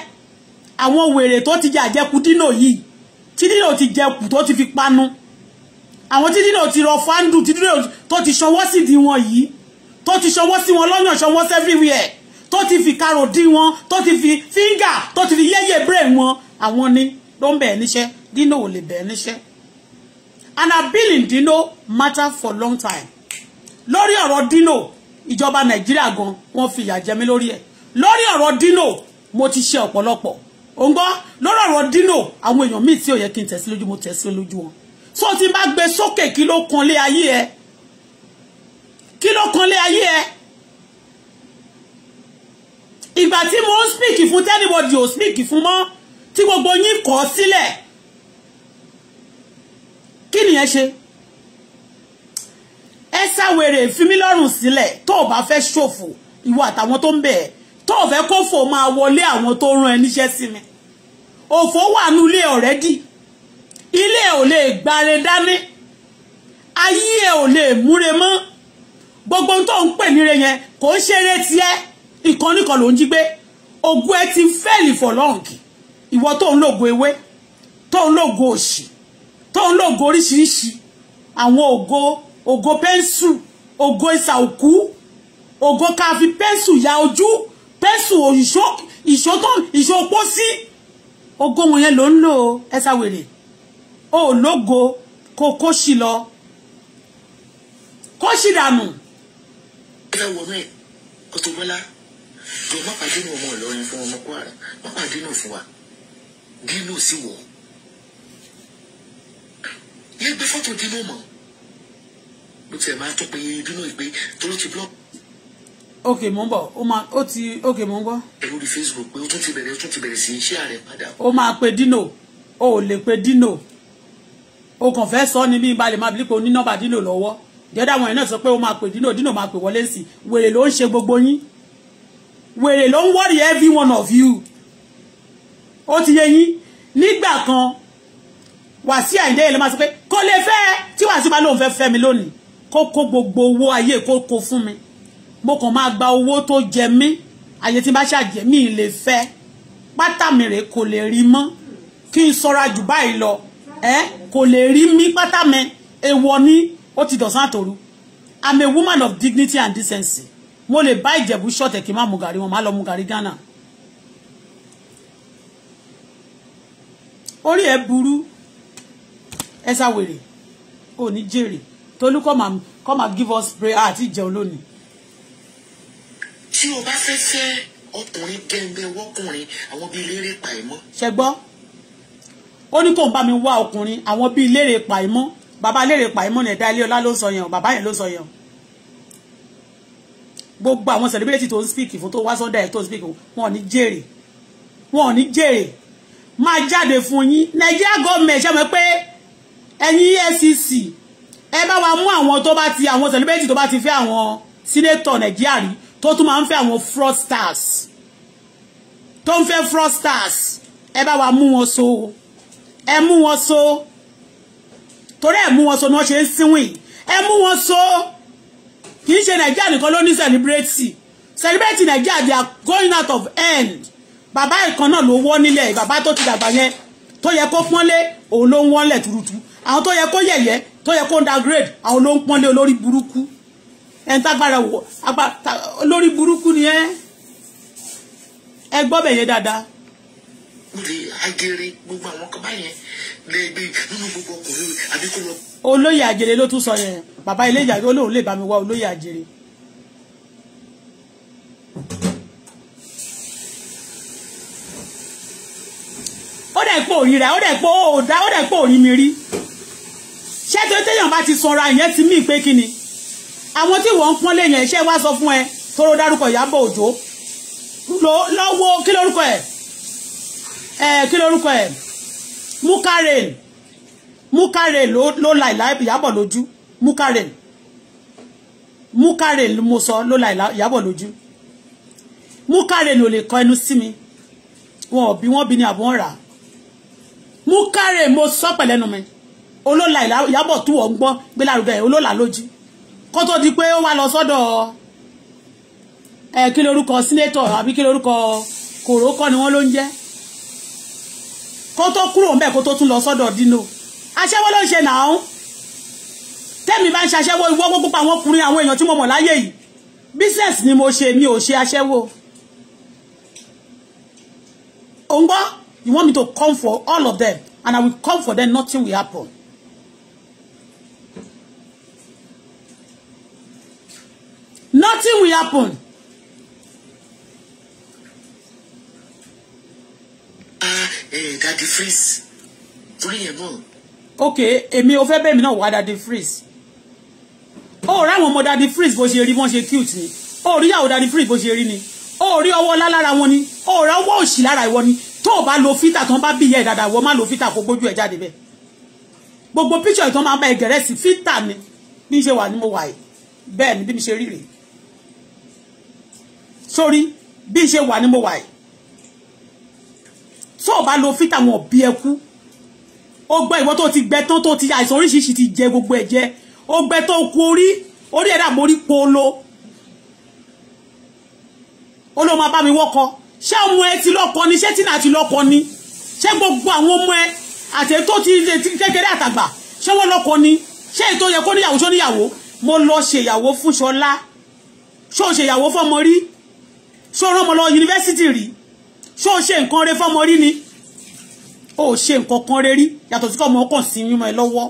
[SPEAKER 1] àwọn wèrè tó ti jẹ àjẹkù dínà yìí tí dínà ti jẹkù tó ti fi panu àwọn tí dínà ti rọ fáńdù tí dínà tó ti ṣọwọ́ sídìí wọn yìí tó ti ṣọwọ́ sí wọn lọ́yàn ṣọwọ́ sẹ́fíwìẹ̀ tó ti fi karò dí wọn tó ti fi fíńgà tó ti fi yẹ́yẹ́ brain wọn àwọn ni ló ń bẹ̀ níṣẹ́ Dino ò lè bẹ̀ níṣẹ́ and I've been in Dino matter for long time lórí ọ̀rọ̀ Dino ìjọba Nàìjíríà gan wọ́n fi ìyà jẹ mí lórí ẹ̀ lórí ọ̀rọ̀ Dino mo ti ṣe ọ̀pọ̀lọpọ̀ òǹgbọ́ lórí ọ̀rọ̀ Dino àwọn èèyàn míì tí ò yẹ kí n tẹ̀sí lójú mo tẹ̀sí lójú wọn so ti bá gbé sókè kí ló kan lé ayé ẹ kí ló kan lé ayé ẹ ìgbà tí mo ń speak fún tẹ́nibọ̀dì ò speak fún mọ́ tí gbogbo yín kọ̀ sílẹ̀ kí nìyẹn ṣe ẹ sáwèrè fímílọ́rùn sílẹ̀ tó o bá fẹ́ ṣòfò ìwọ àtàwọn tó ń bẹ̀ ẹ́ tó o fẹ́ kó fò máa wọlé àwọn tó rán ẹ níṣẹ́ sí mi òfò wà ní ilé ọ̀rẹ́dì ilé ò lè gbáre dání ayé ò lè múre mọ́ gbogbo tó ń pè níre yẹn kò ń ṣeré tiẹ́ ìkan níkan ló ń jí gbé ògo ẹ ti fẹ́ẹ̀lì for long ìwọ tó ń lògo ewé tó ń lògo òṣì tó ń lògo oríṣiríṣi àwọn ògo ògo pẹ́ńsù ògo ìsàòkú ògo ká fi pẹ́ńsù ya ojú pẹ́ńsù ìṣó ìṣó tó ìṣó pọ́ sí ògo wọn yẹn ló ń lò ẹ̀sà wèrè ó lógo kó kó sí lọ kó ẹ
[SPEAKER 2] wọ náà Auto jọ má pàdé ní ọmọ Ìlọrin fún ọmọ Kwara má pàdé náà fún wa dínú sí wọ yẹ gbé fọ́tò dínú mọ mo tiẹ̀ máa tó pé dínú ìgbé torí ti blọọ. ok
[SPEAKER 1] mo ń bọ̀ ó máa ó ti ok mo ń gbọ́. ẹ lórí Facebook pé ó tún ti bẹ̀rẹ̀ ó tún ti bẹ̀rẹ̀ sí iṣẹ́ ààrẹ padà. ó máa pe dino o ò lè pe dino o kàn fẹ́ sọ ni bí n ba lè máa bí pé ní nọ́mbà dino lọ́wọ́ jẹ́dá àwọn yẹn náà sọ pé o máa pe dino dino máa pè wọlé sí wèrè ló ń ṣe gbogbo yín wèrè ló ń worry every one of you ó ti yé yín nígbà kan wàsí àìdé yẹn ló máa sọ pé kò lè fẹ́ tí wàsí bá lóun fẹ́ fẹ́ mi lónìí kó kó gbogbo owó ayé kó kó fún mi mo kàn máa gba owó tó jẹ mí àyè tí n bá ṣàjẹ́ mi lè fẹ́ pátá mi rè kò lè rí mọ́ kí n sọra jù báyìí lọ ẹ kò lè rí mí pátá mi èèwọ̀ ni ó ti dọ̀sán àtòru I'm a woman of dignity and decency mo lè bá ìjẹ̀bú ṣọ̀tẹ̀ kí n má mu gàrí wọn má lọ mu gàrí Ghana orí ẹ burú ẹ sá wèrè ò ní jèrè tolú kọ́ máa give us prayer àti ìjẹun lónìí.
[SPEAKER 2] tí o bá fẹ́ fẹ́ ọkùnrin kẹ́ńbẹ́ wọ́kùnrin àwọn bíi eléré pa ẹ̀ mọ́.
[SPEAKER 1] ṣe gbọ́ ó ní kó n bá mi wá ọkùnrin àwọn bíi eléré pa ẹ̀ mọ́ bàbá eléré pa ẹ̀ mọ́ ní ẹ̀dá ilé ọlá ló sọ yẹn o bàbá yẹn ló sọ yẹn o gbogbo àwọn celebrity tó ń speak fún tó wá sọ́dọ̀ ẹ̀ tó ń speak fún wọn ò ní jèrè wọn ò ní jèrè máa jáde fún yín Nigeria government ṣe mọ̀ pé ẹ̀yin EFCC ẹ bá wa mú àwọn tó bá ti àwọn celebrity tó bá ti fẹ́ àwọn senator Nigeria rí tó tún máa ń fẹ́ àwọn fraudsters tó ń fẹ́ fraudsters ẹ bá wa mú wọn so ẹ mú wọn so torí ẹ mú wọn so ni wọ́n ṣe ń síwìn ẹ mú wọn so kì í ṣe nàìjíríà nìkan ló ní celebrate celebrate nàìjíríà they are going out of end bàbá ìkan náà ló wọ́ nílẹ̀ bàbá tó ti dàgbà yẹn tó yẹ kó pọ́nlé òun ló ń wọ́nlẹ̀ turutu àwọn tó yẹ kó yẹ̀yẹ́ tó yẹ kó downgrade àwọn ló ń pọ́nlé olórí burúkú ẹni tágbára wò olórí burúkú ni ẹ ẹ gbọ́ bẹ̀yẹ dáadáa lẹ́ẹ̀bí nínú gbogbo ọkùnrin àbí kó lọ. olóyè àjèrè ló tún sọ yẹn bàbá ilé ìyàwó olóhùn lè bá mi wá olóyè àjèrè. ó dẹ̀ pé òrìrà ó dẹ̀ pé òdá ó dẹ̀ pé òrì mi rí ṣé tó téèyàn bá ti sọra yẹn ti mí pé kí ni àwọn tí wọ́n ń pọ́n léèyàn iṣẹ́ wá sọ fún ẹ tóró dárúkọ Ìyábọ̀ Òjó lọ́wọ́ kí lórúkọ ẹ̀ kí lórúkọ ẹ̀ mukaren mukaren ló ló la ìyábọ̀ lójú mukaren mukaren mo sọ ló la ìyábọ̀ lójú mukaren ò lè kọ ẹnu sí mi wọn ò bí wọn bí ni àbọn rà mukaren mo sọ pẹ̀lẹ́nu mi olóla ìyábọ̀ tó wọ́n gbọ́ gbé lárugẹ olóla lójú kó tó di pé ó wá lọ sọ́dọ̀ ẹ̀ kí lorúkọ sínétọ̀ àbí kí lorúkọ kòrókọ́ ni wọ́n ló ń jẹ́ kó tó kúrò ń bẹ̀ kó tó tún lọ sọ́dọ̀ dino aṣẹ́wó ló ń ṣe nàá tẹ́mi bá ń ṣaṣẹ́wó ìwọ gbogbo àwọn ọkùnrin àwọn èèyàn tí mo mọ̀ láyé yìí business ni mo ṣe mi ò ṣe aṣẹ́wó òun gbọ́ you want me to come for all of them and I will come for them nothing will happen. nothing will happen. Eh, dadi freeze torí yẹn mọ̀. ok èmi ò fẹ́ bẹ́ẹ̀ mi náà wá dadi freeze ó ráwọn ọmọ dadi freeze bó ṣe rí wọ́n ṣe cute ni ó rí ìyàwó dadi freeze bó ṣe rí ni ó rí ọwọ́ ọlá lára wọn ni ó rá ọwọ́ òṣì lára ìwọ ni tó o bá lo fítà tó ń bá bìyẹ dáadáa wọ́n má lo fítà kó gbójú ẹ̀ jáde bẹ́ẹ̀ gbogbo píṣọ̀ ìtàn máa bá ẹgẹ̀rẹ́ sí fítà ni bí n ṣe wà ní mo wà yìí bẹ́ẹ̀ ni bí mi ṣe rí rèé sórí bí n ṣe wà ní mo wà yìí tó o bá lo filter wọn bí ẹkú ó gbọ́ ìwọ tó ti gbẹ tán tó ti àìsàn oríṣiríṣi ti jẹ gbogbo ẹ̀ jẹ ó gbẹ tó kú orí orí ẹ̀dá mórí polo ó ló máa bá mi wọ́kọ ṣé ọmọ ẹ ti lọ́kọ ni ṣé tìǹà ti lọ́kọ ni ṣé gbogbo àwọn ọmọ ẹ àti tó ti kékeré àtàgbà ṣé wọ́n lọ́kọ ni ṣé ètò yẹ kó níyàwó ṣó níyàwó mo lọ ṣèyàwó fún ṣọlá ṣó ṣèyàwó fọmọ rí ṣó rán ọmọ lọ yunifásitì rí ṣó ṣe nǹkan rẹ fọmọ rí ni o ṣe nǹkan kan rẹ rí yàtọ̀ sí kọ́ ọmọ ọkàn sí mímọ́ ẹ lọ́wọ́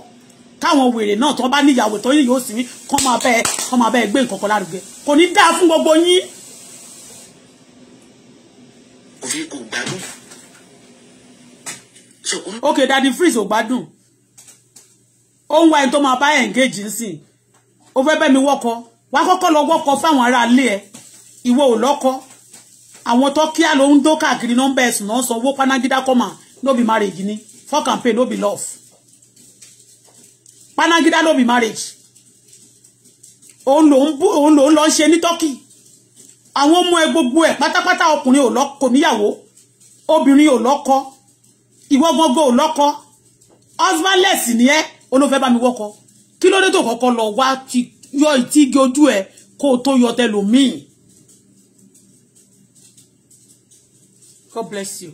[SPEAKER 1] káwọn wèrè náà tó bá níyàwó tó yìí yóò sì kọ́ máa bẹ́ẹ̀ kọ́ máa bẹ́ẹ̀ gbé nǹkan kan lárugẹ kò ní dáa fún gbogbo yín. Um, ok Daddy Freeze ò gbádùn ó ń wá ẹni tó máa bá engage nsìn ó fẹ́ bẹ́ mi wọ́kọ wá kọ́kọ́ lọ wọ́kọ fáwọn ará ilé ẹ ìwọ ò lọ́kọ àwọn tọ́kíà ló ń dó káàkiri nọ́mbà ẹ̀sùn náà sanwó panagida kọ́mà no be marriage ni for campaign no be love panagida no be marriage òun ló ń lọ ṣe ní tọ́kì àwọn ọmọ ẹ gbogbo ẹ pátápátá ọkùnrin ò lọ́kọ níyàwó obìnrin ò lọ́kọ ìwọ gbogbo ò lọ́kọ husbandless ni ẹ olófẹ́ bá mi wọ́kọ kí ló dé tó kọ́kọ́ lọ wá yọ ìtìgé ojú ẹ kó o tó yọ tẹlòmíì God bless you.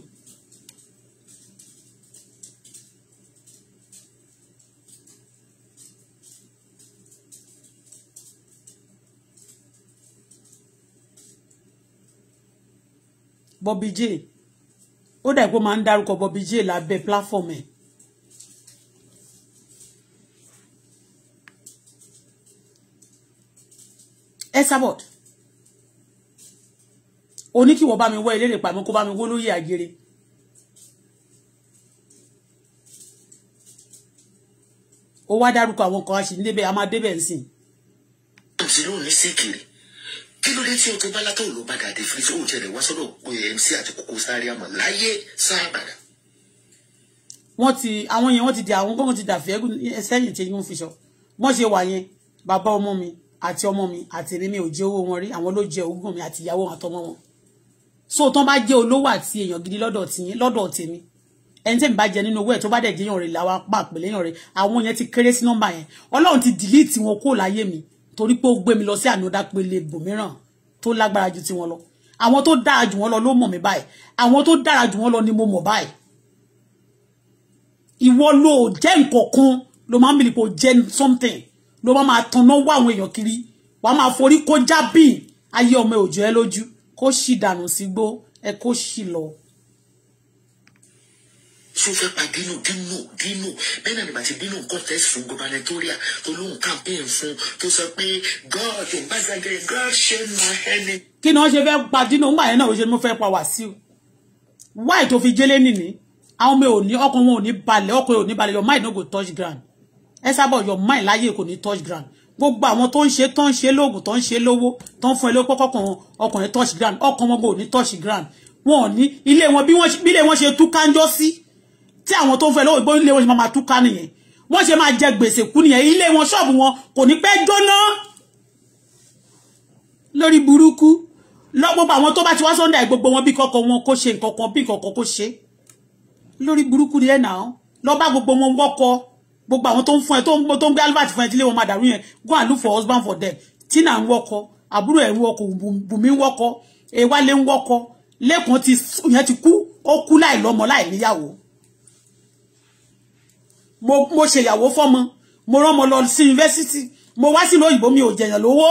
[SPEAKER 1] Bobby J ó dà pé máa ń dárúkọ Bobby J lábẹ́ platform ẹ̀. ẹ sábọ̀dù oníkìwọ bá mi wọ ilé ìpàmọ kó bá mi wó lóyè àjèrè ó wá dárúkọ àwọn kan àṣì níbẹ̀ a máa débẹ̀ nsìn.
[SPEAKER 2] MC ló ní síkìrì
[SPEAKER 1] kí ló dé tí o tó bá
[SPEAKER 2] látọ̀ ló bá gàdé fún iṣẹ́ oúnjẹ rẹ̀ wá sọ́dọ̀ MC àti Koko Zaria àmọ́ láyé sáà gbàdà.
[SPEAKER 1] wọ́n ti àwọn yẹn wọ́n ti di àwọn gbọ́ngàn ti dà fẹ́ẹ́gùn sẹ́yìn tí yín fi sọ wọ́n ṣe wà yẹn bàbá ọmọ mi àti ọmọ mi àti èmi mi ò jẹ owó wọn rí àwọn ló jẹ ogún mi àti ìyàwó wọn àtọmọ wọn so tọ́n bá jẹ́ olówó àti èèyàn gidi lọ́dọ̀ tiyín lọ́dọ̀ tèmi ẹni tẹ́mi bá jẹ nínú owó ẹ̀ tó bá dẹ̀ jẹ́ èèyàn rẹ̀ làwọn apá àpèlé èèyàn rẹ̀ àwọn yẹn ti kéré sí nọ́mbà yẹn ọlọ́run ti dìlíìtì wọn kó láyé mi torí pé ó gbé mi lọ sí ànúdá pele bòmíràn tó lágbára ju tiwọn lọ àwọn to dára jù wọn lọ ló mọ̀ mí báyìí àwọn tó dára jù wọn lọ ni mo mọ̀ báyìí ìwọ ló jẹ́ nǹkan kan ló máa ń bìlì kò jẹ́ something ló máa máa tanná wá àwọn èèyàn kiri wàá máa forí kó jábìn ayé ọmọ òjò ẹ lójú kó ṣì dànù sígbó ẹ kó ṣì lọ.
[SPEAKER 2] sọfẹ pa dino dino dino bẹ́ẹ̀ náà nígbà tí dino ń contest fún gubernatorial tó lóun campaign fún tó sọ pé god obasanjo god shame my enemy.
[SPEAKER 1] kí ni wọ́n ṣe fẹ́ pa dino ńgbà yẹn náà ó ṣe mú fẹ́ pa Wàsíù wáì tó fi jẹ́lé nìní àwọn ọmọ òní ọkàn wọn ò ní balẹ̀ ọkàn ò ní balẹ̀ your mind no go touch ground ẹ sábọ̀ your mind láyé kò ní touch ground gbogbo àwọn tó ń ṣe tó ń ṣe lóògùn tó ń ṣe lówó tó ń fún ẹ lówó kọ́kọ́ kan ọkùnrin touch ground ọkàn wọn gbòò ní touch ground wọn ò ní ilé wọn bí ilé wọn ṣe tú kánjọ́ sí tí àwọn tó ń fún ẹ lówó ìgbóhùn ilé wọn ṣe máa tú ká nìyẹn wọ́n ṣe máa jẹ gbèsè kú nìyẹn ilé wọn ṣọ́ọ̀bù wọn kò ní pẹ́ jóná lórí burúkú lọ gbogbo àwọn tó bá ti wá Sunday gbogbo wọn bí kọkọ wọn kó ṣe nǹkan kan bí nǹkan kó ṣe lórí burúkú ni náà lọ bá gbogbo wọn wọ́kọ̀ọ́ gbogbo àwọn tó ń fún ẹ tó ń gbé albert fún ẹ tí ilé wọn máa dàrú yẹn go and look for husband for them tina ń wọkọ àbúrò ẹ ń wọkọ bùnmi ń wọkọ ewálé ń wọkọ lẹ́kàn ti yẹn ti kú ó kú láì lọ́mọ láì níyàwó mo mo ṣèyàwó fọ́mọ mo rán lọ sí yunifásitì mo wá sí lóyìnbó mi ò jẹyàn lówó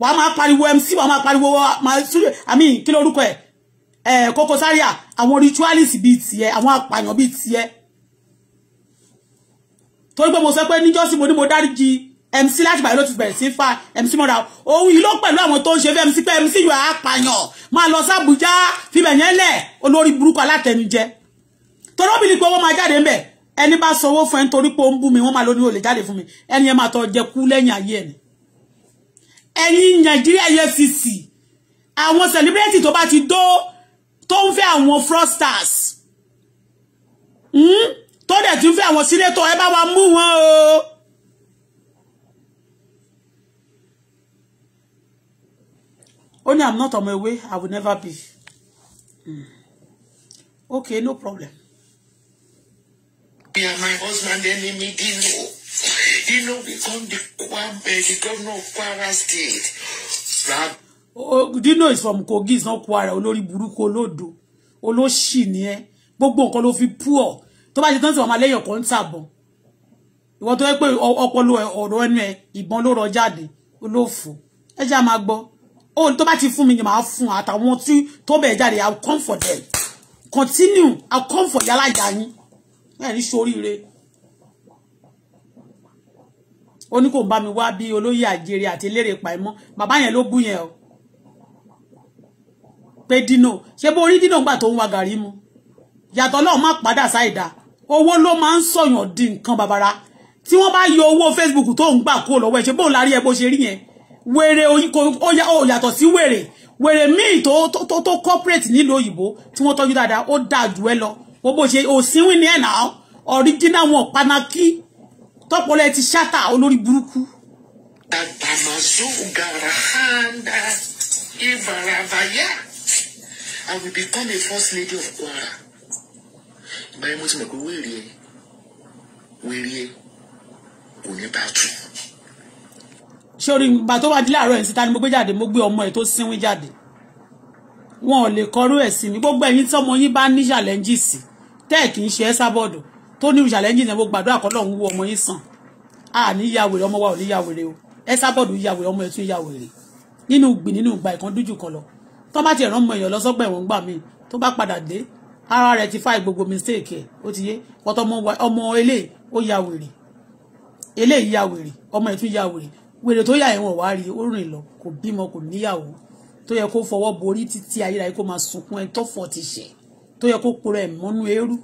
[SPEAKER 1] wàá máa pariwo mc wàá máa pariwo máa súlẹ àmì kí lórúkọ ẹ ẹ Koko Zaria àwọn ritualist bíi tiẹ̀ àwọn apààyàn bíi tiẹ̀ torí pé mo sọ pé níjọ́sí mo ní mo dáríji MC láti bàyẹ̀ ló ti bẹ̀rẹ̀ sí fa MC mọ́ra òun yìí ló pẹ̀lú àwọn tó ń ṣe fẹ́ MC pé MC yóò apààyàn máa lọ sábùjá fibẹ̀ yẹn lẹ̀ olórí burúkú alátẹnujẹ torí ó bìlí pé owó máa jáde ńbẹ̀ ẹni bá sanwó fún ẹ nítorí pé ó ń bú mi wọ́n máa lóní olè jáde fún mi ẹni yẹn máa tọ́ jẹ kú lẹ́yìn ayé ẹni ẹ̀yin Nàìjíríà EFCC àwọn celebrity tó bá ti dó tó ń fẹ́ àwọn fraudsters. Hmm? tó dẹ̀ tún fẹ́ àwọn sínétọ̀ ẹ bá wa mú wọn o. ó ní i'm not on my way i will never be mm. okay no problem.
[SPEAKER 2] me and my husband enemy Dino oh. Dino become
[SPEAKER 1] the Kwame the governor of Kwara state. Rab oh, Dino is from Kogi is not Kwara olórí burúkú olódo olóṣì ni ẹ gbogbo nǹkan ló fi poor tó bá ṣe tán sí wọn máa lẹ́yìn ọ̀kọ́ ń tàbọ̀ ìwọ tó yẹ pé ọpọlọ ọ̀rọ̀ ẹnu ẹ ìbọn ló rọ jáde olófò ẹ jẹ́ àmà gbọ́ ó tó bá ti fún mi màá fún àtàwọn tí tó bẹ̀ jáde i will come for them continue i come for yálàjà yín ẹ ní ṣoríire ó ní kò bá mi wá bí olóyè àjèrè àti eléré pàìmọ́ bàbá yẹn ló bú yẹn o pé dino ṣé bó rí dino gbà tó ń wa gàrí mu yàtọ̀ ọlọ́run má padà ṣáìdá owó ló máa ń sọ̀yàn di nǹkan babara tí wọ́n bá yọ owó Facebook tó ń gbà kúrò lọ́wọ́ ẹ̀ ṣe bóun lárí ẹ bó ṣe rí yẹn wèrè ó yàtọ̀ sí wèrè wèrè míì tó tó tó corporate nílùú òyìnbó tí wọ́n tọ́jú dáadáa ó dáa jù ẹ lọ wọ́n bó ṣe òsínwìn ní ẹ̀nà original wọn panaki tọ́pọ̀lẹ́ ti ṣáta olórí burúkú.
[SPEAKER 2] àtàmásù garahanda ibarabaya I will become a first lady of Kwara
[SPEAKER 1] ìgbà yẹn mo ti mọ̀ pé wéèrè ẹ wéèrè ẹ kò ní bá tù. sórí ìgbà tó wá di láàárọ̀ ẹ̀ síta ni mo gbé jáde mo gbé ọmọ ẹ̀ tó sínwín jáde wọn ò lè kọrú ẹ̀ sí mi gbogbo ẹ̀yin tọ́mọ yín bá ní challenges tẹ́ẹ̀ kì í ṣe ẹ́ sábọ́ọ̀dù tó ní challenges yẹn mo gbàdúrà kọ́ lọ́hún wú ọmọ yín sàn a ní ya wèrè ọmọ wa ò ní ya wèrè o ẹ sábọ́ọ̀dù ya wèrè ọmọ ẹ̀ tún ya wèrè nínú gbìn nínú ìgbà ìkan dújù kan lọ tó bá ti ràn mọ èèyàn lọ sọ́gbà ẹ̀wọ̀n gbà mí tó bá padà dé ara rẹ̀ ti fáì gbogbo mistake ẹ̀ ó ti yé pọ̀tọ́ ọmọ eléyìí ó ya wèrè eléyìí ya wèrè ọmọ ẹ̀ tún ya wèrè wèrè tó yà ẹ̀wọ̀n wá rí ó rìn lọ kò bímọ kò níyàwó tó yẹ kó fọwọ́ borí títí ayérayé kó máa sunkún ẹ tọ́fọ̀ ti ṣẹ̀ tó yẹ kó pòrọ̀ ẹ̀ mọ́nú eérú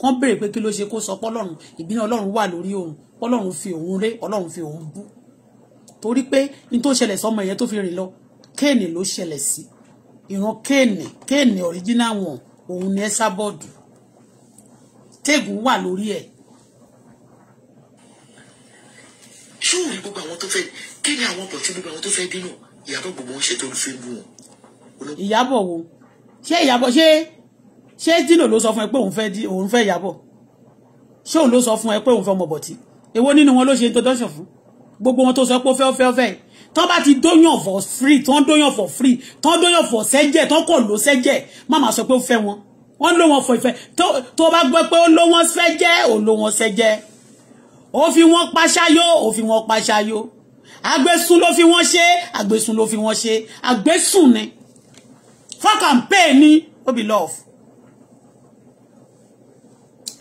[SPEAKER 1] kán béèrè pé kí ló ṣe kó sọ pọ́lọ́run ìbínú ọlọ́run wà lórí òun pọ́lọ́run fi òun ré ọlọ́run fi òun bú torí pé n tó ṣẹlẹ̀ sọmọ yẹn tó fi rìn lọ kéènì ló ṣẹlẹ̀ sí ìran kéènì kéènì original one òun ní Ẹsábọ́ọ̀dù tẹ́gùn wà lórí ẹ̀.
[SPEAKER 2] ṣóòrùn gbogbo àwọn tó fẹ́ kí ni àwọn ọkọ̀ tí gbogbo àwọn tó fẹ́ dínà ìyàbọ̀ gbogbo ń ṣe tó fi bú
[SPEAKER 1] wọn. ìyàbọ̀ wo ṣé ìyàbọ̀ ṣé ṣé dínà ló sọ fún ẹ pé òun fẹ́ dí òun fẹ́ ìyàbọ̀ ṣé òun ló sọ fún ẹ pé òun fẹ́ ọmọ bọ̀tí èwo nínú wọn ló ṣe introduction fún gbogbo wọn tó sọ pé ó fẹ́ ó fẹ́ ó fẹ́ yìí tọ́ bá ti dóyàn for free tọ́ dóyàn for free tọ́ dóyàn for sẹ́jẹ̀ tọ́ kò ló sẹ́jẹ̀ má máa sọ pé ó fẹ́ wọn wọ́n ló wọn fọ ìfẹ́ tó bá gbọ́ pé ó ló wọn sẹ́jẹ̀ ò ló wọn sẹ́jẹ̀ ó fi wọn paṣáyó ó fi wọn paṣáyó àgbésùn ló fi wọn ṣe àgbésùn ló fi wọn ṣe àgbésùn ni for campaign ni ó bí love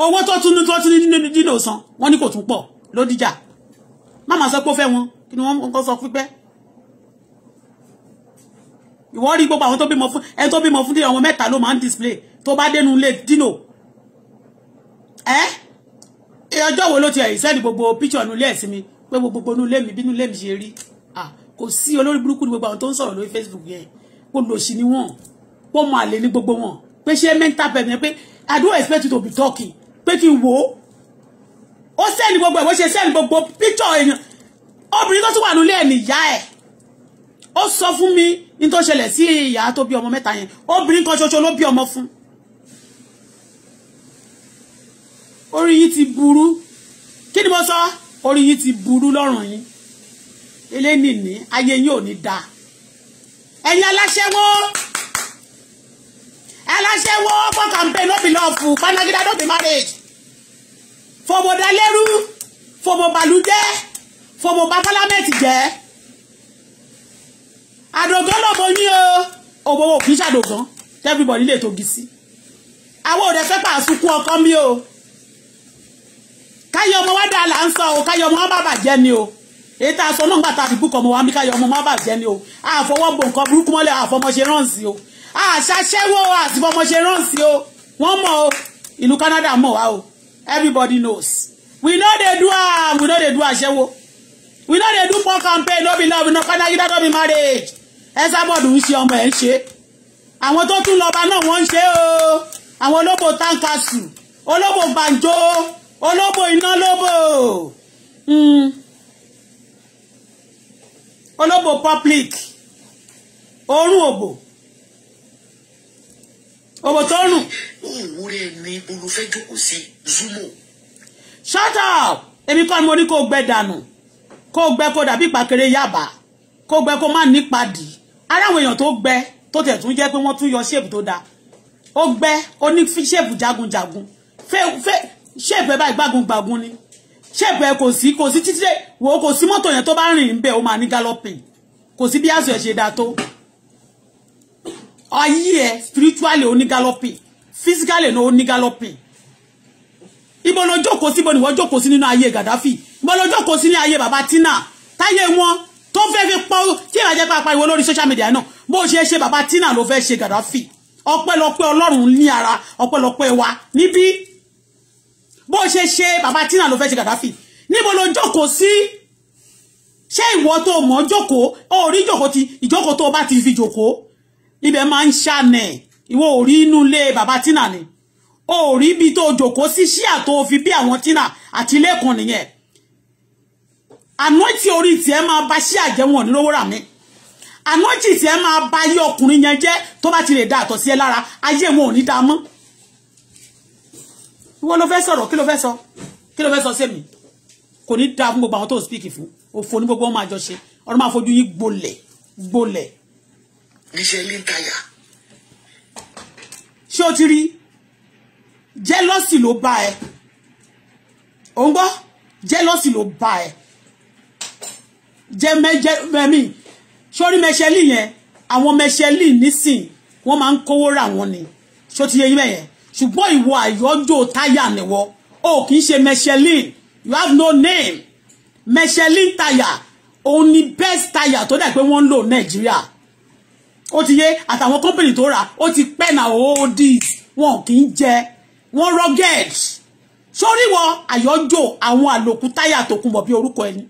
[SPEAKER 1] owó tó tún ní tó tún ní dínà san wọ́n ní kò tún pọ̀ lódìjà má máa sọ pé ó fẹ́ wọn kí ni wọ́n kọ́ sọ pípẹ́ ìwọ rí gbogbo àwọn tó bímọ fún ẹni tó bímọ fún tí àwọn mẹ́ta ló máa ń display tó bá dénú lè dínà ẹ ọjọ́ wo ló ti ẹ̀yìn sẹ́ni gbogbo picture nulẹ̀ ẹ̀sìn mi pé gbogbo nulẹ̀ mi bínú lẹ̀ mi ṣe rí kò sí olórí burúkú ni gbogbo àwọn tó ń sọ̀rọ̀ lórí Facebook yẹn kò lòṣì ni wọ́n wọ́n mọ àlè ní gbogbo wọn pé ṣé mental pep ni pé I don't expect you to be talking pé kí n wò ó ó sẹ́ni gbogbo ẹ̀ wọ́n ṣe sẹ́ni gbogbo picture èèyàn obìnrin tó tún wà nulẹ̀ ẹ̀ nìyá ẹ̀ ó sọ fún mi ní tó ṣẹlẹ̀ sí ìyá tó bí ọmọ mẹ́ta yẹn obìnrin kan ṣoṣo ló bí ọmọ fún orí yìí ti burú kí ni mo sọ orí yìí ti burú lọ́rùn yín eléyìí ní ayé yín ò ní dáa ẹ̀yin aláṣẹ́wó aláṣẹ́wó for campaign no be love panagida no be marriage fọmọdálẹ́rú fọmọbalújẹ́ fọmọba pálámẹ́ǹtì jẹ́ àdògán lọ́bọ yín o òbòwò kì í ṣàdògán everybody lè togi sí àwọn òde fẹ́ pàṣùkú ọkọ mi o káyọ̀ ọmọ wa dáa là ń sọ o káyọ̀ ọmọ wa má bàjẹ́ ni o èyí tá a sọ náà gbà tá a fi búkọ̀ ọmọ wa mi káyọ̀ ọmọ wa bàjẹ́ ni o àfọwọ́ bò nǹkan burúkú mọ́lẹ̀ àfọmọṣe ránṣì o àṣàṣẹ́wó àtìfọmọṣe ránṣì o wọ́n mọ̀ o ìlú Canada mọ̀ wá o everybody knows we no dey do am we no dey do àṣẹ́wó we no dey do poor campaign no be love no canada no be marriage Esabod ń ṣe ọmọ ẹ̀ ń ṣe àwọn tó tún lọ́ba náà wọ́n ń ṣe o àwọn olóbò táǹkàṣù olóbò gbàǹjo olóbò iná lóbò hmm. olóbò public orun òbò òbò tó rùn. òwúrẹ́ ni olùfẹ́ jókòó sí zumo. shut up èmi kọ́ ni mo ní kó gbẹ dànù kó gbẹ kó dàbí ìpàkèrè yàbá kó gbẹ kó má nípa dì ara àwọn èèyàn tó gbẹ tó tẹ̀ tún jẹ́ pé wọ́n tún yọ ṣéèpù tó dáa ó gbẹ ó ní ṣéèpù jagunjagun ṣéèpù ẹ báyìí gbágungbàgun ni ṣéèpù ẹ kò sí kò sí títí wò ó kò sí mọ́tò yẹn tó bá rìn ń bẹ̀ ó máa ní galloping kò sí bí àṣọ ẹ̀ ṣe dáa tó ayé ẹ spiritually ó ní galloping physically no ó ní galloping ibo ló jókòó sí ibo ni wọ́n sí nínú ayé Gaddafi ibo ló jókòó sí ní ayé baba Tina táyé wọn tó ń fẹ́ fi pọ́ tí èèyàn jẹ́ pápá ìwé lórí social media náà bó ṣe ṣe bàbá tina ló fẹ́ ṣe Gaddafi ọpẹ́lọpẹ́ ọlọ́run ní ara ọpẹ́lọpẹ́ wa níbí bó ṣe ṣe bàbá tina ló fẹ́ ṣe Gaddafi níbo ló jókòó sí ṣé ìwọ tó mọ̀ jókòó ó rí jókòó ti ìjókòó tó bá ti fi jókòó ibẹ̀ máa ń ṣànẹ̀ ìwọ ò rí inú ilé bàbá tina ni ó rí ibi tó jókòó sí ṣíà tó fi bí àwọn tina àti lẹ́kùn nìyẹn ànọ́tì orí tiẹ̀ máa ba ṣí àjẹwọ̀n lówó rà mí ànọ́tì tiẹ̀ máa ba ayé ọkùnrin yẹn jẹ́ tó bá ti lè da àtọ̀ sí ẹ lára ayé wọn ò ní da mọ́ wọ́n ló fẹ́ sọ̀rọ̀ kí ló fẹ́ sọ kí ló fẹ́ sọ sí mi kò ní da fún gbogbo àwọn tó ń speak fún òfò ní gbogbo wọn máa jọ ṣe ọ̀rọ̀ máa fojú yín gbolẹ̀ gbolẹ̀. níṣẹ́ ní táyà. ṣé o ti rí jẹ́lọ́sì ló bá ẹ òun gbọ́ jẹ́lọ́sì ló bá ẹ jẹ́mẹ́jẹ́mí sórí mẹ́ṣẹ́lì yẹn àwọn mẹ́ṣẹ́lì nísìn wọ́n máa ń kówó rà wọ́n ni ṣó ti yẹ yín bẹ́yẹn ṣùgbọ́n ìwọ àyọ́jò táyà nìwọ o kì í ṣe mẹ́ṣẹ́lì you have no name mẹ́ṣẹ́lì táyà òun ni best táyà tó dà pé wọ́n ń lò nàìjíríà ó ti yé àtàwọn kọ́mpìnì tó rà ó ti pẹ́ na oldies wọn kì í jẹ wọ́n rugged sórí wọn àyọ́jò àwọn àlòkù táyà tó kún bọ̀ bí orúkọ ẹni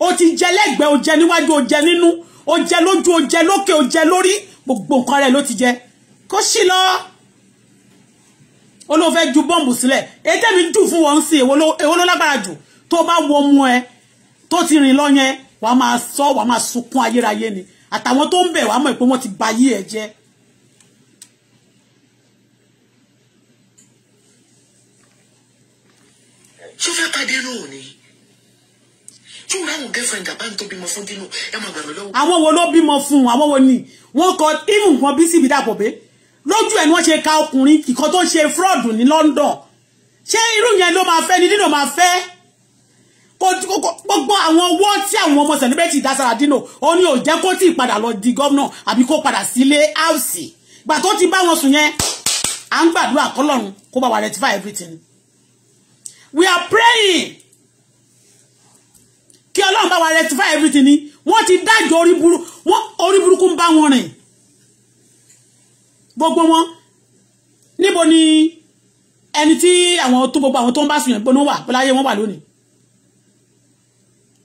[SPEAKER 1] o ti jẹ lẹ́gbẹ̀ẹ́ o jẹ níwájú o jẹ nínú o jẹ lójú o jẹ lókè o jẹ lórí gbogbo nǹkan rẹ̀ ló ti jẹ kó sì lọ ó ló fẹ́ ju bọ́ǹbù sílẹ̀ èyí tẹ́mi jù fún wọn sí èwo ló lágbára jù tó bá wọ ọmọ ẹ tó ti rìn lọ yẹn wàá máa sọ wàá máa sunkún ayérayé ni àtàwọn tó ń bẹ̀ wàá mọ̀ pé wọ́n ti ba ayé ẹ jẹ́.
[SPEAKER 2] ṣó fẹ́ pàdé náà ni tí o ráwọn girlfriend àbáyé tó bímọ fún dínú ẹ máa gbàgbé lọ́wọ́.
[SPEAKER 1] àwọn wo ló bímọ fún àwọn wo ni wọn kọ even wọn bí síbi dàpọ̀ pé lójú ẹ̀ ni wọ́n ṣe ka ọkùnrin ìkan tó ṣe fraud ní London ṣé irú yẹn ló máa fẹ́ ni dínú máa fẹ́ gbogbo àwọn owó tí àwọn ọmọ celebrity dására dínú ó ní ò jẹ́ kó tí ì padà lọ di gómìnà àbí kó padà sílé áùsì gbà tó ti bá wọn sùn yẹn à ń gbàdúrà kọlọ́run kó bá wa rectify everything we are praying kí ọlọ́run bá wa rectify everything ni wọ́n ti dájọ́ orí burúkú wọ́n orí burúkú ń bá wọn rìn gbogbo wọn níbo ni ẹni tí àwọn tó gbogbo àwọn tó ń bá sùn yẹn gbóná wà bọ́láyé wọn wà lónìí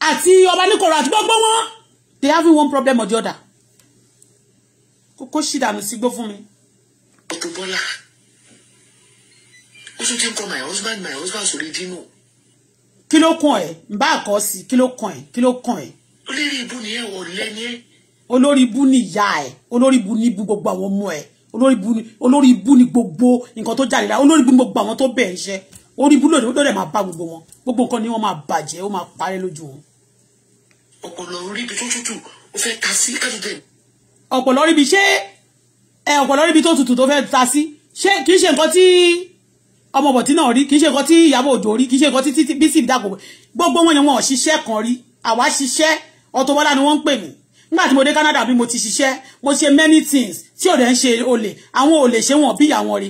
[SPEAKER 1] àti ọba nìkọ̀rọ̀ àti gbogbo wọn they have one problem or the other kókó ṣìdànù sígbó fún mi. Auto Bola, ó tún ti ń kọ my husband my husband sórí dínú kí ló kàn ẹ́ ń bá àkọ́ sí kí ló kàn ẹ́ kí ló kàn ẹ́. olórí ibu ni ẹ ò lé ní. olórí ibu ni ìyá ẹ olórí ibu ni ibu gbogbo àwọn ọmọ ẹ olórí ibu ni olórí ibu ni gbogbo nǹkan tó jáde la olórí ibu ni gbogbo àwọn tó bẹ̀ẹ́ iṣẹ́ orí ibu lòdì ó dẹ̀ máa bá gbogbo wọn gbogbo nǹkan ni wọ́n máa bàjẹ́ ó máa parẹ́ lójú wọn.
[SPEAKER 2] ọ̀pọ̀lọ̀ orí ibi tó tútù ó fẹ́ ta sí kájọ̀dẹ̀.
[SPEAKER 1] ọ̀pọ̀lọ̀ orí ibi ṣé ọ̀pọ̀lọ̀ ibi tó tútù tó fẹ́ ta sí ṣé kì í ṣe nǹkan tí ọmọ bọ̀tí náà rí kì í ṣe nǹkan tí Ìyábọ̀ Òjó rí kì í ṣe nǹkan tí Bísí Dàgbò gbogbo wọn ni wọn ò ṣiṣẹ́ kan rí àwa ṣiṣẹ́ Auto Bola ni wọ́n ń pè mí nígbà tí mo dé Canada bí mo ti ṣiṣẹ́ mo ṣe many things tí ò rẹ̀ ń ṣe olè àwọn olè ṣe wọn bí àwọn rí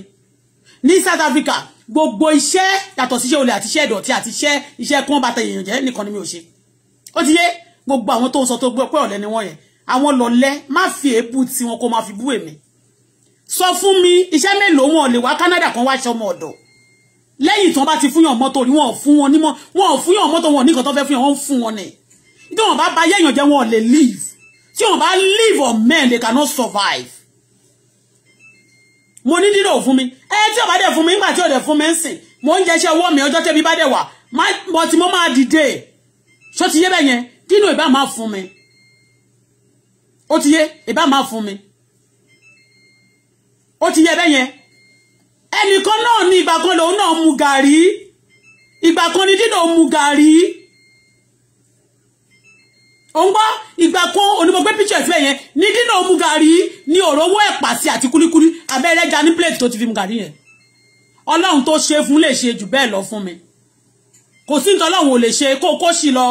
[SPEAKER 1] ní South Africa gbogbo iṣẹ́ yàtọ̀ síṣẹ́ olè àti iṣẹ́ ìdọ̀tí àti iṣẹ́ iṣẹ́ kán bàtà èèyàn jẹ́ nìkan ni mi ò ṣe ó ti yé gbogbo àwọn tó ń sọ tó gbé pé ọ̀lẹ ni wọ́n yẹn àwọn lọ̀lẹ má fi èébú tí wọn kó má fi bú èmi sọ fún mi iṣẹ́ mélòó wọn lè wá Canada kan wá ṣe ọmọ ọ̀dọ̀ lẹ́yìn tí wọ́n bá ti fún yàn mọ́tò rí wọn ò fún wọn ní mọ́ wọn ò fún yàn mọ́tò wọn ní nǹkan tó fẹ́ fún yàn wọ́n ń fún wọn nì tí wọ́n bá ba yẹ̀yàn jẹ́ wọn ò lè live tí wọ́n bá live on men they cannot survive. mo ní dídò fún mi ẹ tí ò bá dẹ̀ fún mi nígbà tí ò dẹ̀ fún mi ń sìn mo ń jẹṣẹ́ ọwọ́ mi ọjọ́ tẹ́bi bá dẹ̀ wà mo ti mo máa dìde ṣó ti yé bẹ́ẹ̀ yẹn dínú ìbá máa fún mi ó ti yé ìbá máa fún mi ó ti yé bẹ́ẹ̀ yẹn ẹnìkan náà ni ìgbà kan lòun náà mu gàrí ìgbà kan ni dídò mu gàrí òun gbọ́ ìgbà kan onímọ̀gbé píṣẹ̀ ìfẹ́ yẹn ní dídò mu gàrí ní òróró ẹ̀pà sí àti kúlíkúlí abẹ́rẹ́ ja ní plẹ̀tì tó ti fi mu gàrí yẹn ọlọ́run tó ṣe fún lè ṣe jù bẹ́ẹ̀ lọ fún mi kò sí nǹkan ọlọ́run ò lè ṣe kó kó sì lọ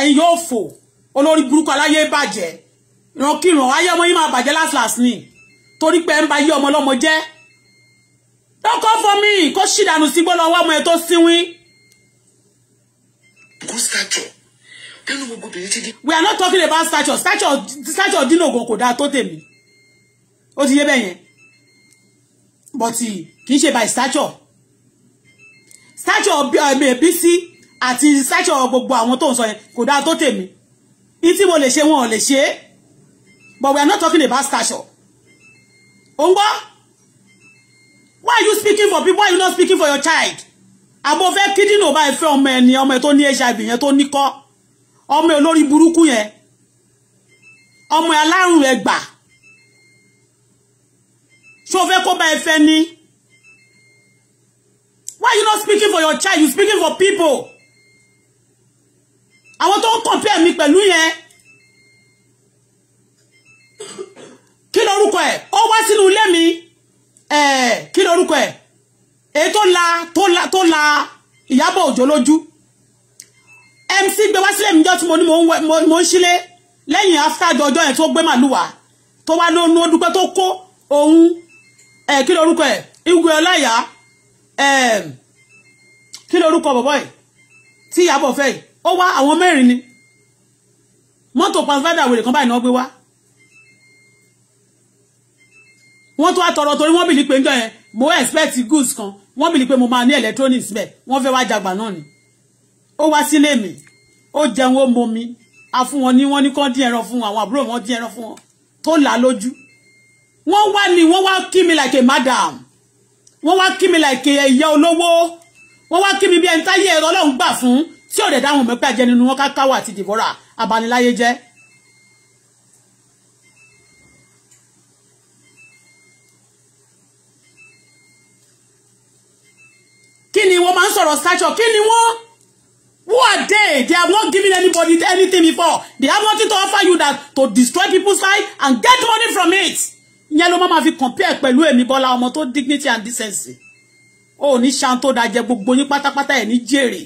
[SPEAKER 1] ẹ̀yin yóò fò olórí burúkú aláyé bàjẹ́ ìrànkìràn ayé ọmọ yìí máa bàjẹ́ last last ni torí pé ń ba yé ọmọ ọlọ́mọ jẹ́ Don't come for me. Kó ṣì dànù sígbó lọ ọmọ ẹ tó sínwín. Kó stature. Kẹ́nu gbogbo obìnrin ti di. We are not talking about stature. Stature stature dínà ògùn kò dáa tó tèmi. Ó ti yé bẹ́ẹ̀ yẹn. But kì í ṣe by stature. Stature Bísí àti stature gbogbo àwọn tó ń sọ yẹn kò dáa tó tèmi. Ní tí mo lè ṣe wọn ò lè ṣe But we are not talking about stature. Ó ń gbọ́ why are you speaking for people why are you not speaking for your child àbò fẹ́ kídìnà bá ìfẹ́ ọmọ ẹni ọmọ ẹ tó ní hiv yẹn tó ní kọ́ ọmọ ẹ olórí burúkú yẹn ọmọ ẹ alárùn rẹ gbà ṣé o fẹ́ kó bá ìfẹ́ ní why are you not speaking for your child you speaking for people àwọn tó ń compare mi pẹ̀lú yẹn kí lorúkọ ẹ̀ ó wá sínú ilé mi kí lórúkọ ẹ̀ èyí tó la tó la tó la Ìyábọ̀ Òjó lójú MC gbé wá sílẹ̀ níjọ́ tí mo ní mo ń sílé lẹ́yìn after ọjọ́ yẹn tó gbé màlúwà tó wá lónú ó dúpẹ́ tó kó òun kí lórúkọ ẹ̀ ìwé ọláyà kí lórúkọ bọ̀bọ̀ ẹ̀ tí Ìyábọ̀ fẹ́ yìí ó wá àwọn mẹ́rin ni mọ́tò pàṣípàdà wèrè kan báyìí náà gbé wá wọ́n tó wá tọrọ torí wọ́n bìlí pé ń jọ yẹn mo expect goods kan wọ́n bìlí pé mo máa ní electronics bẹ́ẹ̀ wọ́n fẹ́ wá jagbà náà ni ó wá sílé mi ó jẹun ó momi a fún wọn ní wọ́n ní kán dín ẹran fún wọn àwọn àbúrò wọn dín ẹran fún wọn tó là lójú wọ́n wá ní wọ́n wá kí mi like a madam wọ́n wá kí mi like a ìyá olówó wọ́n wá kí mi bí ẹni táyé ẹ̀rọ ọlọ́run gbà fún tí ò dẹ̀ dáhùn mẹ́pẹ́ àjẹninu wọn ká káwọ́ àti dìbọ́ra abaniláyé jẹ́ wọ́n máa ń sọ̀rọ̀ stature kí ni wọ́n who are they have not given anybody anything before they have nothing to offer you that to destroy people's life and get money from it ìyẹn ló máa fi compare pẹ̀lú èmi Bọ́lá ọmọ tó dignity and decency ó ní ṣan tó dájẹ gbogbo yín pátápátá ẹ̀ ní jèrè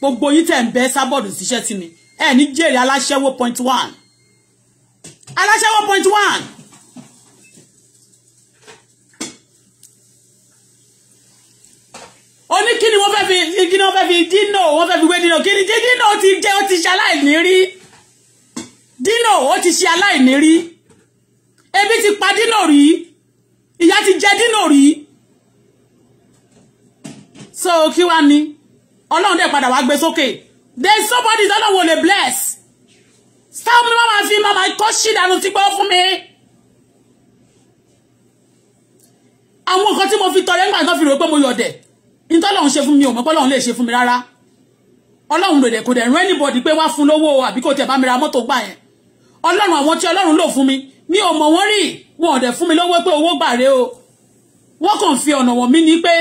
[SPEAKER 1] gbogbo yín tẹ̀ ń bẹ́ sábọ̀dù síṣẹ́ sí mi ẹ̀ ní jèrè aláṣẹ́wó point one aláṣẹ́wó point one. ó ní kí ni wọ́n fẹ́ fi kí ni wọ́n fẹ́ fi dino wọ́n fẹ́ fi wé dino kí ni dino ti jẹ́ ó ti ṣe aláìní rí dino ó ti ṣe aláìní rí ebi ti pa dino rí ìyá ti jẹ dino rí so kí wá ni ọlọ́run dẹ̀ padà wá gbé sókè there is somebody that I will bless Stop mi máa fi máa kọ́ sí ìdánù tí gbọ́ fún mi. àwọn nǹkan tí mo fi tọrẹ nígbà tó fi rò pé mo yọ̀dẹ̀ ìtọ́lọ́run ṣe fún mi ò mọ̀ pé lè ṣe fún mi rárá ọlọ́run rèdè kò dẹ̀ rán anybody pé wá fún lówó àbí kò tẹ̀ bá mi ra mọ́tò gbà yẹn ọlọ́run àwọn tí ọlọ́run lò fún mi mi ò mọ̀ wọ́n rí wọn ò fún mi lówó pé owó gbà rè o wọ́n kàn fi ọ̀nà wọ̀n mi ní pé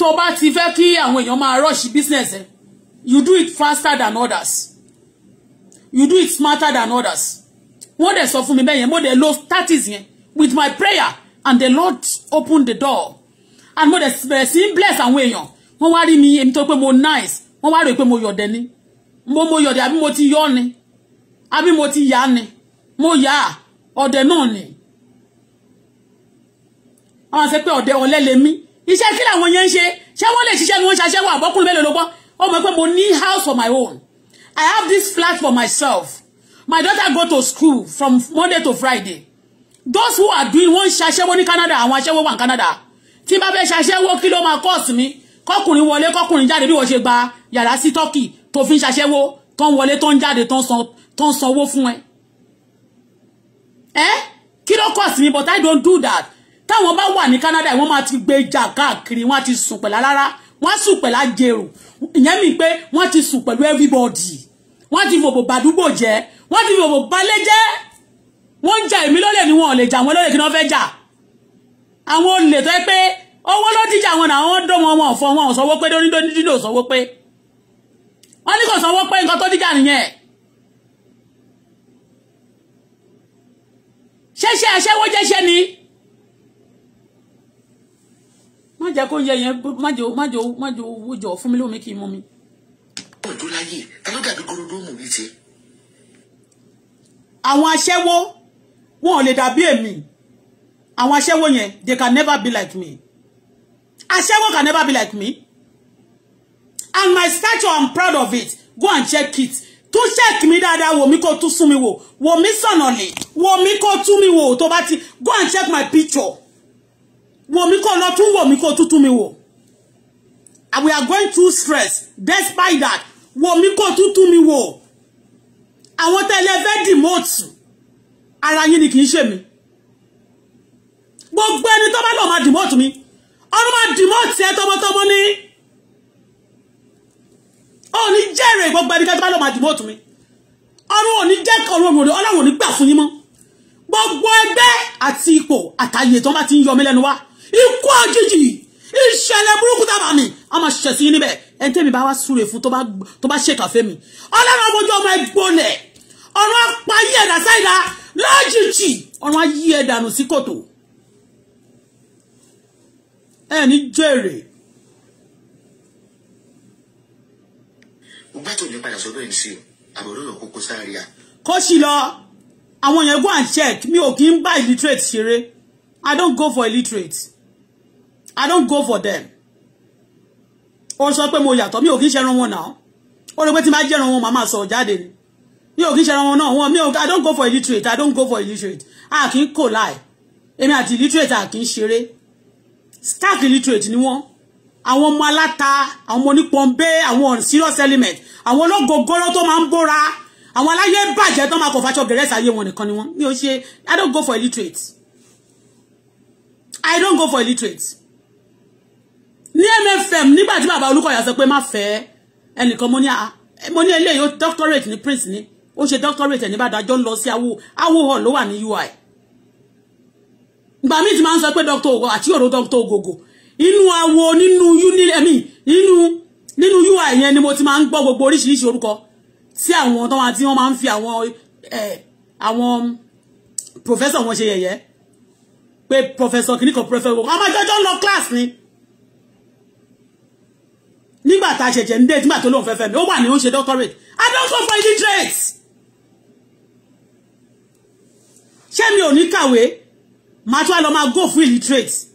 [SPEAKER 1] tó bá ti fẹ́ kí àwọn èèyàn máa rush business ẹ̀ you do it faster than others you do it smarter than others wọ́n dẹ̀ sọ fún mi bẹ́ẹ̀ yẹn mo dẹ̀ lo status yẹn with my prayer and the Lord opened the door and mo dẹ̀ bẹ̀rẹ̀ sí bless àwọn èèyàn wọ́n wá rí mi èmi tó pé mo nice wọ́n wá rò pé mo yọ̀dẹ̀ ni mo mo yọ̀dẹ̀ àbí mo ti yọ́ ni àbí mo ti yá ni mo yá ọ̀dẹ̀ náà ni àwọn àṣẹ pé ọ̀dẹ̀ ọ̀lẹ lèmi iṣẹ́ kí làwọn yẹn ń ṣe ṣé wọ́n lè ṣiṣẹ́ ni wọ́n ṣaṣẹ́ wà bọ́kùnrin mélòó ló gbọ́ ó mọ̀ pé mo ní house for my own I have this flat for myself my daughter go to school from Monday to Friday those who are doing wọ́n ń ṣaṣẹ́wó ní Canada àwọn aṣẹ́wó wà ní Canada tí n bá fẹ́ ṣaṣẹ́wó kí ló máa kọ́ọ̀sì mi kọkùnrin wọlé kọkùnrin jáde bí wọ́n ṣe gba yàrá sí tọ́kì tó fi ń ṣaṣẹ́wó tó ń wọlé tó ń jáde tó ń sanwó fún ẹ. ẹ kí ló kọ́ọ̀sì mi but I don't do that táwọn bá wà ní Canada wọ́n máa ti gbé jà káàkiri wọ́n á ti sùn pẹ̀lá rárá wọ́n á sùn pẹ̀lá jèrò ìyẹn mi pé wọ́n ti sùn pẹ̀lú everybody wọ́n ti fòbò bàdúgbò jẹ́ wọ́n ti fòbò balẹ̀ jẹ́ wọ́n ń ja èmi lólè ni wọn ò lè jà wọn lólè kí wọ́n fẹ́ jà àwọn olè tó yẹ pé owó ló díjà wọn náà wọn dọ̀ wọn wọn fọ wọn ò sanwó pé lórí dídò sanwó pé wọn ní kò sanwó pé nǹkan tó díjà nìyẹn ṣẹṣẹ aṣẹ́wó jẹṣẹ ni má jẹ́ kó yẹ yẹn má jẹ́ má jẹ́ má jẹ́ owó jọ fún mi lómi kí n mú mi. ọ̀dọ́ láyé ta ló dàbí gorodómù yìí ti. àwọn aṣẹ́wó wọn ò lè dàbí èmi àwọn aṣẹ́wó yẹn they can never be like me aṣẹ́wó can never be like me and my statue, i'm proud of it go and check it To check me dáadáa wò mí kó tún sún mi wo. Wo mi son lè Wo mi ko tún mi wo to ba ti go and check my picture Wo mi ko lọ tún wò mí kó tún tún mi wo. and we are going through stress despite that wo mi ko tún tún mi wò àwọn tẹ́lẹ̀ fẹ́ dìmọ́ọ̀tù ara yín ni kì í ṣe mi gbogbo ẹni tó bá lọ máa dìmọ́ọ̀tù mi ọdún máa dìmọ́ọ̀tù ẹ tọmọtọmọ ní òní jẹ́rẹ̀ gbogbo ẹni tó bá lọ máa dìmọ́ọ̀tù mi ọdún òní jẹ́ ọlọ́run òní ọlọ́run òní gbà fún yín mọ́ gbogbo ẹgbẹ́ àti ipò àtàyè tó bá ti ń yọ mí lẹ́nu wá ikú òjijì ìṣẹ̀lẹ̀ burúkú tábà mi a máa ṣẹ̀ sí níbẹ̀ ẹni tẹ́mi bá wá súre fún tó bá ṣe kàfẹ́ mi ọlọ́run ọmọ ojú ọmọ ẹgbọ́n lẹ̀ ọ̀run apá yí ẹ̀dá sáìdá lójijì ọ̀run á yí ẹ̀dá nù sí kòtò ẹ ní jèrè. mo gbá tòun ní padà sọ́dọ̀ ẹ̀ ní sí o
[SPEAKER 2] àbúrò náà kókó sáré à.
[SPEAKER 1] kó sì lọ àwọn yẹn go and check mi ò kí ń bá illiterate ṣeré i don't go for illiterate i don't go for them ó sọ pé mo yàtọ̀ mi ò kí ń ṣẹran wọn náà ó rẹ pé tí n bá jẹran wọn màá máa sọ jáde ni mi ò kí ń ṣẹran wọn náà wọn mi ò i don't go for illiterate i don't go for illiterate a kì í kò láì èmi àti illiterate a kì í ṣeré stark illiterate ni wọ́n àwọn ọmọ aláta àwọn ọmọ onípọ̀nbé àwọn serious element àwọn ológogoro tó máa ń bóra àwọn aláyé bàjẹ́ tó máa kọ̀ fàṣọ gẹ̀rẹ́sì ayé wọn nìkan ni wọ́n mi ò ṣe i don't go for illiterate i don't go for illiterate ní mfm nígbà tí bàbá Olúkọ̀yà sọ pé má fẹ́ ẹnìkan mo ní ah, ah, mo ní eléyìí doctorate ni prince ni ó ṣe doctorate ẹ̀ nígbà dájọ́ ń lọ sí awo awo hall ló wà ní ui ìgbà míì ti máa ń sọ pé dr ogo àti òrò dr ogogo inú awo nínú unilemi nínú nínú ui yẹn ni mo ti máa ń gbọ́ gbogbo oríṣiríṣi orúkọ tí àwọn tó máa tí wọ́n máa ń fi àwọn àwọn professor wọn ṣe yẹ̀yẹ́ pé professor kìnnìkan professor ogo ọmọ ìjọjọ ń lọ class ni nígbà tá a ṣẹ̀ṣẹ̀ ń dé nígbà tó lóun fẹ́fẹ́ mi ó wà ní ó ń ṣe doctorate I don't go for illiterate ṣé mi ò ní kàwé màá tún wá máa go free literate.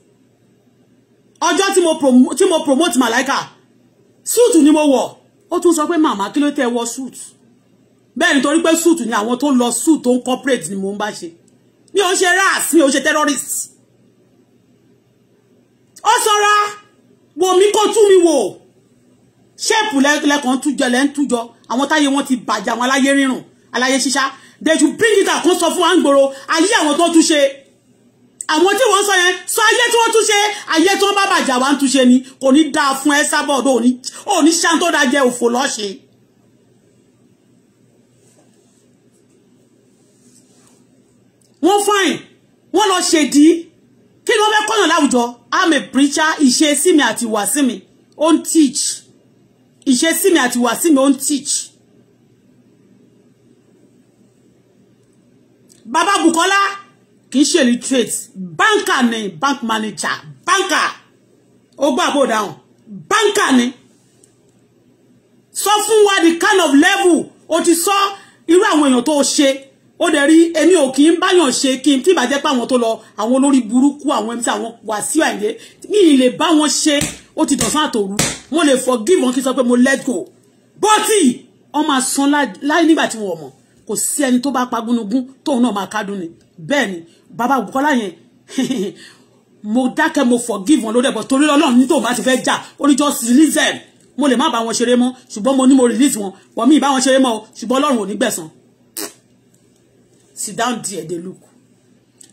[SPEAKER 1] ọjọ́ tí mo tí promote màláìka suit ni mo wọ̀ ó tún sọ pé màmá kí ló tẹ́ wọ suit bẹ́ẹ̀ nítorí pé suit ni àwọn tó ń lọ suit tó ń corporate ni mo ń bá ṣe mi ò ń ṣe ras mi ò ṣe terrorist ó sọra wo mí kó tú mi wò ṣéèpù lẹ́kọ̀ọ́ tújọ lẹ́ ń tújọ àwọn táyé wọn ti bàjẹ́ àwọn aláyé rírùn aláyé ṣíṣá they should bring it out kó sọ fún wa ń gbòòrò ayé àwọn tó tún ṣe àwọn tí wọ́n sọ yẹn sọ ayé tí wọ́n túnṣe ayé tí wọ́n bá bàjẹ́ àwa ń túnṣe ni kò ní dáa fún ẹ sábọ̀ ọ̀dọ̀ òní òní ṣáà tó dáa jẹ́ òfò lọ́ṣẹ̀ẹ́. wọ́n fine wọ́n lọ ṣèdí kí ni wọ́n fẹ́ kọ́yàn láwùjọ i'm a preacher ìṣesí mi àti ìwàsí mi ó ń teach ìṣesí mi àti ìwàsí mi ó ń teach. bàbá Bukola kì í ṣe illiterate banker ni bank manager banker ó gbà bó dáhùn banker ni sọ fún wa the kind of level o ti sọ irú àwọn èèyàn tó o ṣe ó dẹ̀ rí èmi ò kì í báyàn ṣe kí n tí ìbàjẹ́ pé àwọn tó lọ àwọn olórí burúkú àwọn ẹni tí àwọn Wàsíù Àyìndé mi ì lè bá wọn ṣe ó ti dọ̀sán àtòru mo lè forgive wọn kí n sọ pé mo let go bọ́tì ọmọ àsan láì nígbà tí wọn mọ̀ kò sí ẹni tó bá pa gúnugún tóun náà máa kádùn ni bẹ́ẹ̀ ni bàbá Bùkọ́lá yẹn mo dákẹ́ mo forgive wọn lórí ẹ̀bọ̀ torí ọlọ́run ní tóun bá ti fẹ́ jà oníjọ́ sí lizem mo lè má bá wọn ṣeré mọ́ ṣùgbọ́n mo ní mo release wọn wọ́n mi ì bá wọn ṣeré mọ́ o ṣùgbọ́n ọlọ́run ò ní gbẹ̀san sit down there dey look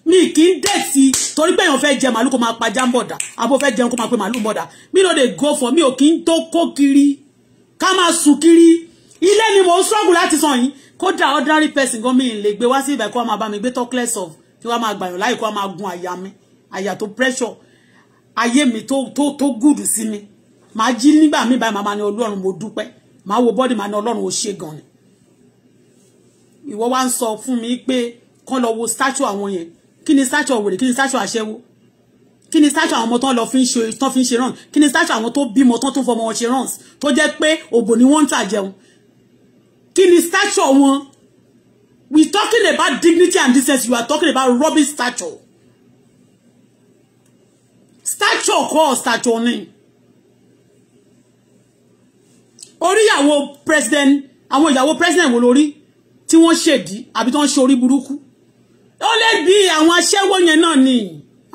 [SPEAKER 1] mi kì í dé sí torí pé èèyàn fẹ́ jẹ màálù kó máa pa jámbọ̀dà àbò fẹ́ jẹun kó máa pe màálù bọ̀dà mi ló dé go for mi ò kì í tó kó kiri ká máa sùn kiri ilé ni mò ń sọ́gùn láti sàn yìí kódà ordinary person gan mi lè gbé wá sí ibẹ̀ kó wá máa bá mi gbé talkless of kí wá máa gbàyàn láì kó wá máa gun àyà mi àyà tó pressure ayé mi tó tó tó good sí mi màá jí nígbà míì báyìí màá ma ní ọlọ́run mo dúpẹ́ màá wo bọ́dì màá ní ọlọ́run ó ṣe gan ni ìwọ wá ń sọ fún mi pé kán lọ wo statue àwọn yẹn kí ni statue wèrè kí ni statue àṣẹwó kí ni statue àwọn ọmọ tán lọ fi ń ṣe tán fi ń ṣe rán kí ni statue àwọn tó bímọ tán tó fọmọ wọn ṣe rán tó jẹ́ pé òbò ni wọ́n ń tà jẹun kí ni stature wọn we talking about dignity and decency you are talking about rubbish stature stature kọ́ stature ni oríyàwó president àwọn ìyàwó president wo lori. tí wọ́n shedi àbí tí wọ́n ṣe orí burúkú ó lè bí àwọn aṣẹ́wó yẹn ni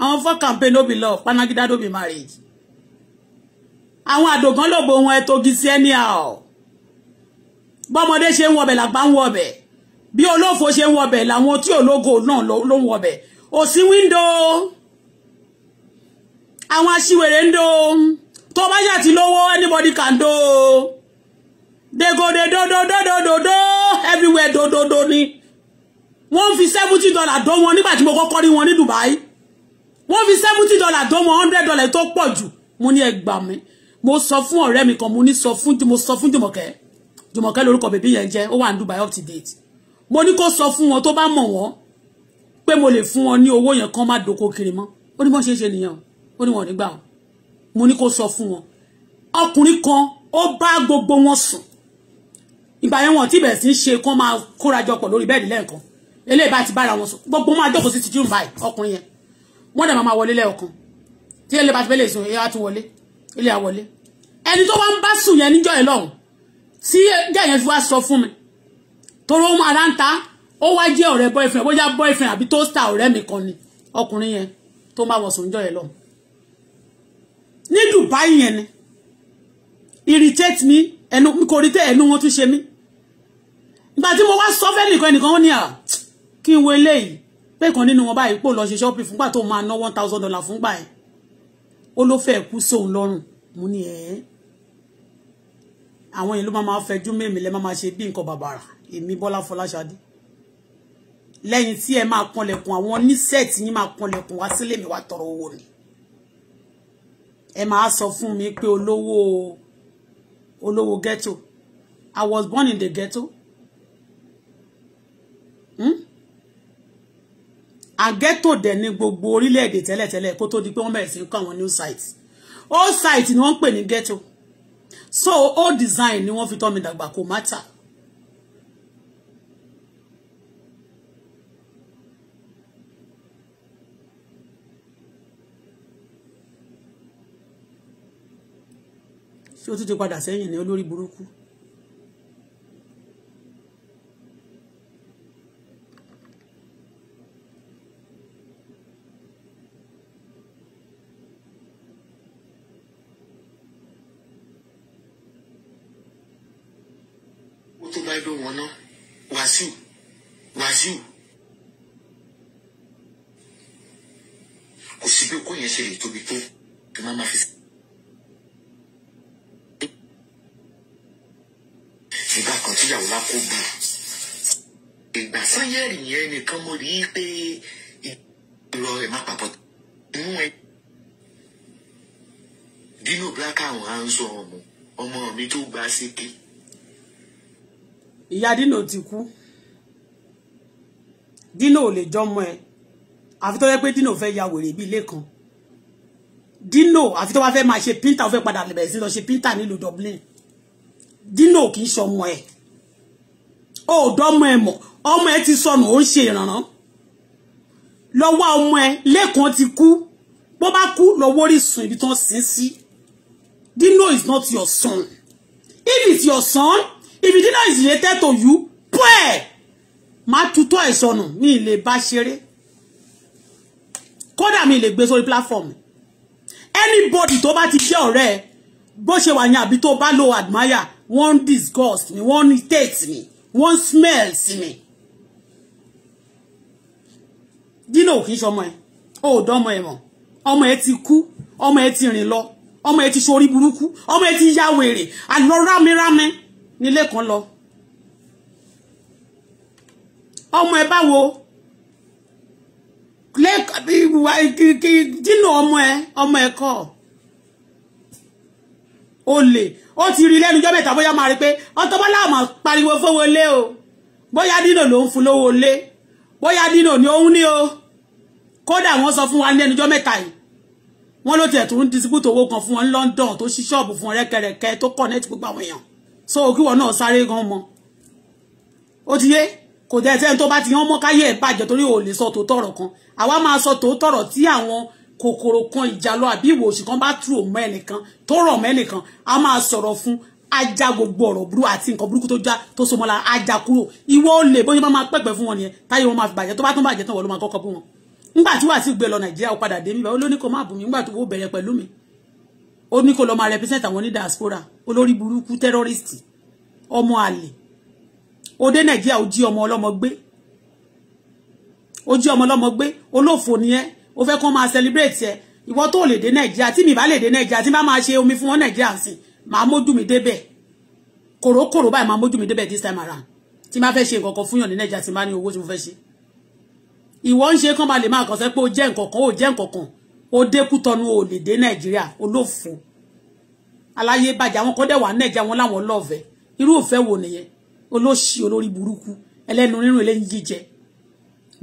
[SPEAKER 1] àwọn for campaign no be love panagida do be marriage àwọn àdògán lòbò wọn ẹ togi sí anyhow bọ́mọdé ṣe ń wọbẹ̀ làgbà ń wọbẹ̀ bí olófo ṣe ń wọbẹ̀ làwọn tí ológo náà ló ń wọbẹ̀ òsì wíńdò àwọn aṣíwèrè ń do tó bá yà ti lówó anybody can do degode dodododododo everywhere dododo ni wọ́n fi seventy dollar dó wọn nígbà tí mo kọ́kọ́ rí wọn ní Dubai wọ́n fi seventy dollar dó wọn hundred dollar tó pọ̀ jù mo ní ẹgbàá mi mo sọ fún ọ̀rẹ́ mi kan mo ní sọ fún mo sọ fún Jùmọ̀kẹ́. Jùmọ̀kẹ́ lórúkọ bèbí yẹn jẹ́ ó wà ní Dubai up to date mo ní kó sọ fún wọn tó bá mọ̀ wọ́n pé mo lè fún wọn ní owó yẹn kán má doko kiri mọ́ ó ní bọ́n ṣe nìyẹn o ó ní wọn ò ní gbà o mo ní kó sọ fún wọn ọkùnrin kan ó bá gbogbo wọn sùn ìgbà yẹn wọn tí bẹ̀rẹ̀ sí ń ṣe kán máa kórajọpọ̀ lórí bẹ́ẹ̀dì lẹ́ẹ̀kan eléyìí bá ti bára wọn sùn gbogbo máa jókòó sí tìjú báyìí ọkùnrin yẹn wọn dẹ̀ máa wọlé lẹ́ọ̀kan tí ilé bá ti fẹ́ lè sùn ẹ á tún wọlé ilé á wọlé ẹni tó wá ń bá sùn yẹn níjọ́ ẹ̀ lọ́hùn tí gẹ̀yẹ́ fi wá sọ fún mi toro ohun ara ń ta ó wá jẹ́ ọ̀rẹ́ boyfriend bóyá boyfriend àbí toaster ọ̀rẹ́ mi kan ni ọkùnrin yẹn tó máa wọ̀sùn níjọ́ yẹn lọ ní Dubai yẹn ni irritate mi ẹnu kò rí tẹ ẹnu wọn tún ṣe mí ìgbà tí mo wá sọ fẹ́ nìkan ẹnìkan wọn ni à kí n wo eléyìí pé kan nínú wọn báyìí pò lọ ṣe ṣọ́ọ̀pì fúngbà tó máa ná one thousand dollar fúngbà ẹ̀ ó ló fẹ́ kú sóun lọ́rùn mo ní ẹ̀ẹ́ àwọn yẹn máa máa fẹjú mẹ́mi lẹ́ máa máa ṣe bí nǹkan bàbàrà èmi Bọ́lá Fọláṣadé lẹ́yìn tí ẹ máa kanlẹ̀kùn àwọn oníṣẹ́ẹ̀tì yín máa kanlẹ̀kùn wá sílé mi wá tọrọ owó ni ẹ máa sọ fún mi pé olówó olówó ghetto I was born in the ghetto hmm? and ghetto dẹ̀ ní gbogbo orílẹ̀-èdè tẹ́lẹ̀tẹ́lẹ̀ kó tó di pé wọ́n bẹ̀rẹ̀ sí ń kọ́ àwọn new site old site ni wọ́n ń pè ní ghetto so old design ni wọ́n fi tọ́ mi dàgbà kò matter ṣé o tún ti padà sẹ́yìn ní olórí burúkú.
[SPEAKER 2] idol wọn náà Wàsíù Wàsíù kò sí bí okó yẹn ṣe lè tóbi tó kí má má fi. ìgbà kan tíyàwó wa kó bù ìgbà sanyẹ́rì yẹn nìkan mo rí i pé ìlọ ẹ̀ má papọ̀ inú ẹ̀ dínú black àwọn à
[SPEAKER 1] ń sọ ọmọ ọmọ mi tó gba sékè ìyá dino ti kú dino ò lè jọmọ ẹ àfi tó yẹ pé dino fẹ́ ya wèrè bí ilé kan dino àfi tó wá fẹ́ máa ṣe pínta ó fẹ́ padà bẹ̀rẹ̀ sí lọ ṣe pínta nílùú Dublin dino kì í ṣọmọ ẹ ó dọ́mọ ẹ mọ̀ ọmọ ẹ ti sọnù ó ń ṣe ìrànràn lọ́wọ́ ọmọ ẹ lẹ́kàn ti kú bó bá kú lọ́wọ́ orísun ibi tó ń sin sí dino is not your son if it's your son if the dinner is related to you pẹ́ máa tutọ́ ẹ̀ sọnù mi lè bá ṣeré kódà mi le gbé sórí platform anybody to bá ti jẹ́ ọ̀rẹ́ ẹ bó ṣe wà ní àbí tó lo admire wọ́n disgust me, wọ́n taste me, wọ́n smell sí mi dínà ò kì í ṣọmọ ẹ ò dánmọ ẹ mọ ọmọ ẹ ti kú omo ẹ ti rìn lọ ọmọ ẹ ti ṣorí burúkú ọmọ ẹ ti ya wèrè àlọ rámírámí nílé kan lọ ọmọ ẹ báwo dínà ọmọ ẹ ọmọ ẹ kọ olè ó ti rí lẹ́nu jọ́ mẹ́ta bóyá máa rí pé Auto Bola máa pariwo fowó lé o bóyá dínà ló ń fún lówó lé bóyá dínà ni òun ní o kódà wọ́n sọ fún wa lẹ́nu jọ́ mẹ́ta yìí wọ́n ló tiẹ̀ tún ń disikútò owó kan fún wọn ní London tó ṣí ṣọ́ọ̀bù fún ọ̀rẹ́kẹrẹkẹ tó kọ̀ nẹ́ẹ̀tì gbogbo àwọn èèyàn so kíwọ náà sáré gan mọ ó ti yé kò dẹ̀ sẹ́ni tó bá ti yán mọ́ káyé ẹ̀ bàjẹ́ torí ò lè sọ tòótọ́ ọ̀rọ̀ kan àwa máa sọ tòótọ́ ọ̀rọ̀ tí àwọn kòkòrò kan ìjàlọ àbí ìwò kan bá tú òmọ ẹnìkan tó rọ̀ mẹ́nìkan a máa sọ̀rọ̀ fún ajá gbogbo ọ̀rọ̀ burú àti nǹkan burúkú tó já tó so mọ́la ajá kúrò ìwọ ó lè bóyá máa pẹ̀pẹ̀ fún wọn nìyẹn táyé wọn máa fi bàjẹ́ tó bá tún bàjẹ́ tán wọ́n ló máa kọ́kọ́ bú wọn nígbà tí wàá sì gbé lọ nàìjíríà padà dé mi báwo ló ní kó má bù mí nígbà tó wó bẹ̀rẹ̀ pẹ̀lú mi ó ní kó lọ máa represent àwọn ní diaspora olórí burúkú terrorist ọmọ àlè ó dé nàìjíríà ó jí ọmọ ọlọ́mọ gbé ó jí ọmọ ọlọ́mọ gbé olófò ni ẹ ó fẹ́ kán máa celebrate ẹ ìwọ tó lè dé nàìjíríà tí mi bá lè dé nàìjíríà tí bá máa ṣe omi fún wọn nàìjíríà sí màá mójú mi débẹ̀ kòrókòrò báyìí màá mójú mi débẹ̀ this time around tí máa fẹ́ ṣe nǹkan kan fún yàn ní nàìjíríà tí máa ní owó tí mo fẹ́ ṣe ìwọ ń ṣe kán máa lè máa kàn sẹ́ pé ó jẹ́ nǹkan kan ó jẹ́ nǹkan kan ó dé kútọ́nu ò lè dé nàìjíríà olófò aláyé bàjẹ́ àwọn kan dẹ̀ wà nàìjíríà wọn láwọn lọ́ọ̀fẹ́ irú òfẹ́ wo nìyẹn olóṣì olórí burúkú ẹlẹ́nu rírùn eléyìí jíjẹ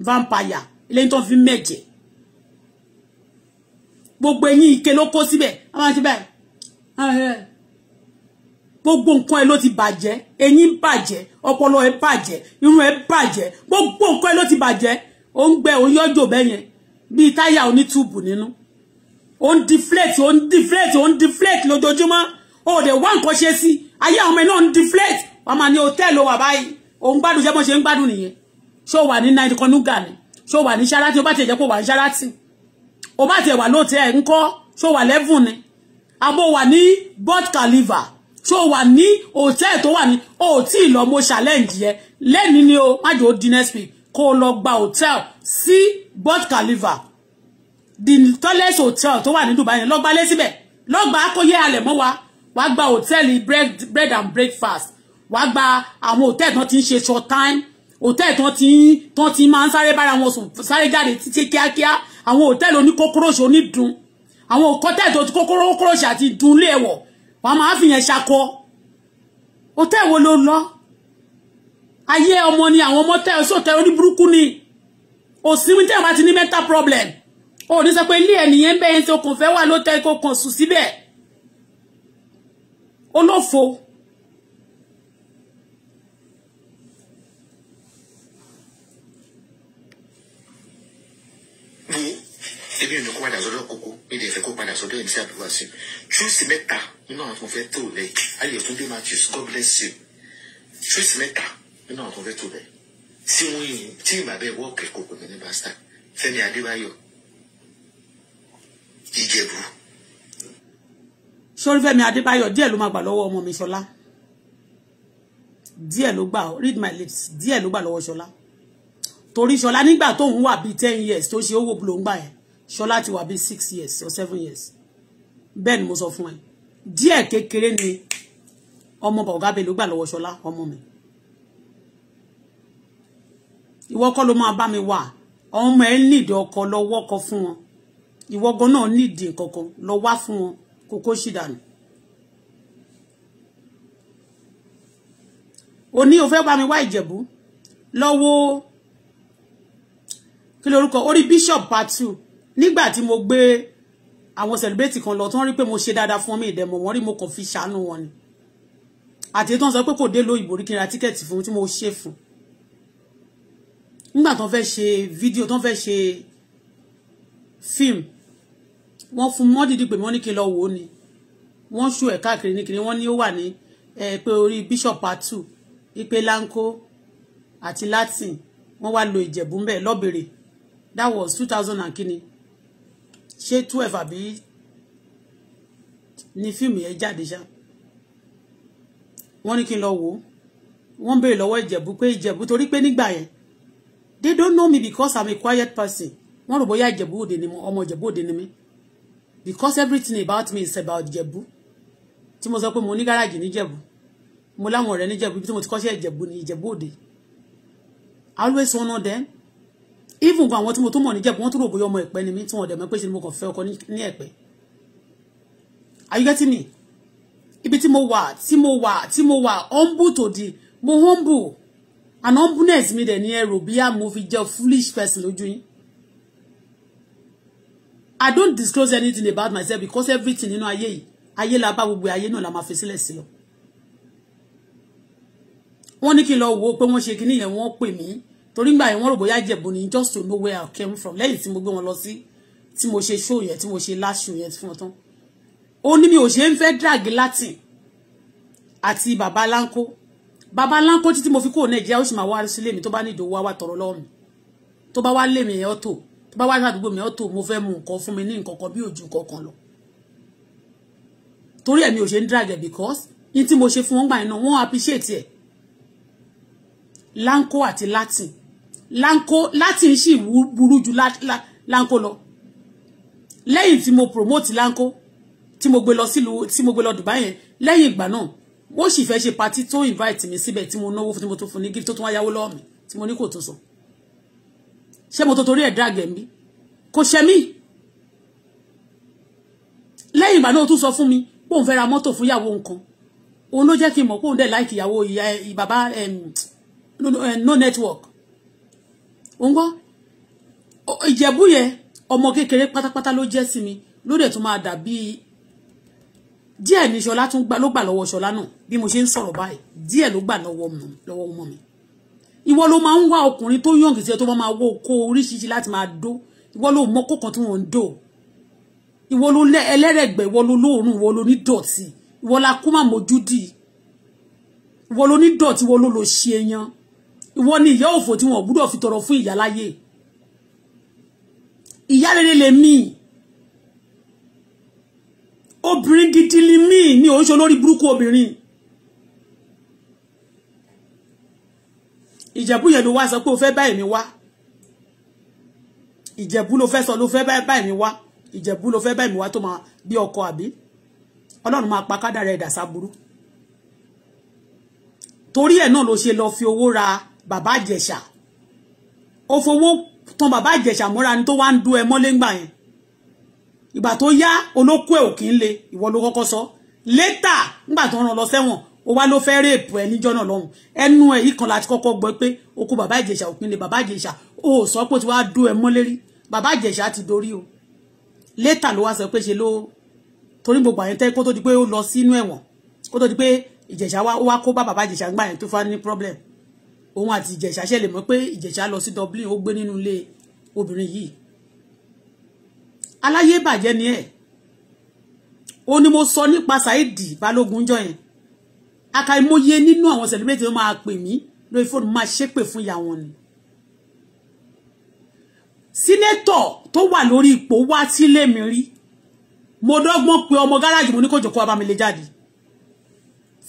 [SPEAKER 1] vampire eléyìí tó fi mẹ̀jẹ̀ gbogbo eyín ike ló kó síbẹ̀ a máa ti bẹ́ẹ̀ gbogbo nǹkan ẹ ló ti bàjẹ́ eyín bàjẹ́ ọpọlọ ẹ bàjẹ́ irun ẹ bàjẹ́ gbogbo nǹkan ẹ ló ti bàjẹ́ ó ń gbẹ òun yọjò bíi táyà oní túùbù nínú ó ń deflate ó ń deflate ó ń deflate lójoojúmọ́ ó dẹ̀ wá nǹkan ṣe sí ayé àwọn ọmọ náà ń deflate wọ́n máa ní hòtẹ́ẹ̀lì wà báyìí òun gbádùn ṣe bó ṣe ń gbádùn nìyẹn ṣó wà ní nine kọ́núgà ni ṣó wà ní ṣáláàtì ó bá tiẹ̀ jẹ́ pé wà ní ṣáláàtì ó bá tiẹ̀ wà lóòótẹ́ ńkọ́ ṣó wà lẹ́fùn ni àbó wà ní bọ́t kàlífà ṣó wà ní hòtẹ́ẹ̀lì tó wà ní òtí ìlọ́mọ ṣàlẹ́ǹjì yẹn lẹ́ni ni o májò ó di next week kó lọ gba hotel sí Burj Khalifa the tallest hotel tó wà ní Dubai yẹn lọ gbalé síbẹ̀ lọ gba akóyé alẹ̀ mọ́ wa wá gba hotel bread, bread and breakfast wá gba àwọn hotel tán ti ń ṣe short time hotel tán ti ń tán ti máa ń sáré bára wọn sùn sáré jáde títí kíákíá àwọn hotel oníkókóróṣe onídùn àwọn hotel tó ti kókóróṣe àti dùn lé ẹ̀wọ̀ wọ́n máa fi yẹn ṣakọ hotel wo ló lọ ayé ọmọ ni àwọn ọmọ tẹ́ ọsọ tẹ orí burúkú ni òsínwí tẹ́ bá ti ní mental problem o ní sọ pé ilé ẹnìyẹn bẹ́ẹ̀ tí o kàn fẹ́ wà ló tẹ́ kó kàn sùn síbẹ̀ olófo.
[SPEAKER 2] èmi ò ní kó padà sọ́dọ̀ kókó mi lè fẹ́ kó padà sọ́dọ̀ ẹni sí àdúrà sí ṣúùsì mẹ́ta nínú àwọn tó fẹ́ tó lẹ ayé tó dé Matthew. god bless you ṣúùsì mẹ́ta nínú àwọn tó fẹ́ tó bẹ̀ tí wọ́n yìí tí ìgbà bẹ́ẹ̀ wọ́ọ̀kì kò pè mí ní pásítà Fẹ́mi Adébáyọ̀
[SPEAKER 1] Ìjẹ̀bú. sórí Fẹ́mi Adébáyọ̀ díẹ̀ ló máa gbà lọ́wọ́ ọmọ mi Ṣọlá díẹ̀ ló gbà read my lips díẹ̀ ló gbà lọ́wọ́ Ṣọlá torí Ṣọlá nígbà tóun wà bíi ten years tó ṣe owó ló ń gbà yẹn Ṣọlá ti wà bíi six years or seven years bẹ́ẹ̀ ni mo sọ fún ẹ díẹ̀ kékeré ni ọmọ bàbá ọ̀gá ló gbà lọ́wọ́ Ṣọlá ọmọ mi ìwọ kọ́ ló máa bá mi wà àwọn ọmọ ẹ nídìí ọkọ lọ wọ́kọ fún wọn ìwọ gan náà nídìí kankan lọ wá fún wọn kò kó ṣì dànù. o ní o fẹ́ bá mi wá ìjẹ̀bú lọ́wọ́ kí lorúkọ orí bishop patu nígbà tí mo gbé àwọn celebrate kan lọ tí wọ́n rí pé mo ṣe dáadáa fún mi ìdẹ̀mọ̀ wọ́n rí mo kàn fi ṣàánú wọn ni àti tó ń sọ pé kò dé lóyìnbó rí kí n ra tíkẹ́ẹ̀tì fún tí mo ṣe fún un nígbà tó fẹ́ ṣe fídíò tó fẹ́ ṣe fíìmù wọ́n fún mọ́ dídí pé wọ́n ní kí n lọ wò ó ni wọ́n ṣù ẹ̀ káàkiri ní kiri wọ́n ní ó wà ní pé orí bishop atu ipe lanko àti latin wọ́n wá lo ìjẹ̀bú mbẹ́ lọ́bẹ̀rẹ̀ that was two thousand and kini ṣé twelve àbí ni fíìmù yẹn jáde ṣá wọ́n ní kí n lọ wò ó wọ́n béèrè lọ́wọ́ ìjẹ̀bú pé ìjẹ̀bú torí pé nígbà yẹn they don't know me because i'm a quiet person wọ́n rò bóyá ìjẹ̀bú òde ni ọmọ ìjẹ̀bú òde ni mí because everything about me is about ìjẹ̀bú tí mo sọ pé mo ní gáràjì níjẹ̀bú mo láwọn ọ̀rẹ́ níjẹ̀bú ibi tí mo ti kọ́ṣẹ́ ìjẹ̀bú ni ìjẹ̀bú òde i always honour them even àwọn tí mo tó mọ̀ níjẹ̀bú wọ́n tó rò bóyá ọmọ ẹ̀pẹ́ ni mí tí wọ́n dẹ̀ mọ́ pé ṣe ni mo kàn fẹ́ ọkọ ní ẹ̀pẹ́ are you getting me ibi tí mo wà tí mo wà tí mo wà humble to the mo humble and humbleness mi dẹ̀ ní ẹrù bí a mo fi jẹ́ foolish person lójú yín I don't disclose anything about myself because everything nínú ayé yìí ayé la ba gbogbo ayé náà la ma fi sílẹ̀ sí lọ wọ́n ní kí n wo pe wọ́n ṣe kinní yẹn wọ́n pè mí torí ngbà yẹn wọ́n rò bóyá Ìjẹ̀bú ni just to know where I came from lẹ́yìn tí mo gbé wọn lọ sí tí mo ṣe show yẹn tí mo ṣe last show yẹn fún wọn tán ó ní mi ò ṣe ń fẹ́ drag Latin Ati baba lanko bàbá láńkó títí mo fi kúrò nàìjíríà ó sì máa wá sílé mi tó bá nídìí owó wá tọrọ lọ́wọ́ mi tó bá wá lé mi ọ̀tọ̀ tó bá wá sàdúgbò mi ọ̀tọ̀ mo fẹ́ mu nǹkan fún mi ní nǹkan kan bí òjò kankan lọ torí ẹ̀mí ò ṣe drag because ní tí mo ṣe fún wọn gbà yẹn náà appreciate ẹ̀ láńkó àti latin láńkó latin sì burú ju láńkó lọ lẹ́yìn tí mo promote láńkó tí mo gbé lọ sílùú tí mo gbé lọ Dubai yẹn lẹ́yìn ìgbà náà wọ́n sì fẹ́ ṣe patí tó invite mi síbẹ̀ tí mo náwó tí mo tún fún ní gift tó tún wá yáwó lọ́wọ́ mi tí mo ní kò tún sọ ṣé mo tó torí ẹ̀ dàgẹ̀ mi kò ṣe mí lẹ́yìn ìgbà náà ó tún sọ fún mi pé òun fẹ́ ra mọ́tò fún ìyàwó nǹkan òun ló jẹ́ kí n mọ̀ pé òun dẹ̀ láìkì ìyàwó ìyá bàbá no network òun gbọ́ ìjẹ̀bú yẹn ọmọ kékeré pátápátá ló jẹ́ sí mi ló dẹ̀ tún máa dà bíi díẹ̀ ni ṣọlá tún gbà ló gbà lọ́wọ́ ṣọlá náà bí mo ṣe ń sọ̀rọ̀ báyìí díẹ̀ ló gbà lọ́wọ́ ọmọ mi ìwọ ló máa ń wá ọkùnrin tó yọ̀ǹgì sí ẹ tó máa máa wó kó oríṣiríṣi láti máa dó ìwọ ló mọ kókan tí wọn ń dò ìwọ ló lẹ ẹlẹ́rẹ̀gbẹ́ ìwọ ló lóòórùn ìwọ ló ní dọ̀tí ìwọ la kó má mojú dì ìwọ ló ní dọ̀tí ìwọ ló lọ ṣe eyan ìwọ ni ìyá òfò tí wọn gbúdọ̀ fi tọrọ fún ìyá obìnrin gidi ni mí ni òun ṣe olórí burúkú obìnrin ìjẹ̀bú yẹn ló wá sọ pé o fẹ́ bá èmi wá ìjẹ̀bú ló fẹ́ sọ ló fẹ́ bá èmi wá ìjẹ̀bú ló fẹ́ bá èmi wá tó máa bí ọkọ àbí ọlọ́run máa pa kádàrá ẹ̀dà sáburú torí ẹ̀ náà ló ṣe lọ fi owó ra bàbá àjẹsà ó fowó tan bàbá àjẹsà mọ́ra ni tó wá ń dún ẹ mọ́lé yẹn ìgbà tó yá olóko ẹ̀ ò kí ń le ìwọ ló kọ́kọ́ sọ létà nígbà tó ràn lọ sẹ́wọ̀n ó wá ló fẹ́ rèèpù ẹ níjọ́ náà lọ́hùn ẹnu ẹ̀ yìí kan láti kọ́kọ́ gbọ́ pé o kú bàbá ìjẹ̀ṣà òpin lè bàbá ìjẹ̀ṣà o ò sọ pé o ti wá dó ẹ mọ́lérí bàbá ìjẹ̀ṣà ti dorí o létà ló wá sọ pé ṣe ló torí gbogbo àyẹn tẹ́ kó tó di pé ó lọ sínú ẹ̀wọ̀n kó tó di pé ìjẹ̀ṣà wá wá kó bá bàbá ìjẹ̀ṣà gbà yẹn tó fa ní problem òun àti ìjẹ̀ṣà ṣẹlẹ̀ mọ́ pé ìjẹ̀ṣà lọ sí Dublin ó gbé nínú ilé obìnrin yìí aláyé bàjẹ́ ni ẹ̀ ó ní mo sọ nípa Saidi Balógun jọ yẹn akaimoye nínú àwọn celebrate tó máa pè mí lórí fóònù máa ṣépè fún ìyá wọn ni sínétọ̀ tó wà lórí ipò wá sílé mi rí mo dọ́gbọ́n pé ọmọ gáràjì mo ní kò jòkó abámi lè jáde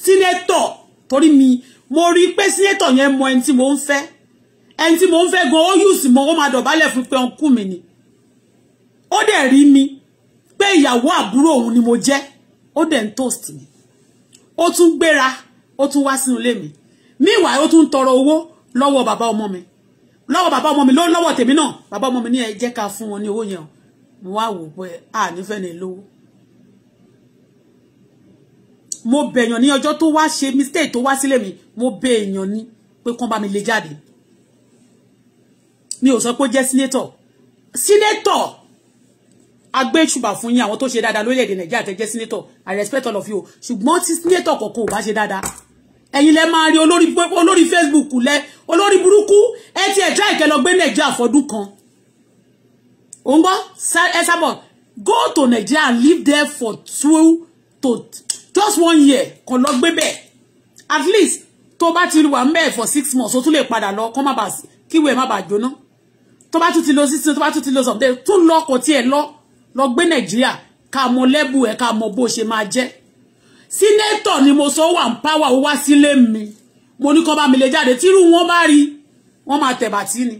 [SPEAKER 1] sínétọ̀ torí mi mo rí pé sínétọ̀ yẹn mọ ẹni tí mo ń fẹ́ ẹni tí mo ń fẹ́ gan ó yùsì mọ́ ó máa dọ̀bálẹ̀ fún pé ọkùn mi ni ó dẹ̀ rí mi pé ìyàwó àbúrò òun ni mo jẹ́ ó dẹ̀ ń toast mi ó tún gbéra ó tún wá sínú ilé mi meanwhile ó tún tọrọ owó lọ́wọ́ bàbá ọmọ mi lọ́wọ́ bàbá ọmọ mi ló lọ́wọ́ tèmi náà bàbá ọmọ mi ní ẹ jẹ́ ká fún wọn ní owó yẹn mo wá wò pé a nífẹ̀ẹ́ ní lówó mo bẹ̀yàn ní ọjọ́ tó wá ṣe mistake tó wá sílé mi mo bẹ ní pé kán bá mi lè jáde mi ò sọ pé ó jẹ́ sínétọ̀ sínétọ̀ agbé fún yín àwọn tó ṣe dáadáa lórílẹ̀-èdè nàìjíríà tẹ́jẹ́ sínétọ̀ i respect all of you ṣùgbọ́n tí sínétọ̀ kọ̀ọ̀kan ò bá ṣe dáadáa ẹ̀yin lẹ máa rí olórí olórí facebook lẹ olórí burúkú ẹ ti ẹ̀ try kẹ́ lọ gbé nàìjíríà fọdún kan òun gbọ́ ẹ sábọ̀ go to nigeria and live there for two to just one year kan lọ gbé bẹ́ẹ̀ at least tó bá ti wà mẹ́ẹ̀ for six months o tún lè padà lọ kọ́ má bàa kíwèé má bàa jóná tó bá tún ti lọ sísun tó bá tún ti lọ sọ̀tẹ́ tún lọ kò tiẹ̀ lọ lọ gbé nàìjíríà ká mọ lẹ́bù ẹ̀ ká mọ bó ṣe máa jẹ́ sínétọ̀ ni mo sọ wà ń páwà ó wá sílé mi mo ní kọ́ bá mi lè jáde tírú wọn bá rí wọn máa tẹ̀bà tí ni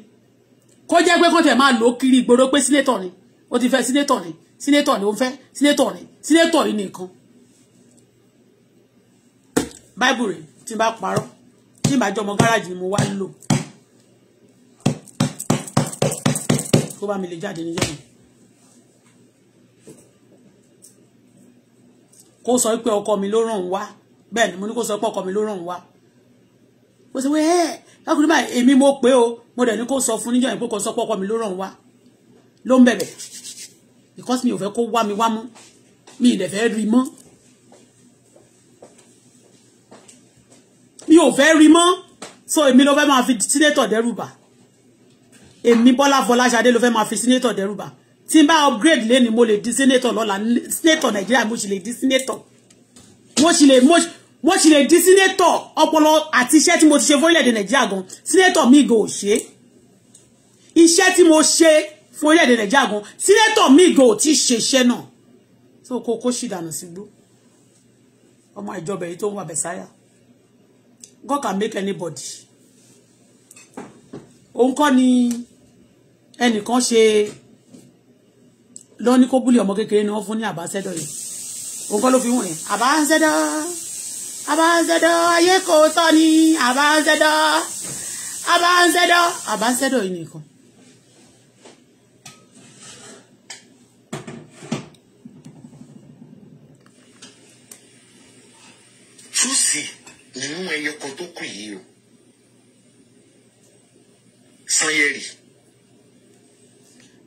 [SPEAKER 1] kó jẹ́ pé kó tẹ̀ máa lò kiri ìgboro pé sínétọ̀ ni ó ti fẹ́ sínétọ̀ ni sínétọ̀ ni ó ń fẹ́ sínétọ̀ ni sínétọ̀ yìí nìkan báìbù rẹ̀ tí n bá parọ́ tí n bá jọmọ gáràjì ni mo wá lò kó bá mi lè jáde níjọ́ yìí. kó sọ pé ọkọ mi ló ràn wá bẹ́ẹ̀ ni mo ní kó sọ pé ọkọ mi ló ràn wá ó sọ pé ẹ lákùnrin báyìí èmi mo pé o mo dẹ̀ ní kó sọ fún níjọ́ yẹn pé kó sọ pé ọkọ mi ló ràn wá ló ń bẹ̀bẹ̀ because mi ò fẹ́ kó wá mi wá mọ́ mi ì dẹ̀ fẹ́ rí mọ́ mi ò fẹ́ rí mọ́ so èmi ló fẹ́ máa fi sínétọ̀ dẹ́rùbà èmi Bọ́lá Fọláṣadé ló fẹ́ máa fi sínétọ̀ dẹ́rùbà tí n bá upgrade lẹ́ni mo lè di senator lọ́la senator Nigeria mo sì lè di senator mo sì lè mo sì lè di senator ọpọlọ àti iṣẹ́ tí mo ti ṣe fórílẹ̀-èdè nàìjíríà gan senator mi gan ò ṣe iṣẹ́ tí mo ṣe fórílẹ̀-èdè Nigeria gan senator mi gan ò ti ṣe iṣẹ́ náà tí mo kó kó sì dànù sígbó ọmọ ìjọba èyí tó ń wà bẹ̀sáyà God can make anybody òun kọ́ ni ẹnìkan ṣe lọ́ní kó búlì ọmọ kékeré ni wọ́n fún ní àbáṣẹ́dọ̀ yẹn òun kọ́ ló fi wọ̀n yẹn àbáṣẹ́dọ̀ àbáṣẹ́dọ̀ ayé kò tọ́ ni àbáṣẹ́dọ̀ àbáṣẹ́dọ̀ àbáṣẹ́dọ̀ yìí nìkan.
[SPEAKER 2] túùsì nínú ẹyọkọ tó kù yìí o
[SPEAKER 1] sanyẹrì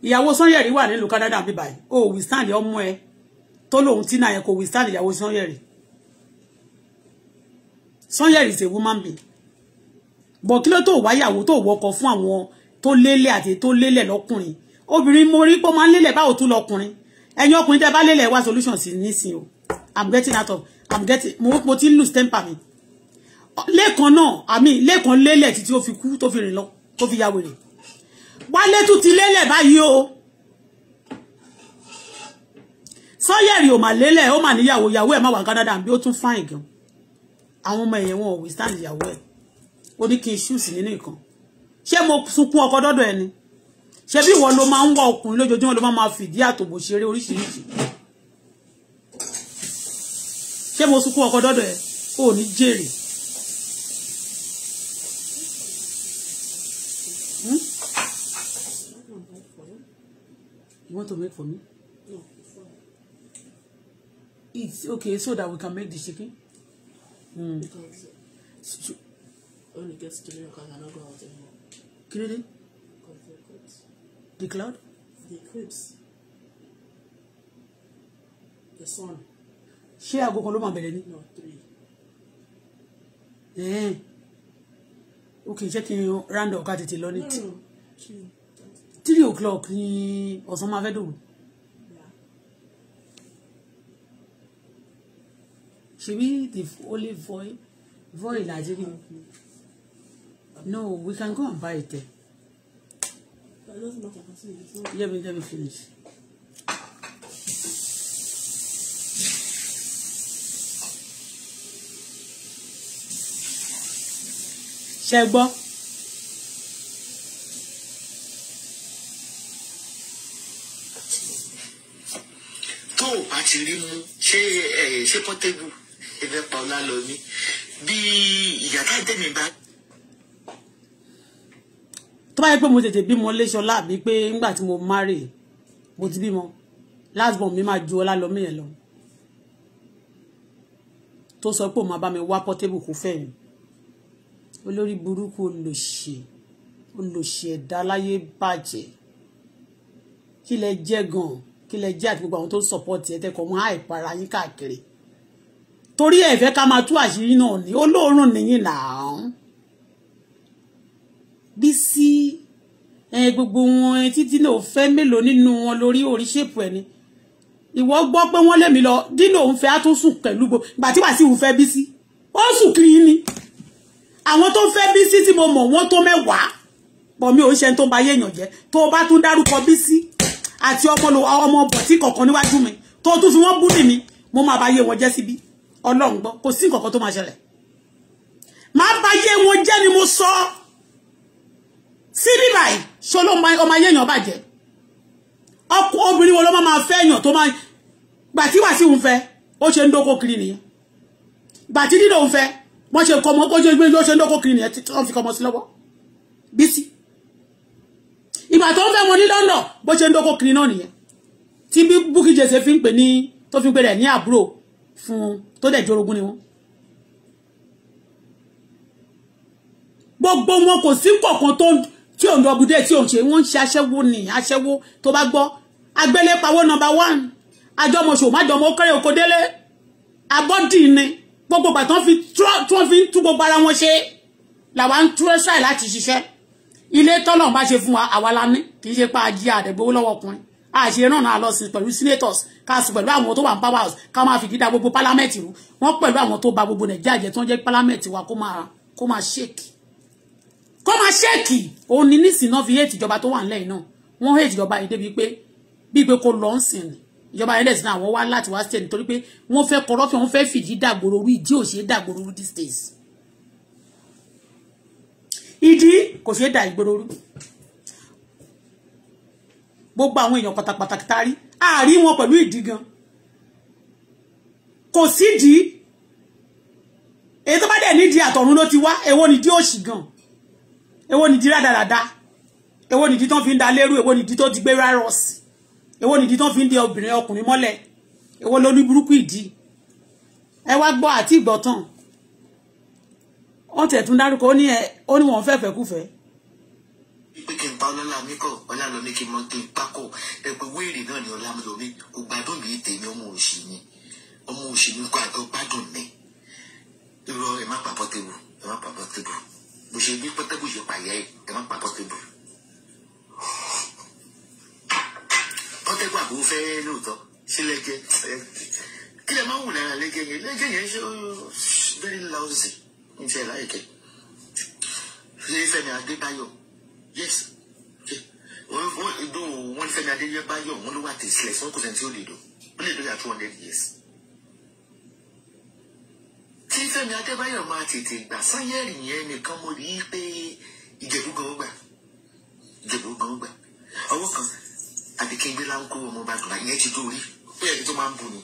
[SPEAKER 1] ìyàwó Sanyeri wà nílùú Canada bí báyìí o withstand ọmọ ẹ tó lòun tí náà yẹ kò withstand ìyàwó Sanyeri Sanyeri is a woman being bọ̀ kí ló tó wáyàwó tó wọkọ fún àwọn tó lélẹ̀ àti tó lélẹ̀ lọ́kùnrin obìnrin mo rí pé ó máa ń lélẹ̀ báwo tún lọ́kùnrin ẹ̀yin ọkùnrin tẹ́ bá lélẹ̀ wá solution sí nísìnyí o i'm getting out of i'm getting mo mo ti lose temper mi lẹ́ẹ̀kan náà àmì lẹ́ẹ̀kan lélẹ̀ títí ó fi kú tó fi rìn lọ tó fi ya wèrè wálé tún ti lélẹ̀ báyìí o sọ́yẹ̀rì ò mà lélẹ̀ ó mà níyàwó ìyàwó ẹ̀ má wà Canada bí ó tún fáìn gan àwọn ọmọ ẹ̀yẹ wọn ò withstand ìyàwó ẹ̀ ó ní kí n ṣùsì nínú nǹkan ṣé mo sunkún ọkọ dọ́dọ̀ ẹni ṣe bí ìwọ ló máa ń wá ọkùnrin lójoojúmọ́ ló máa máa fìdí àtòbò ṣeré oríṣiríṣi ṣé mo sunkún ọkọ dọ́dọ̀ ẹ ò ní jèrè. Hmm? You want to make for me? No, it's okay so that we can make the chicken? Mm. Because so, when it gets to me, I cannot go out anymore. Clearly? Because the cribs. The cloud? The eclipse? The sun. Ṣé aago go ló máa bẹ̀rẹ̀ No, three. Eh? Okay, jẹ́ kí n round up ká tètè lọ No, no, no three o'clock ni ọ̀sán máa fẹ́ dòwú. ṣebí the only void void lajẹ ni no we can go and buy it there. let me let me finish. ṣe gbọ́.
[SPEAKER 2] ṣé ṣé pọ́tẹ́bù ẹgbẹ́ pa ọlá lọ mí bí ìyá tá tẹ̀mí bá.
[SPEAKER 1] tó bá yẹ pé mo tètè bímọ léṣọlá àbí pé nígbà tí mo marry mo ti bímọ last born mi máa ju ọlá lọ mí yẹn lọ tó sọ pé òun máa bá mi wá pọ́tẹ́bù kó fẹ́ mi olórí burúkú olòṣì olòṣì ẹ̀dá láyé bàjẹ́ kí lẹ jẹ́ gan-an kí lẹ jẹ́ àti gbogbo àwọn tó ń support ẹ tẹ́kọ̀ọ́ mọ́ àìpa ara yín káàkiri torí ẹ fẹ́ ká máa tú àṣírí náà ní olóòórùn nìyín náà bí sí gbogbo wọn títí náà fẹ́ mélòó nínú wọn lórí orí ṣèpù ẹ̀ ni ìwọ gbọ́ pé wọ́n lẹ́mi lọ dínà òun fẹ́ á tún sùn pẹ̀lú gbogbo ìgbà tí wàá sí òun fẹ́ bí sí ó sùn kiri ni àwọn tó fẹ́ bí sí tí mo mọ̀ wọ́n tó mẹ́wàá pọ̀ mi ò ṣe tó ba yéèyàn jẹ́ tó bá tún dárúkọ bí sí àti ọmọ ọmọ bọ̀tí kọ̀ọ̀kan níwájú mi tó tún fi wọ́n búlì mi mo máa bá yé wọn jẹ́ síbí ọlọ́run gbọ́ kò sí nǹkan kan tó máa ṣẹlẹ̀ máa bá yé wọn jẹ́ ni mo sọ síbí báyìí ṣó ló ọmọ ayé èèyàn bàjẹ́ ọkọ obìnrin wo ló máa fẹ́ èèyàn tó máa gbà tí wàá sí òun fẹ́ ó ṣe ń dóko kiri nìyẹn gbà tí dídò òun fẹ́ wọ́n ṣe kọ́ ọmọ ó ṣe ń dóko kiri nìyẹn tí wọ́n fi kọ́ ọmọ sí lọ́wọ́ Bísí ìgbà tó ń fẹ́ mo ní London bó ṣe ń dókó kiri náà nìyẹn tí bí Bukky Jesse fi ń pè ní tó fi ń pè rẹ̀ ní àbúrò fún tó dẹ̀ jorogún ni wọ́n. gbogbo wọn kò sí kọ̀ọ̀kan tó tí òun dọ̀bùdé tí òun ṣe wọ́n ń ṣe aṣẹ́wó ni aṣẹ́wó tó bá gbọ́ agbélépawó nọmba one àjọmọṣò májọmọ kẹrẹ oko délé abọ́dì ni gbogbo bàtán fi tún fi ń tú gbogbo ara wọn ṣe làwa ń túrẹ́sà láti ṣiṣẹ́ ilé tọ́lọ̀ bá ṣe fún wa àwa la ní kì í ṣe pa ajé àdẹ̀gbówó lọ́wọ́ ọkùnrin àṣe náà náà lọ sí pẹ̀lú senators ká sí pẹ̀lú àwọn tó wà ní power house ká máa fìdí da gbogbo parliament rú wọ́n pẹ̀lú àwọn tó ba gbogbo nàìjíríà jẹ́ tí wọ́n jẹ́ parliament wa kó máa kó máa ṣèkì kó máa ṣèkì òun ni nísìnyí náà fi hate ìjọba tó wà nílẹ̀ yìí náà wọ́n hate ìjọba yìí débi pé bíi pé kó lọ́ọ́ sìn ni ìjọba ẹlẹ́ sí náà wọ́n wá láti wá state nítorí pé wọ́n fẹ́ corruption wọ́n fẹ́ fìdí dàgbòrò orí ìdí òṣèré dàgbòrò orí these ìdí kò ṣeé da ìgboro rú gbogbo àwọn èèyàn pàtàkì tá a rí àárí wọn pẹ̀lú ìdí gan kò sídìí èyí tó bá dẹ̀ nídìí àtọ̀run ló ti wá èwo nídìí òṣì gan èwo nídìí rádaràda èwo nídìí tó fi ń da lérú èwo nídìí tó ti gbé rárọ̀sì èwo nídìí tó fi ń de obìnrin ọkùnrin mọ́lẹ̀ èwo ló ní burúkú ìdí ẹ wá gbọ́ àti ìgbọ́tàn wọ́n tiẹ̀ tún dárúkọ ó ní ẹ ó ní wọ́n fẹ́fẹ́ kúfẹ́.
[SPEAKER 2] pé kí n pa ọlọ́lá mi kọ̀ ọlá lọ ní kí n mọ kí n pákó ẹgbẹ́ wéèrè náà ni ọlá kò gbádùn mi tèmi ọmọ òṣì ni ọmọ òṣì ni kò àjọ gbádùn mi irọ́ ẹ má pàpọ̀ tébù ẹ má pàpọ̀ tébù bó ṣe bí pẹ́tẹ́bù ṣe pàyà ẹ ẹ má pàpọ̀ tébù. pọ́tẹ́bù àbúrò fẹ́ lóòótọ́ sílẹ̀ jẹ́ kí lè má wù lára lẹ́gẹ̀ẹ́ yẹn lẹ́gẹ̀ẹ́ yẹn ṣe very lousy ní ti ẹ̀rọ ayẹ̀kẹ́ Fẹ́mi Adébáyọ̀ yes ìdó wọn Fẹ́mi Adébáyọ̀ wọn ló wà tasteless wọn kò sẹ́ni tí ó lè dò ó lè dò yà two hundred years tí Fẹ́mi Adébáyọ̀ máa tètè gbà sáyẹ́rì yẹn nìkan mo rí i pé ìjẹ̀bú gan gbà ìjẹ̀bú gan gbà ọwọ́ kan àbíkẹ́gbẹ́ láńkó ọmọ bá gbà ìyẹn ti dórí ó yẹ kí tó máa ń bu ni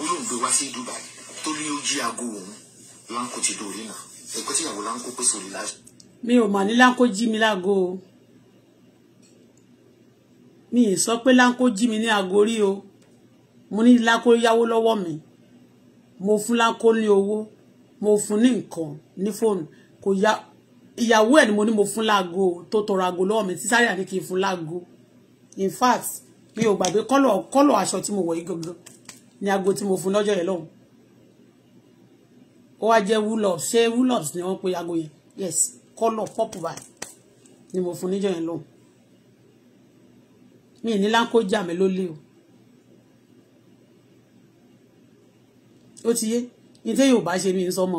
[SPEAKER 2] ó lóun gbé wá sí Dubai tó ní
[SPEAKER 1] ó jí aago òun láńkó ti dòrí nà ẹgbẹ́ tíyàwó láńkó pèsè òrí láṣẹ. mi ò mà ní láńkó jí mi láago o mi ì sọ pé láńkó jí mi ní aago rí o mo ní láńkó yáwó lọ́wọ́ mi mo fún láńkó ní owó mo fún ní nǹkan ní fóònù kò yá ìyàwó ẹ̀ ni mo ní mo fún láago tó tọrọ aago lọ́wọ́ mi tí sáré àní kì í fún in fact mi ò gbàgbé kọ́lọ̀ kọ́lọ̀ aṣọ tí mo wọ̀ yí gangan ni aago tí mo fún lọ́jọ́ yẹn lọ́hùn ó wá jẹ́ woolops ṣé woolops ni wọ́n pe aago yẹn yes kọ́lọ̀ pọ́pù báyìí ni mo fún níjọ́ yẹn lóhùn mi ní láńkó jà mí lólè o ó ti yé ní tẹ́ yóò bá ṣe mí ń sọmọ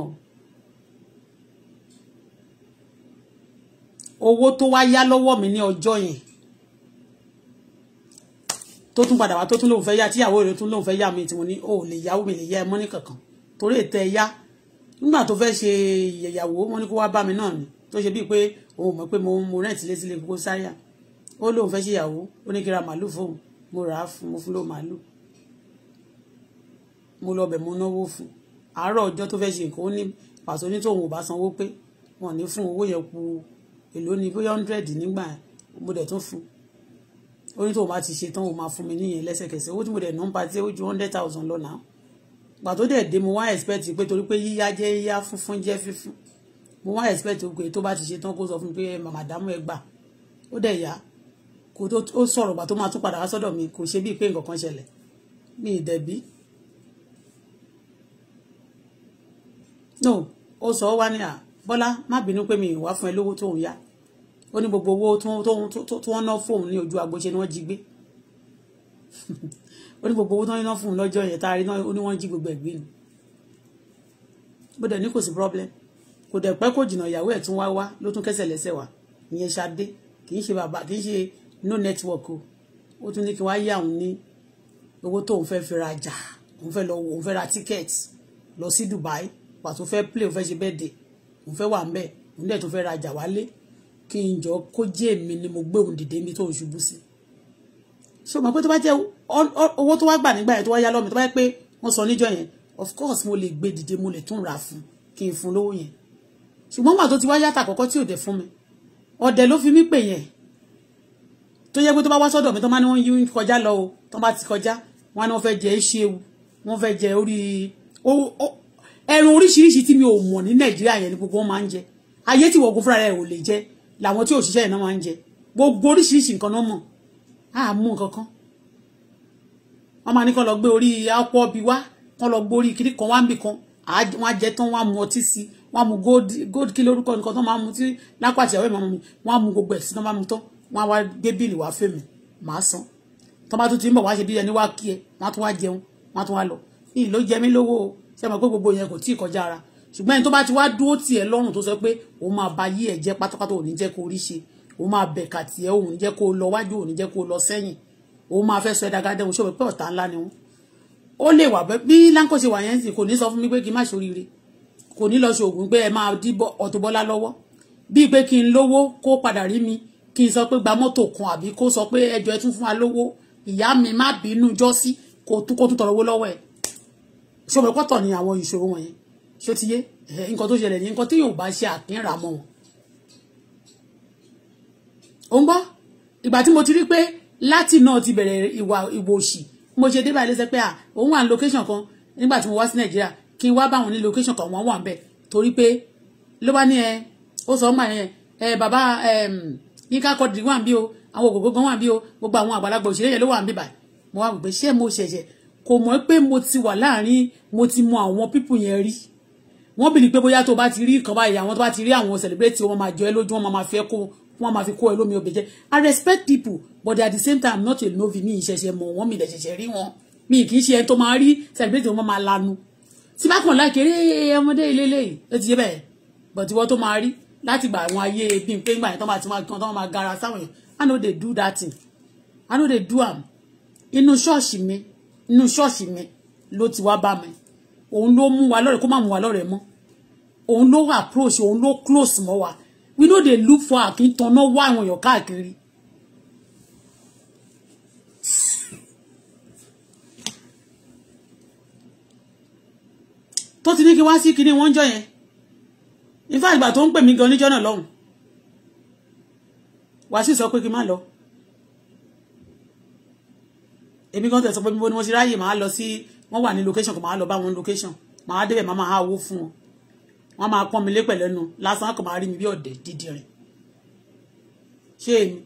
[SPEAKER 1] o owó tó wá yá lọ́wọ́ mi ní ọjọ́ yẹn tó tún padà wá tó tún lóun fẹ́ yá tíyàwó rẹ̀ tún lóun fẹ́ yá mi tí mo ní o lè yáwó mi lè yá ẹ mọ́ ní kankan torí ètò ẹ yá nígbà tó fẹ́ ṣe ìyàwó wọn ní kó wá bá mi náà ni tó ṣe bíi pé òun mọ̀ pé mo mo rẹ́ǹtì lé sílé kókó sáyà ó lóun fẹ́ ṣe ìyàwó ó ní kí ra màálù fóun mo rà á fún mo fún lóun màálù mo lọ bẹ̀ mo náwó fún àárọ̀ ọjọ́ tó fẹ́ ṣe nǹkan ó ní pàṣẹ ní tóun ò bá sanwó pé wọn ní fún owó yẹn ku èlò ní bóyá hundred nígbà mo dẹ̀ tún fún ó bá ti ṣe tán òun máa fún mi níyẹn lẹ́sẹ̀kẹsẹ̀ owó tí mo dẹ̀ nọ́ńpa tí ó ju hundred thousand lọ náà gbà tó dẹ̀ dé mo wá expect pé torí pé yíyá jẹ́ yíyá funfun jẹ́ fífún mo wá expect pé tó bá ti ṣe tán kó sọ fún mi pé màmàdámù ẹ gbà ó dẹ̀ yá kó tó ó sọ̀rọ̀ gbà máa tún padà wá sọ́dọ̀ mi kò ṣe bíi pé nǹkan kan ṣẹlẹ̀ mi ì dẹ̀bi. no ó sọ wá ní à bọ́lá má bínú pé mi ì wá fún ẹ lówó tó ń yá ó ní gbogbo owó tó ń ná fóun ní ojú agbo ni wọ́n jí gbé ó ní gbogbo owó tán iná fún un lọ́jọ́ yẹn tá a rí náà ó ní wọ́n jí gbogbo ẹ̀gbìn ni bó dẹ̀ ní kò sí problem kò dẹ̀ pẹ́ kò jìnnà ìyàwó ẹ̀ tún wá wá ló tún kẹsẹ̀ lẹ́sẹ̀ wá ìyẹn Ṣadé kì í ṣe bàbá kì í ṣe no network o ó tún ní kí wọ́n á yà òun ní owó tóun fẹ́ fi ra jà òun fẹ́ lọ wò òun fẹ́ ra ticket lọ sí Dubai pàtó fẹ́ play òun fẹ́ ṣe bẹ́ẹ̀ dé òun fẹ́ wà ńbẹ̀ òun dẹ̀ tún fẹ́ ra jà wálé kí n jọ kó jẹ́ èmi ni mo gbé òun dìde mi tóun ṣubú sí ṣé o mọ̀ pé tó bá jẹ́ owó tó wá gbà nígbà yẹn tó wá yá lọ́mọ tó bá yẹ pé wọ́n sọ níjọ́ yẹn of course mo lè gbé dìde mo lè tún rà fún kí n fún lówó yẹn ṣùgbọ́n màá tó ti wá yàtà àkọ́kọ́ tí ò dẹ̀ fún mi ọ̀dẹ̀ ló fi mí pè yẹn tó yẹ pé tó bá wá sọ́dọ̀ mi tó máa ní wọ́n yí kọjá lọ o tó bá ti kọjá wọn ni wọ́n fẹ́ jẹ iṣẹ́ ewu wọ́n fẹ́ jẹ orí ẹran oríṣiríṣi tí mi ò mọ̀ ní nàìjíríà yẹn ni gbogbo wọn máa ń jẹ ayé tí wọ́n gun fúnra rẹ̀ ò lè jẹ làwọn tí òṣìṣẹ́ yẹn náà máa ń jẹ gbogbo oríṣiríṣi nǹkan náà mọ̀ àmú nǹkan kan wọ́n máa ní kán lọ gbé orí ọ̀pọ̀ bí wá kán lọ gbórí kiri kan wá ń bì kan wọ́n á jẹ tán wọ́n á mu ọtí sí wọ́n á mu gold gold kí lórúkọ nǹkan tán máa mu tí lápàtì àwọn ìmọ̀ mi wọ́n á mu gbogbo ẹ̀ sí tán máa mu tán wọ́n á wá gbé bíìlì wá fẹ́ mi màá san tán bá tún ti ń bọ̀ wá ṣe bí ẹni wá kí ẹ wọ́n á tún wá jẹun wọ́n á tún wá lọ ní ìlú jẹ mí lówó ṣe mọ̀ pé gbogbo yẹn kò tí ì kọjá ara ṣùgbọ́n ẹni tó bá ti wá dúró tì ẹ́ lọ́rùn tó sọ pé òun máa ba yí ẹ̀ jẹ́ pátápátá òun ní jẹ́ kó rí ṣe òun máa bẹ̀kà tì ẹ́ òun ní jẹ́ kó lọ wájú òun ní jẹ́ kó lọ sẹ́yìn òun máa fẹ́ sọ ẹ̀dá gádẹ́gun ṣé o pé ọ̀tá ńlá ni wọ́n ó lè wà bí láńkó ṣe wà yẹn sì kò ní sọ fún mi pé kí n má ṣoríire kò ní lọ ṣoògùn pé ẹ máa dí Auto-Bola lọ́wọ́ bíi pé kí n lówó kó padà rí mi kí n sọ pé gba mọ́tò kan àbí kó sọ pé ẹjọ́ ẹ tún fún wa lówó ìyá mi má bínú jọ́sí kó tún kó tún tọrọ owó lọ́wọ́ ẹ̀ ṣé mo ni àwọn ìṣòro wọ̀nyẹn ṣé ti yé nǹkan tó ṣẹlẹ̀ ní nǹkan tí yóò bá ṣe àkínrà mọ́ wọn. ó ìgbà tí mo ti rí pé láti náà ti bẹ̀rẹ̀ ìwà ìwò òṣì mo ṣe dé báyìí ló pé òun wà ní location kan nígbà tí mo wá sí nàìjíríà kí n wá bá ní location kan wọn wà ń bẹ torí pé ló bá ní ẹ ó sọ ọmọ yẹn ẹ bàbá yínká kọdìrí wà ń bí o àwọn ògògó gan wà ń bí o gbogbo àwọn àgbàlagbà òṣèré yẹn ló wà ń bí báyìí mo wá gbé ṣé mo ṣẹ̀ṣẹ̀ kò mọ̀ pé mo ti wà láàrin mo ti mọ àwọn pípù yẹn rí wọ́n bìlì pé bóyá tó bá ti rí nǹkan àwọn tó bá ti rí àwọn celebrate wọn máa jọ ẹ́ lójú wọn máa fi kó wọ́n máa fi kó ẹ lómi jẹ I respect people but at the same time not a novi mi ìṣẹ̀ṣẹ̀ mọ̀ wọ́n mi lè ṣẹ̀ṣẹ̀ rí wọn mi kì í ṣe ẹni tó máa rí celebrate wọn máa lanu tí bá kàn láì kéré ọmọdé ilé lẹ́yìn ló ti yé bẹ́ẹ̀ but wọ́n tó máa rí láti gbà àwọn ayé bí n pé ńgbà yẹn tó máa ti máa kàn tó máa gara sáwọn yẹn I no dey do that thing I no dey do am inú ṣọ́ọ̀ṣì mi inú ṣọ́ọ̀ṣì mi ló ti wá bá mi òun ló mú wa lọ́rẹ̀ kó má mú wa lọ́rẹ̀ mọ́ òun ló approach òun ló close mọ́ wa we know they look for àkíntanná wá àwọn èèyàn káàkiri tó ti ní kí wá sí kinní wọn jọ yẹn In fact, tó ń pè mí gan níjọ́ náà lọ́hùn wàásù sọ pé kí n má lọ èmi gan tẹ̀sán pé bí wọ́n ti ráyè máa lọ sí wọ́n wà ní location kò máa lọ bá wọn location máa débẹ̀ máa máa háwó fún wọn wọ́n máa pọ́n mi lé pẹ̀lẹ́nu lásán kò máa rí mi bí ọ̀dẹ̀ dídìrín ṣé èmi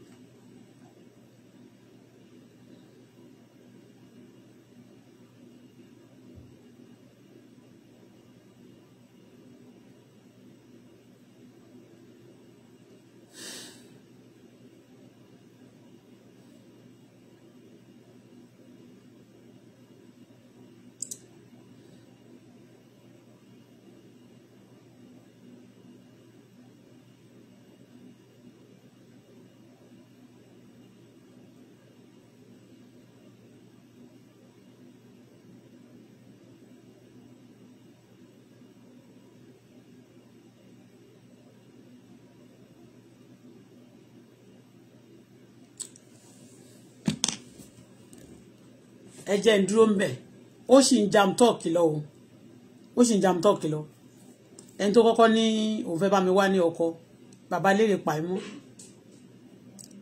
[SPEAKER 1] ẹ jẹ́ ń dúró ń bẹ̀ ó sì ń jam tọ́ọ̀kì lọ o ó sì ń jam tọ́ọ̀kì lọ ẹni tó kọ́kọ́ ní òun fẹ́ bá mi wá ní ọkọ bàbá léèrè pa mọ́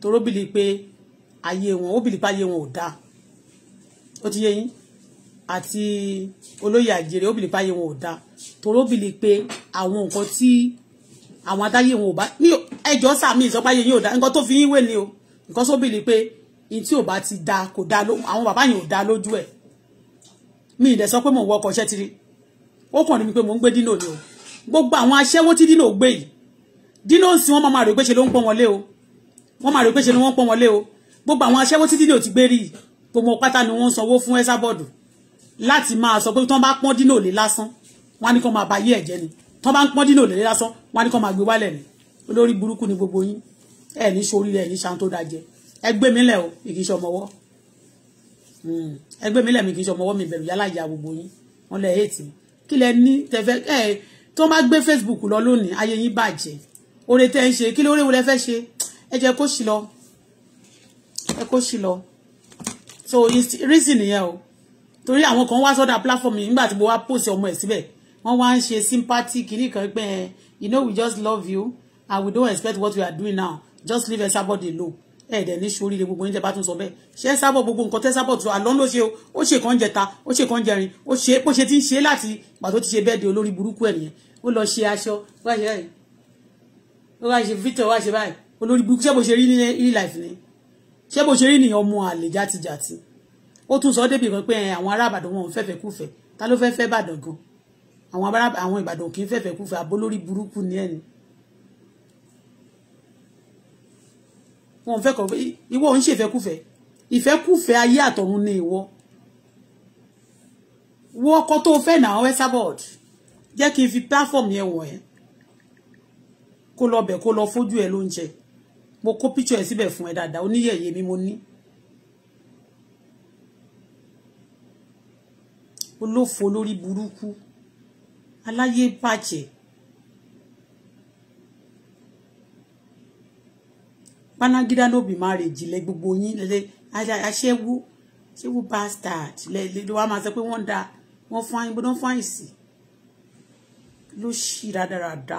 [SPEAKER 1] toró bìlì pé ayé wọn ó bìlì pé ayé wọn ò dáa ó ti yé yín àti olóyè àjèrè ó bìlì pé ayé wọn ò dáa toró bìlì pé àwọn nǹkan tí àwọn adáyé wọn ò bá ní sàmì ìsọpáyé yín ò dáa nǹkan tó fi yín wé ni o nǹkan tó pé in tí ò bá ti da ko da lóhùn àwọn bàbá yẹn ò da lójú ẹ̀ mi ì dẹ̀ sọ pé mò ń wọ ọkọ̀ iṣẹ́ tiri ó kàn mi pé mò ń gbé dínà ni o gbogbo àwọn aṣẹ́wó tí dínà ò gbé yìí dínà ò sí wọn máa rò pé ṣe ló ń pọ́n wọn o wọ́n máa rò pé ṣe ni wọ́n pọ́n wọn lé o gbogbo àwọn aṣẹ́wó tí dínà ò ti gbé rí gbogbo pátá ni wọ́n ń sanwó fún ẹ́sà bọ́ọ̀dù láti máa sọ pé tí wọ́n bá le dínà òlé lásán wọ́n á ní kó máa ba ayé ẹ̀jẹ̀ ni tí wọ́n bá ń pọ́n dínà òlé lásán wọ́n á ní kó máa gbé wálẹ̀ ni olórí burúkú ni gbogbo yín ẹ̀ ní ẹ gbé mi lẹ̀ o mi kì í ṣọmọwọ́ hmm, ẹ gbé mi lẹ̀ mi kì í ṣọmọwọ́ mi bẹ̀rù yálà ìyá gbogbo yín wọ́n lẹ̀ hẹ́ẹ̀tì kí lẹ ní tẹ̀fẹ́ ẹ̀ tó má gbé Facebook lọ lónìí ayé yín bàjẹ́ oore tẹ́ ń ṣe kí lóore wo lẹ fẹ́ ṣe ẹ jẹ́ kó ṣì lọ ẹ kó ṣì lọ so reason nìyẹn o torí àwọn kan wá sọ́dà platform yìí nígbà tí mo wá post ọmọ ẹ̀ síbẹ̀ wọ́n wá ń ṣe sympathy kìíní kan pé you know we just love you and we don't expect what we are doing now just leave everybody alone ẹ̀ẹ́dẹ̀ ní sórí ilé gbogbo oúnjẹ bá tún sọ bẹ́ẹ̀ ṣé ẹ sábọ̀ gbogbo nǹkan tẹ́ sábọ̀ tó àlọ́ ló ṣe o ó ṣe kan jẹta ó ṣe kan jẹrin ó ṣe bó ṣe ti ń ṣe láti pàtó ti ṣe bẹ́ẹ̀ di olórí burúkú ẹ̀ nìyẹn ó lọ ṣe aṣọ wá ṣe báyìí ó wá ṣe Victor wá ṣe báyìí olórí burúkú ṣé bó ṣe rí ní real life ni ṣé bó ṣe rí nìyẹn ọmọ àlè játijàti ó tún sọ débi kan pé àwọn ará Ìbàdàn wọn fẹ́fẹ́ kúfẹ́ ta ló fẹ́ fẹ́ Ìbàdàn gan àwọn Ìbàdàn kì í fẹ́fẹ́ kúfẹ́ àbólórí burúkú ni ẹni wọn fẹ́ kọ ìwọ ò ń ṣèfẹ́kùfẹ́ ìfẹ́kùfẹ́ ayé àtọ̀run ni ìwọ wọ ọkọ tó fẹ́ nà àwọn Esabod jẹ́ kí n fi platform yẹn wọ̀ ẹ́ kó lọ bẹ̀ kó lọ fojú ẹ lóúnjẹ mo kó picture ẹ síbẹ̀ fún ẹ dáadáa oníyẹ̀yẹ mi mo ní. olófo lórí burúkú aláyé bàjẹ́ Babangida no be marriage lẹ gbogbo yín lẹ aṣẹ́wó ṣẹ́wó bastard lẹ lè wá máa sọ pé wọ́n da wọ́n fún àyìnbó náà fún àyìnsì ló ṣì rádaràda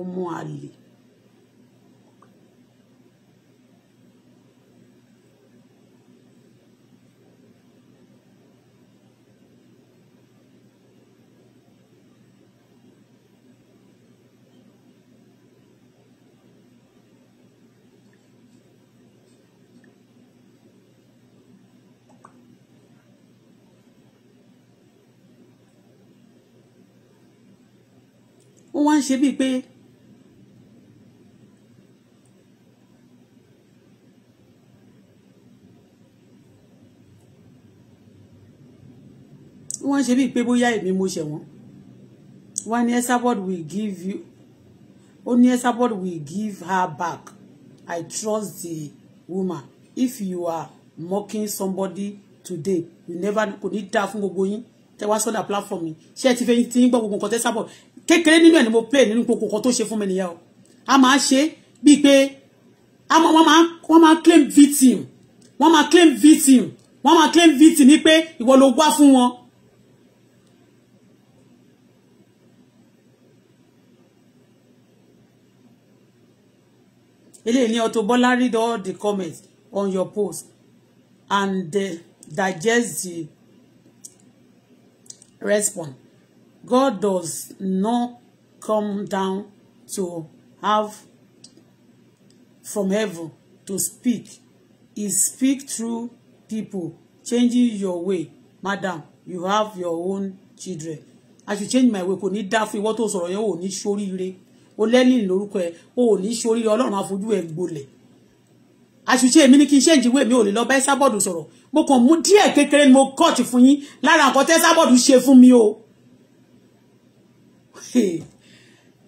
[SPEAKER 1] ọmọ àlè wọ́n wá ń ṣe bíi pé wọ́n wá ń ṣe bíi pé bóyá èmi mo ṣẹ̀ wọ́n ní Esabod will give you ó ní Esabod will give her back I trust the woman if you are mocking somebody today you never kò ní dáa fún gbogbo yín tẹ wá sọ́dà platform mi ṣé ẹ ti fẹ́ ti ń gbọ́ gbogbo nǹkan tẹ́ Esabod kékeré nínú ẹ̀ ni mo play nínú gbogbo kan tó ṣe fún mi nìyẹn a máa ṣe bíi pé wọ́n máa claim victim wọ́n máa claim victim wọ́n máa claim victim ní pé ìwọ ló wá fún wọn. eléyìí ni Auto Bola read all the comments on your post and uh, digest the response. God does not come down to have from heaven to speak. He speaks through people, changing your way. Madam, you have your own children. I should change my way. Kò ní dá fún ìwọ tó sọ̀rọ̀ yẹn, ò ní ṣoríire. O lẹ́lìn lórúkọ ẹ̀, ò ní ṣoríire. Ọlọ́run á fojú ẹ̀ gbolẹ̀. Àṣùṣe èmi ní kí n ṣe ìjìwé mi ò lè lọ bá ẹ sábọ̀dù sọ̀rọ̀. Mo kàn mú díẹ̀ kékeré ni mo kọ́ọ̀tì fún yín lára nǹkan tẹ́ sábọ̀dù ṣe fún mi o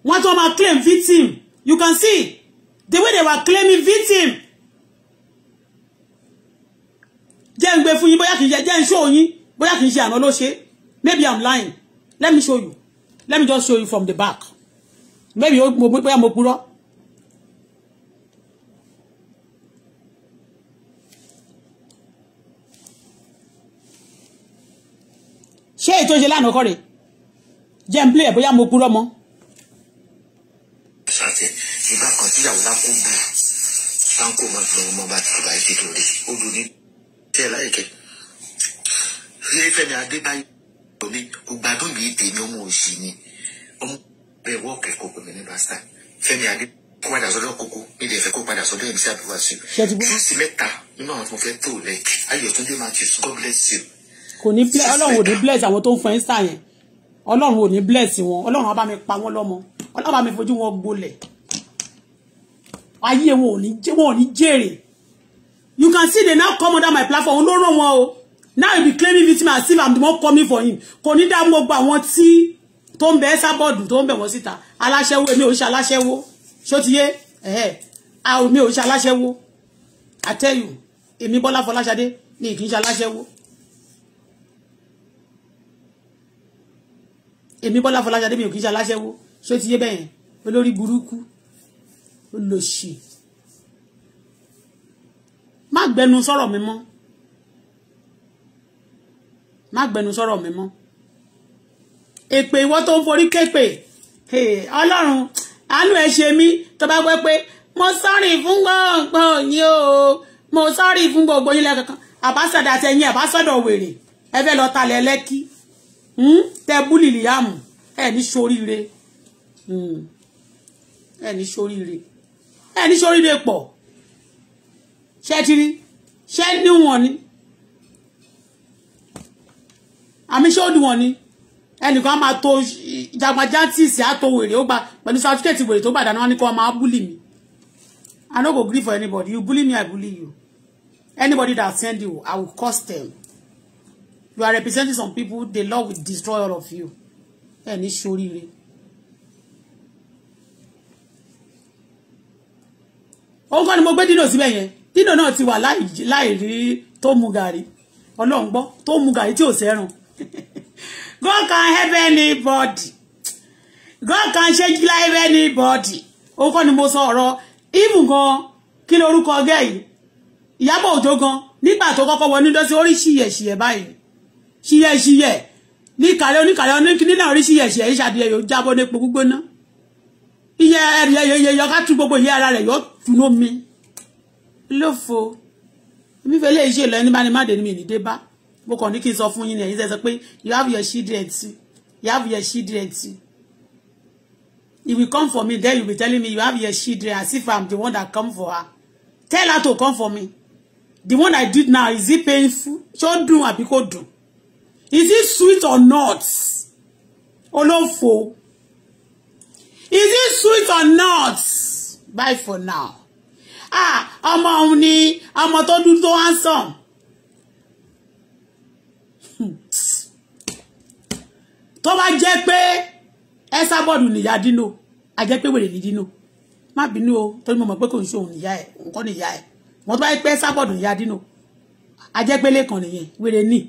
[SPEAKER 1] wọ́n tó máa claim victim you can see the way they were claiming victim jẹ́ ń gbé fún yín bóyá kì í jẹ́ ń ṣó yín bóyá kì í ṣe àná ló ṣe maybe i'm lying let me show you let me just show you from the back maybe mo bóyá mo purọ́. ṣé ètò ìṣe lánàá kọ́ rèé jẹ́ n play ẹ̀ bóyá mo purọ́ mọ́.
[SPEAKER 2] ṣáàtì ìgbà kan tíyàwó lákò bù táǹkò máa fi ọmọ bá ti báyìí sí lórí odò ní tẹ́ láìkẹ́ fífẹ́mi adébáyé omi ògbádùn mi tèmi ọmọ òsì ni ọmọ bẹ́ẹ̀ wọ́ọ̀kì kò pèmí ní pásítà fẹ́mi adébáyé kó padà sọ́dọ̀ kókó mi lè fẹ́ kó padà sọ́dọ̀ ẹ̀mí sí àbúrò àṣù fúùsì mẹ́ta nínú àwọn tó fẹ́ tó lẹ ayọ̀túndé matthews god
[SPEAKER 1] bless you. kò ní ọlọ́run ò ní bless àwọn tó ń fọ ẹ́ sáà yẹn ọlọ́run ò ní bless wọn ọlọ́run á bá mi pa wọ́n lọ́mọ ọlọ́run á bá mi fojú wọn gbolẹ̀ ayé wọn ò ní jẹ́ wọn ò ní jèrè you can see they now come under my platform òun ló ràn wọn o now you be claiming victim as if i'm the one coming for him kò ní dá gbogbo àwọn tí tó ń bẹ ẹ́ sábọ̀dù tó ń bẹ̀ wọ́n síta aláṣẹ́wó èmi ò ń ṣe aláṣẹ́wó ṣó ti yé ẹ̀hẹ́ a ò mi ò ń ṣe aláṣẹ́wó I tell you èmi Bọ́lá Fọláṣadé ni kì í ṣe aláṣẹ́wó èmi Bọ́lá Fọláṣadé mi ò kì í ṣe aláṣẹ́wó ṣé ti yé bẹ́yẹn olórí burúkú ó lò ṣì má gbẹnu sọ̀rọ̀ mi mọ́ má gbẹnu sọ̀rọ̀ mi mọ́ èpè ìwọ tó ń forí képè ọlọ́run àánú ẹ ṣe mí tó bá gbẹ pé mo sọ́rí fún gbọ̀ngbọ̀n yín o mo sọ́rí fún gbogbo yín lẹ́kọ̀ọ́kan àbásàdà àtẹ̀yìn àbásàdà òwèrè ẹ fẹ́ lọ talẹ̀ lẹ́kì Hmm? tẹ búlì Liam ẹ ní ṣoríire hmm. ẹ ní ṣoríire ẹ ní ṣoríire pọ̀ ṣẹ́ ti rí ṣẹ́ níwọ̀n ni àmì ṣé ó dùn wọ́n ni ẹnìkan máa to jagbajantis àtòwèrè ó gba pẹ̀lú sátífíkẹ́tì wèrè tó gbà dáná ní kó máa búlì mi I no go gree for anybody you bully me I bully you anybody that send you I will cost them you are representing some people the Lord will destroy all of you ẹ ní ṣoríire. òun kọ́ ni mo gbé dino síbẹ̀ yẹn dino náà ti wà láì rí tó mu gàrí ọlọ́run gbọ́ tó mu gàrí tí ò sẹ́rùn God can help anybody God can change life anybody òun kọ́ ni mo sọ ọ̀rọ̀ even gan kí lorúkọ ọgẹ́ yìí Ìyábọ̀ Òjó gan nígbà tó kọ́kọ́ wọ ní dọ́sí oríṣìíyẹ̀ṣìyẹ̀ báyìí ṣiyẹ ṣiyẹ níkàlẹ oníkàlẹ oníkìní náà rí ṣiyẹ ṣiyẹ ìṣàdìyẹ yóò jábọ́ nípò gbígbóná iye ẹrì ẹyẹ iye yọ ká tú gbogbo iye ara rẹ yóò tún omi lófo mi fẹ́ lè ṣe lọ ẹni bá ní má dé ní mi ní dé bá mo kàn ní kí n sọ fún yín ní ẹ̀yin sẹ́sẹ́ pé you have your children too you have your children too you come for me then you be telling me you have your children as if I'm the one that come for her tell her to come for me the one I did now is it painful ṣó dùn àbí kò dùn Is it sweet or not? Olófò. Is it sweet or not? Bye for now. Ah, ọmọ òun ni ọmọ tó dúdú tó handsome. Tó bá jẹ́ pé ẹ sábọ̀dù nìyá dínú, a jẹ́ pé wèrè ní dínú. Má bínú o, torí mo mọ̀ pé kò ń ṣe òun nìyá ẹ̀, nǹkan nìyá ẹ̀. Wọ́n tó bá jẹ́ pé sábọ̀dù nìyá dínú, a pé lẹ́kàn nìyẹn, wèrè ní.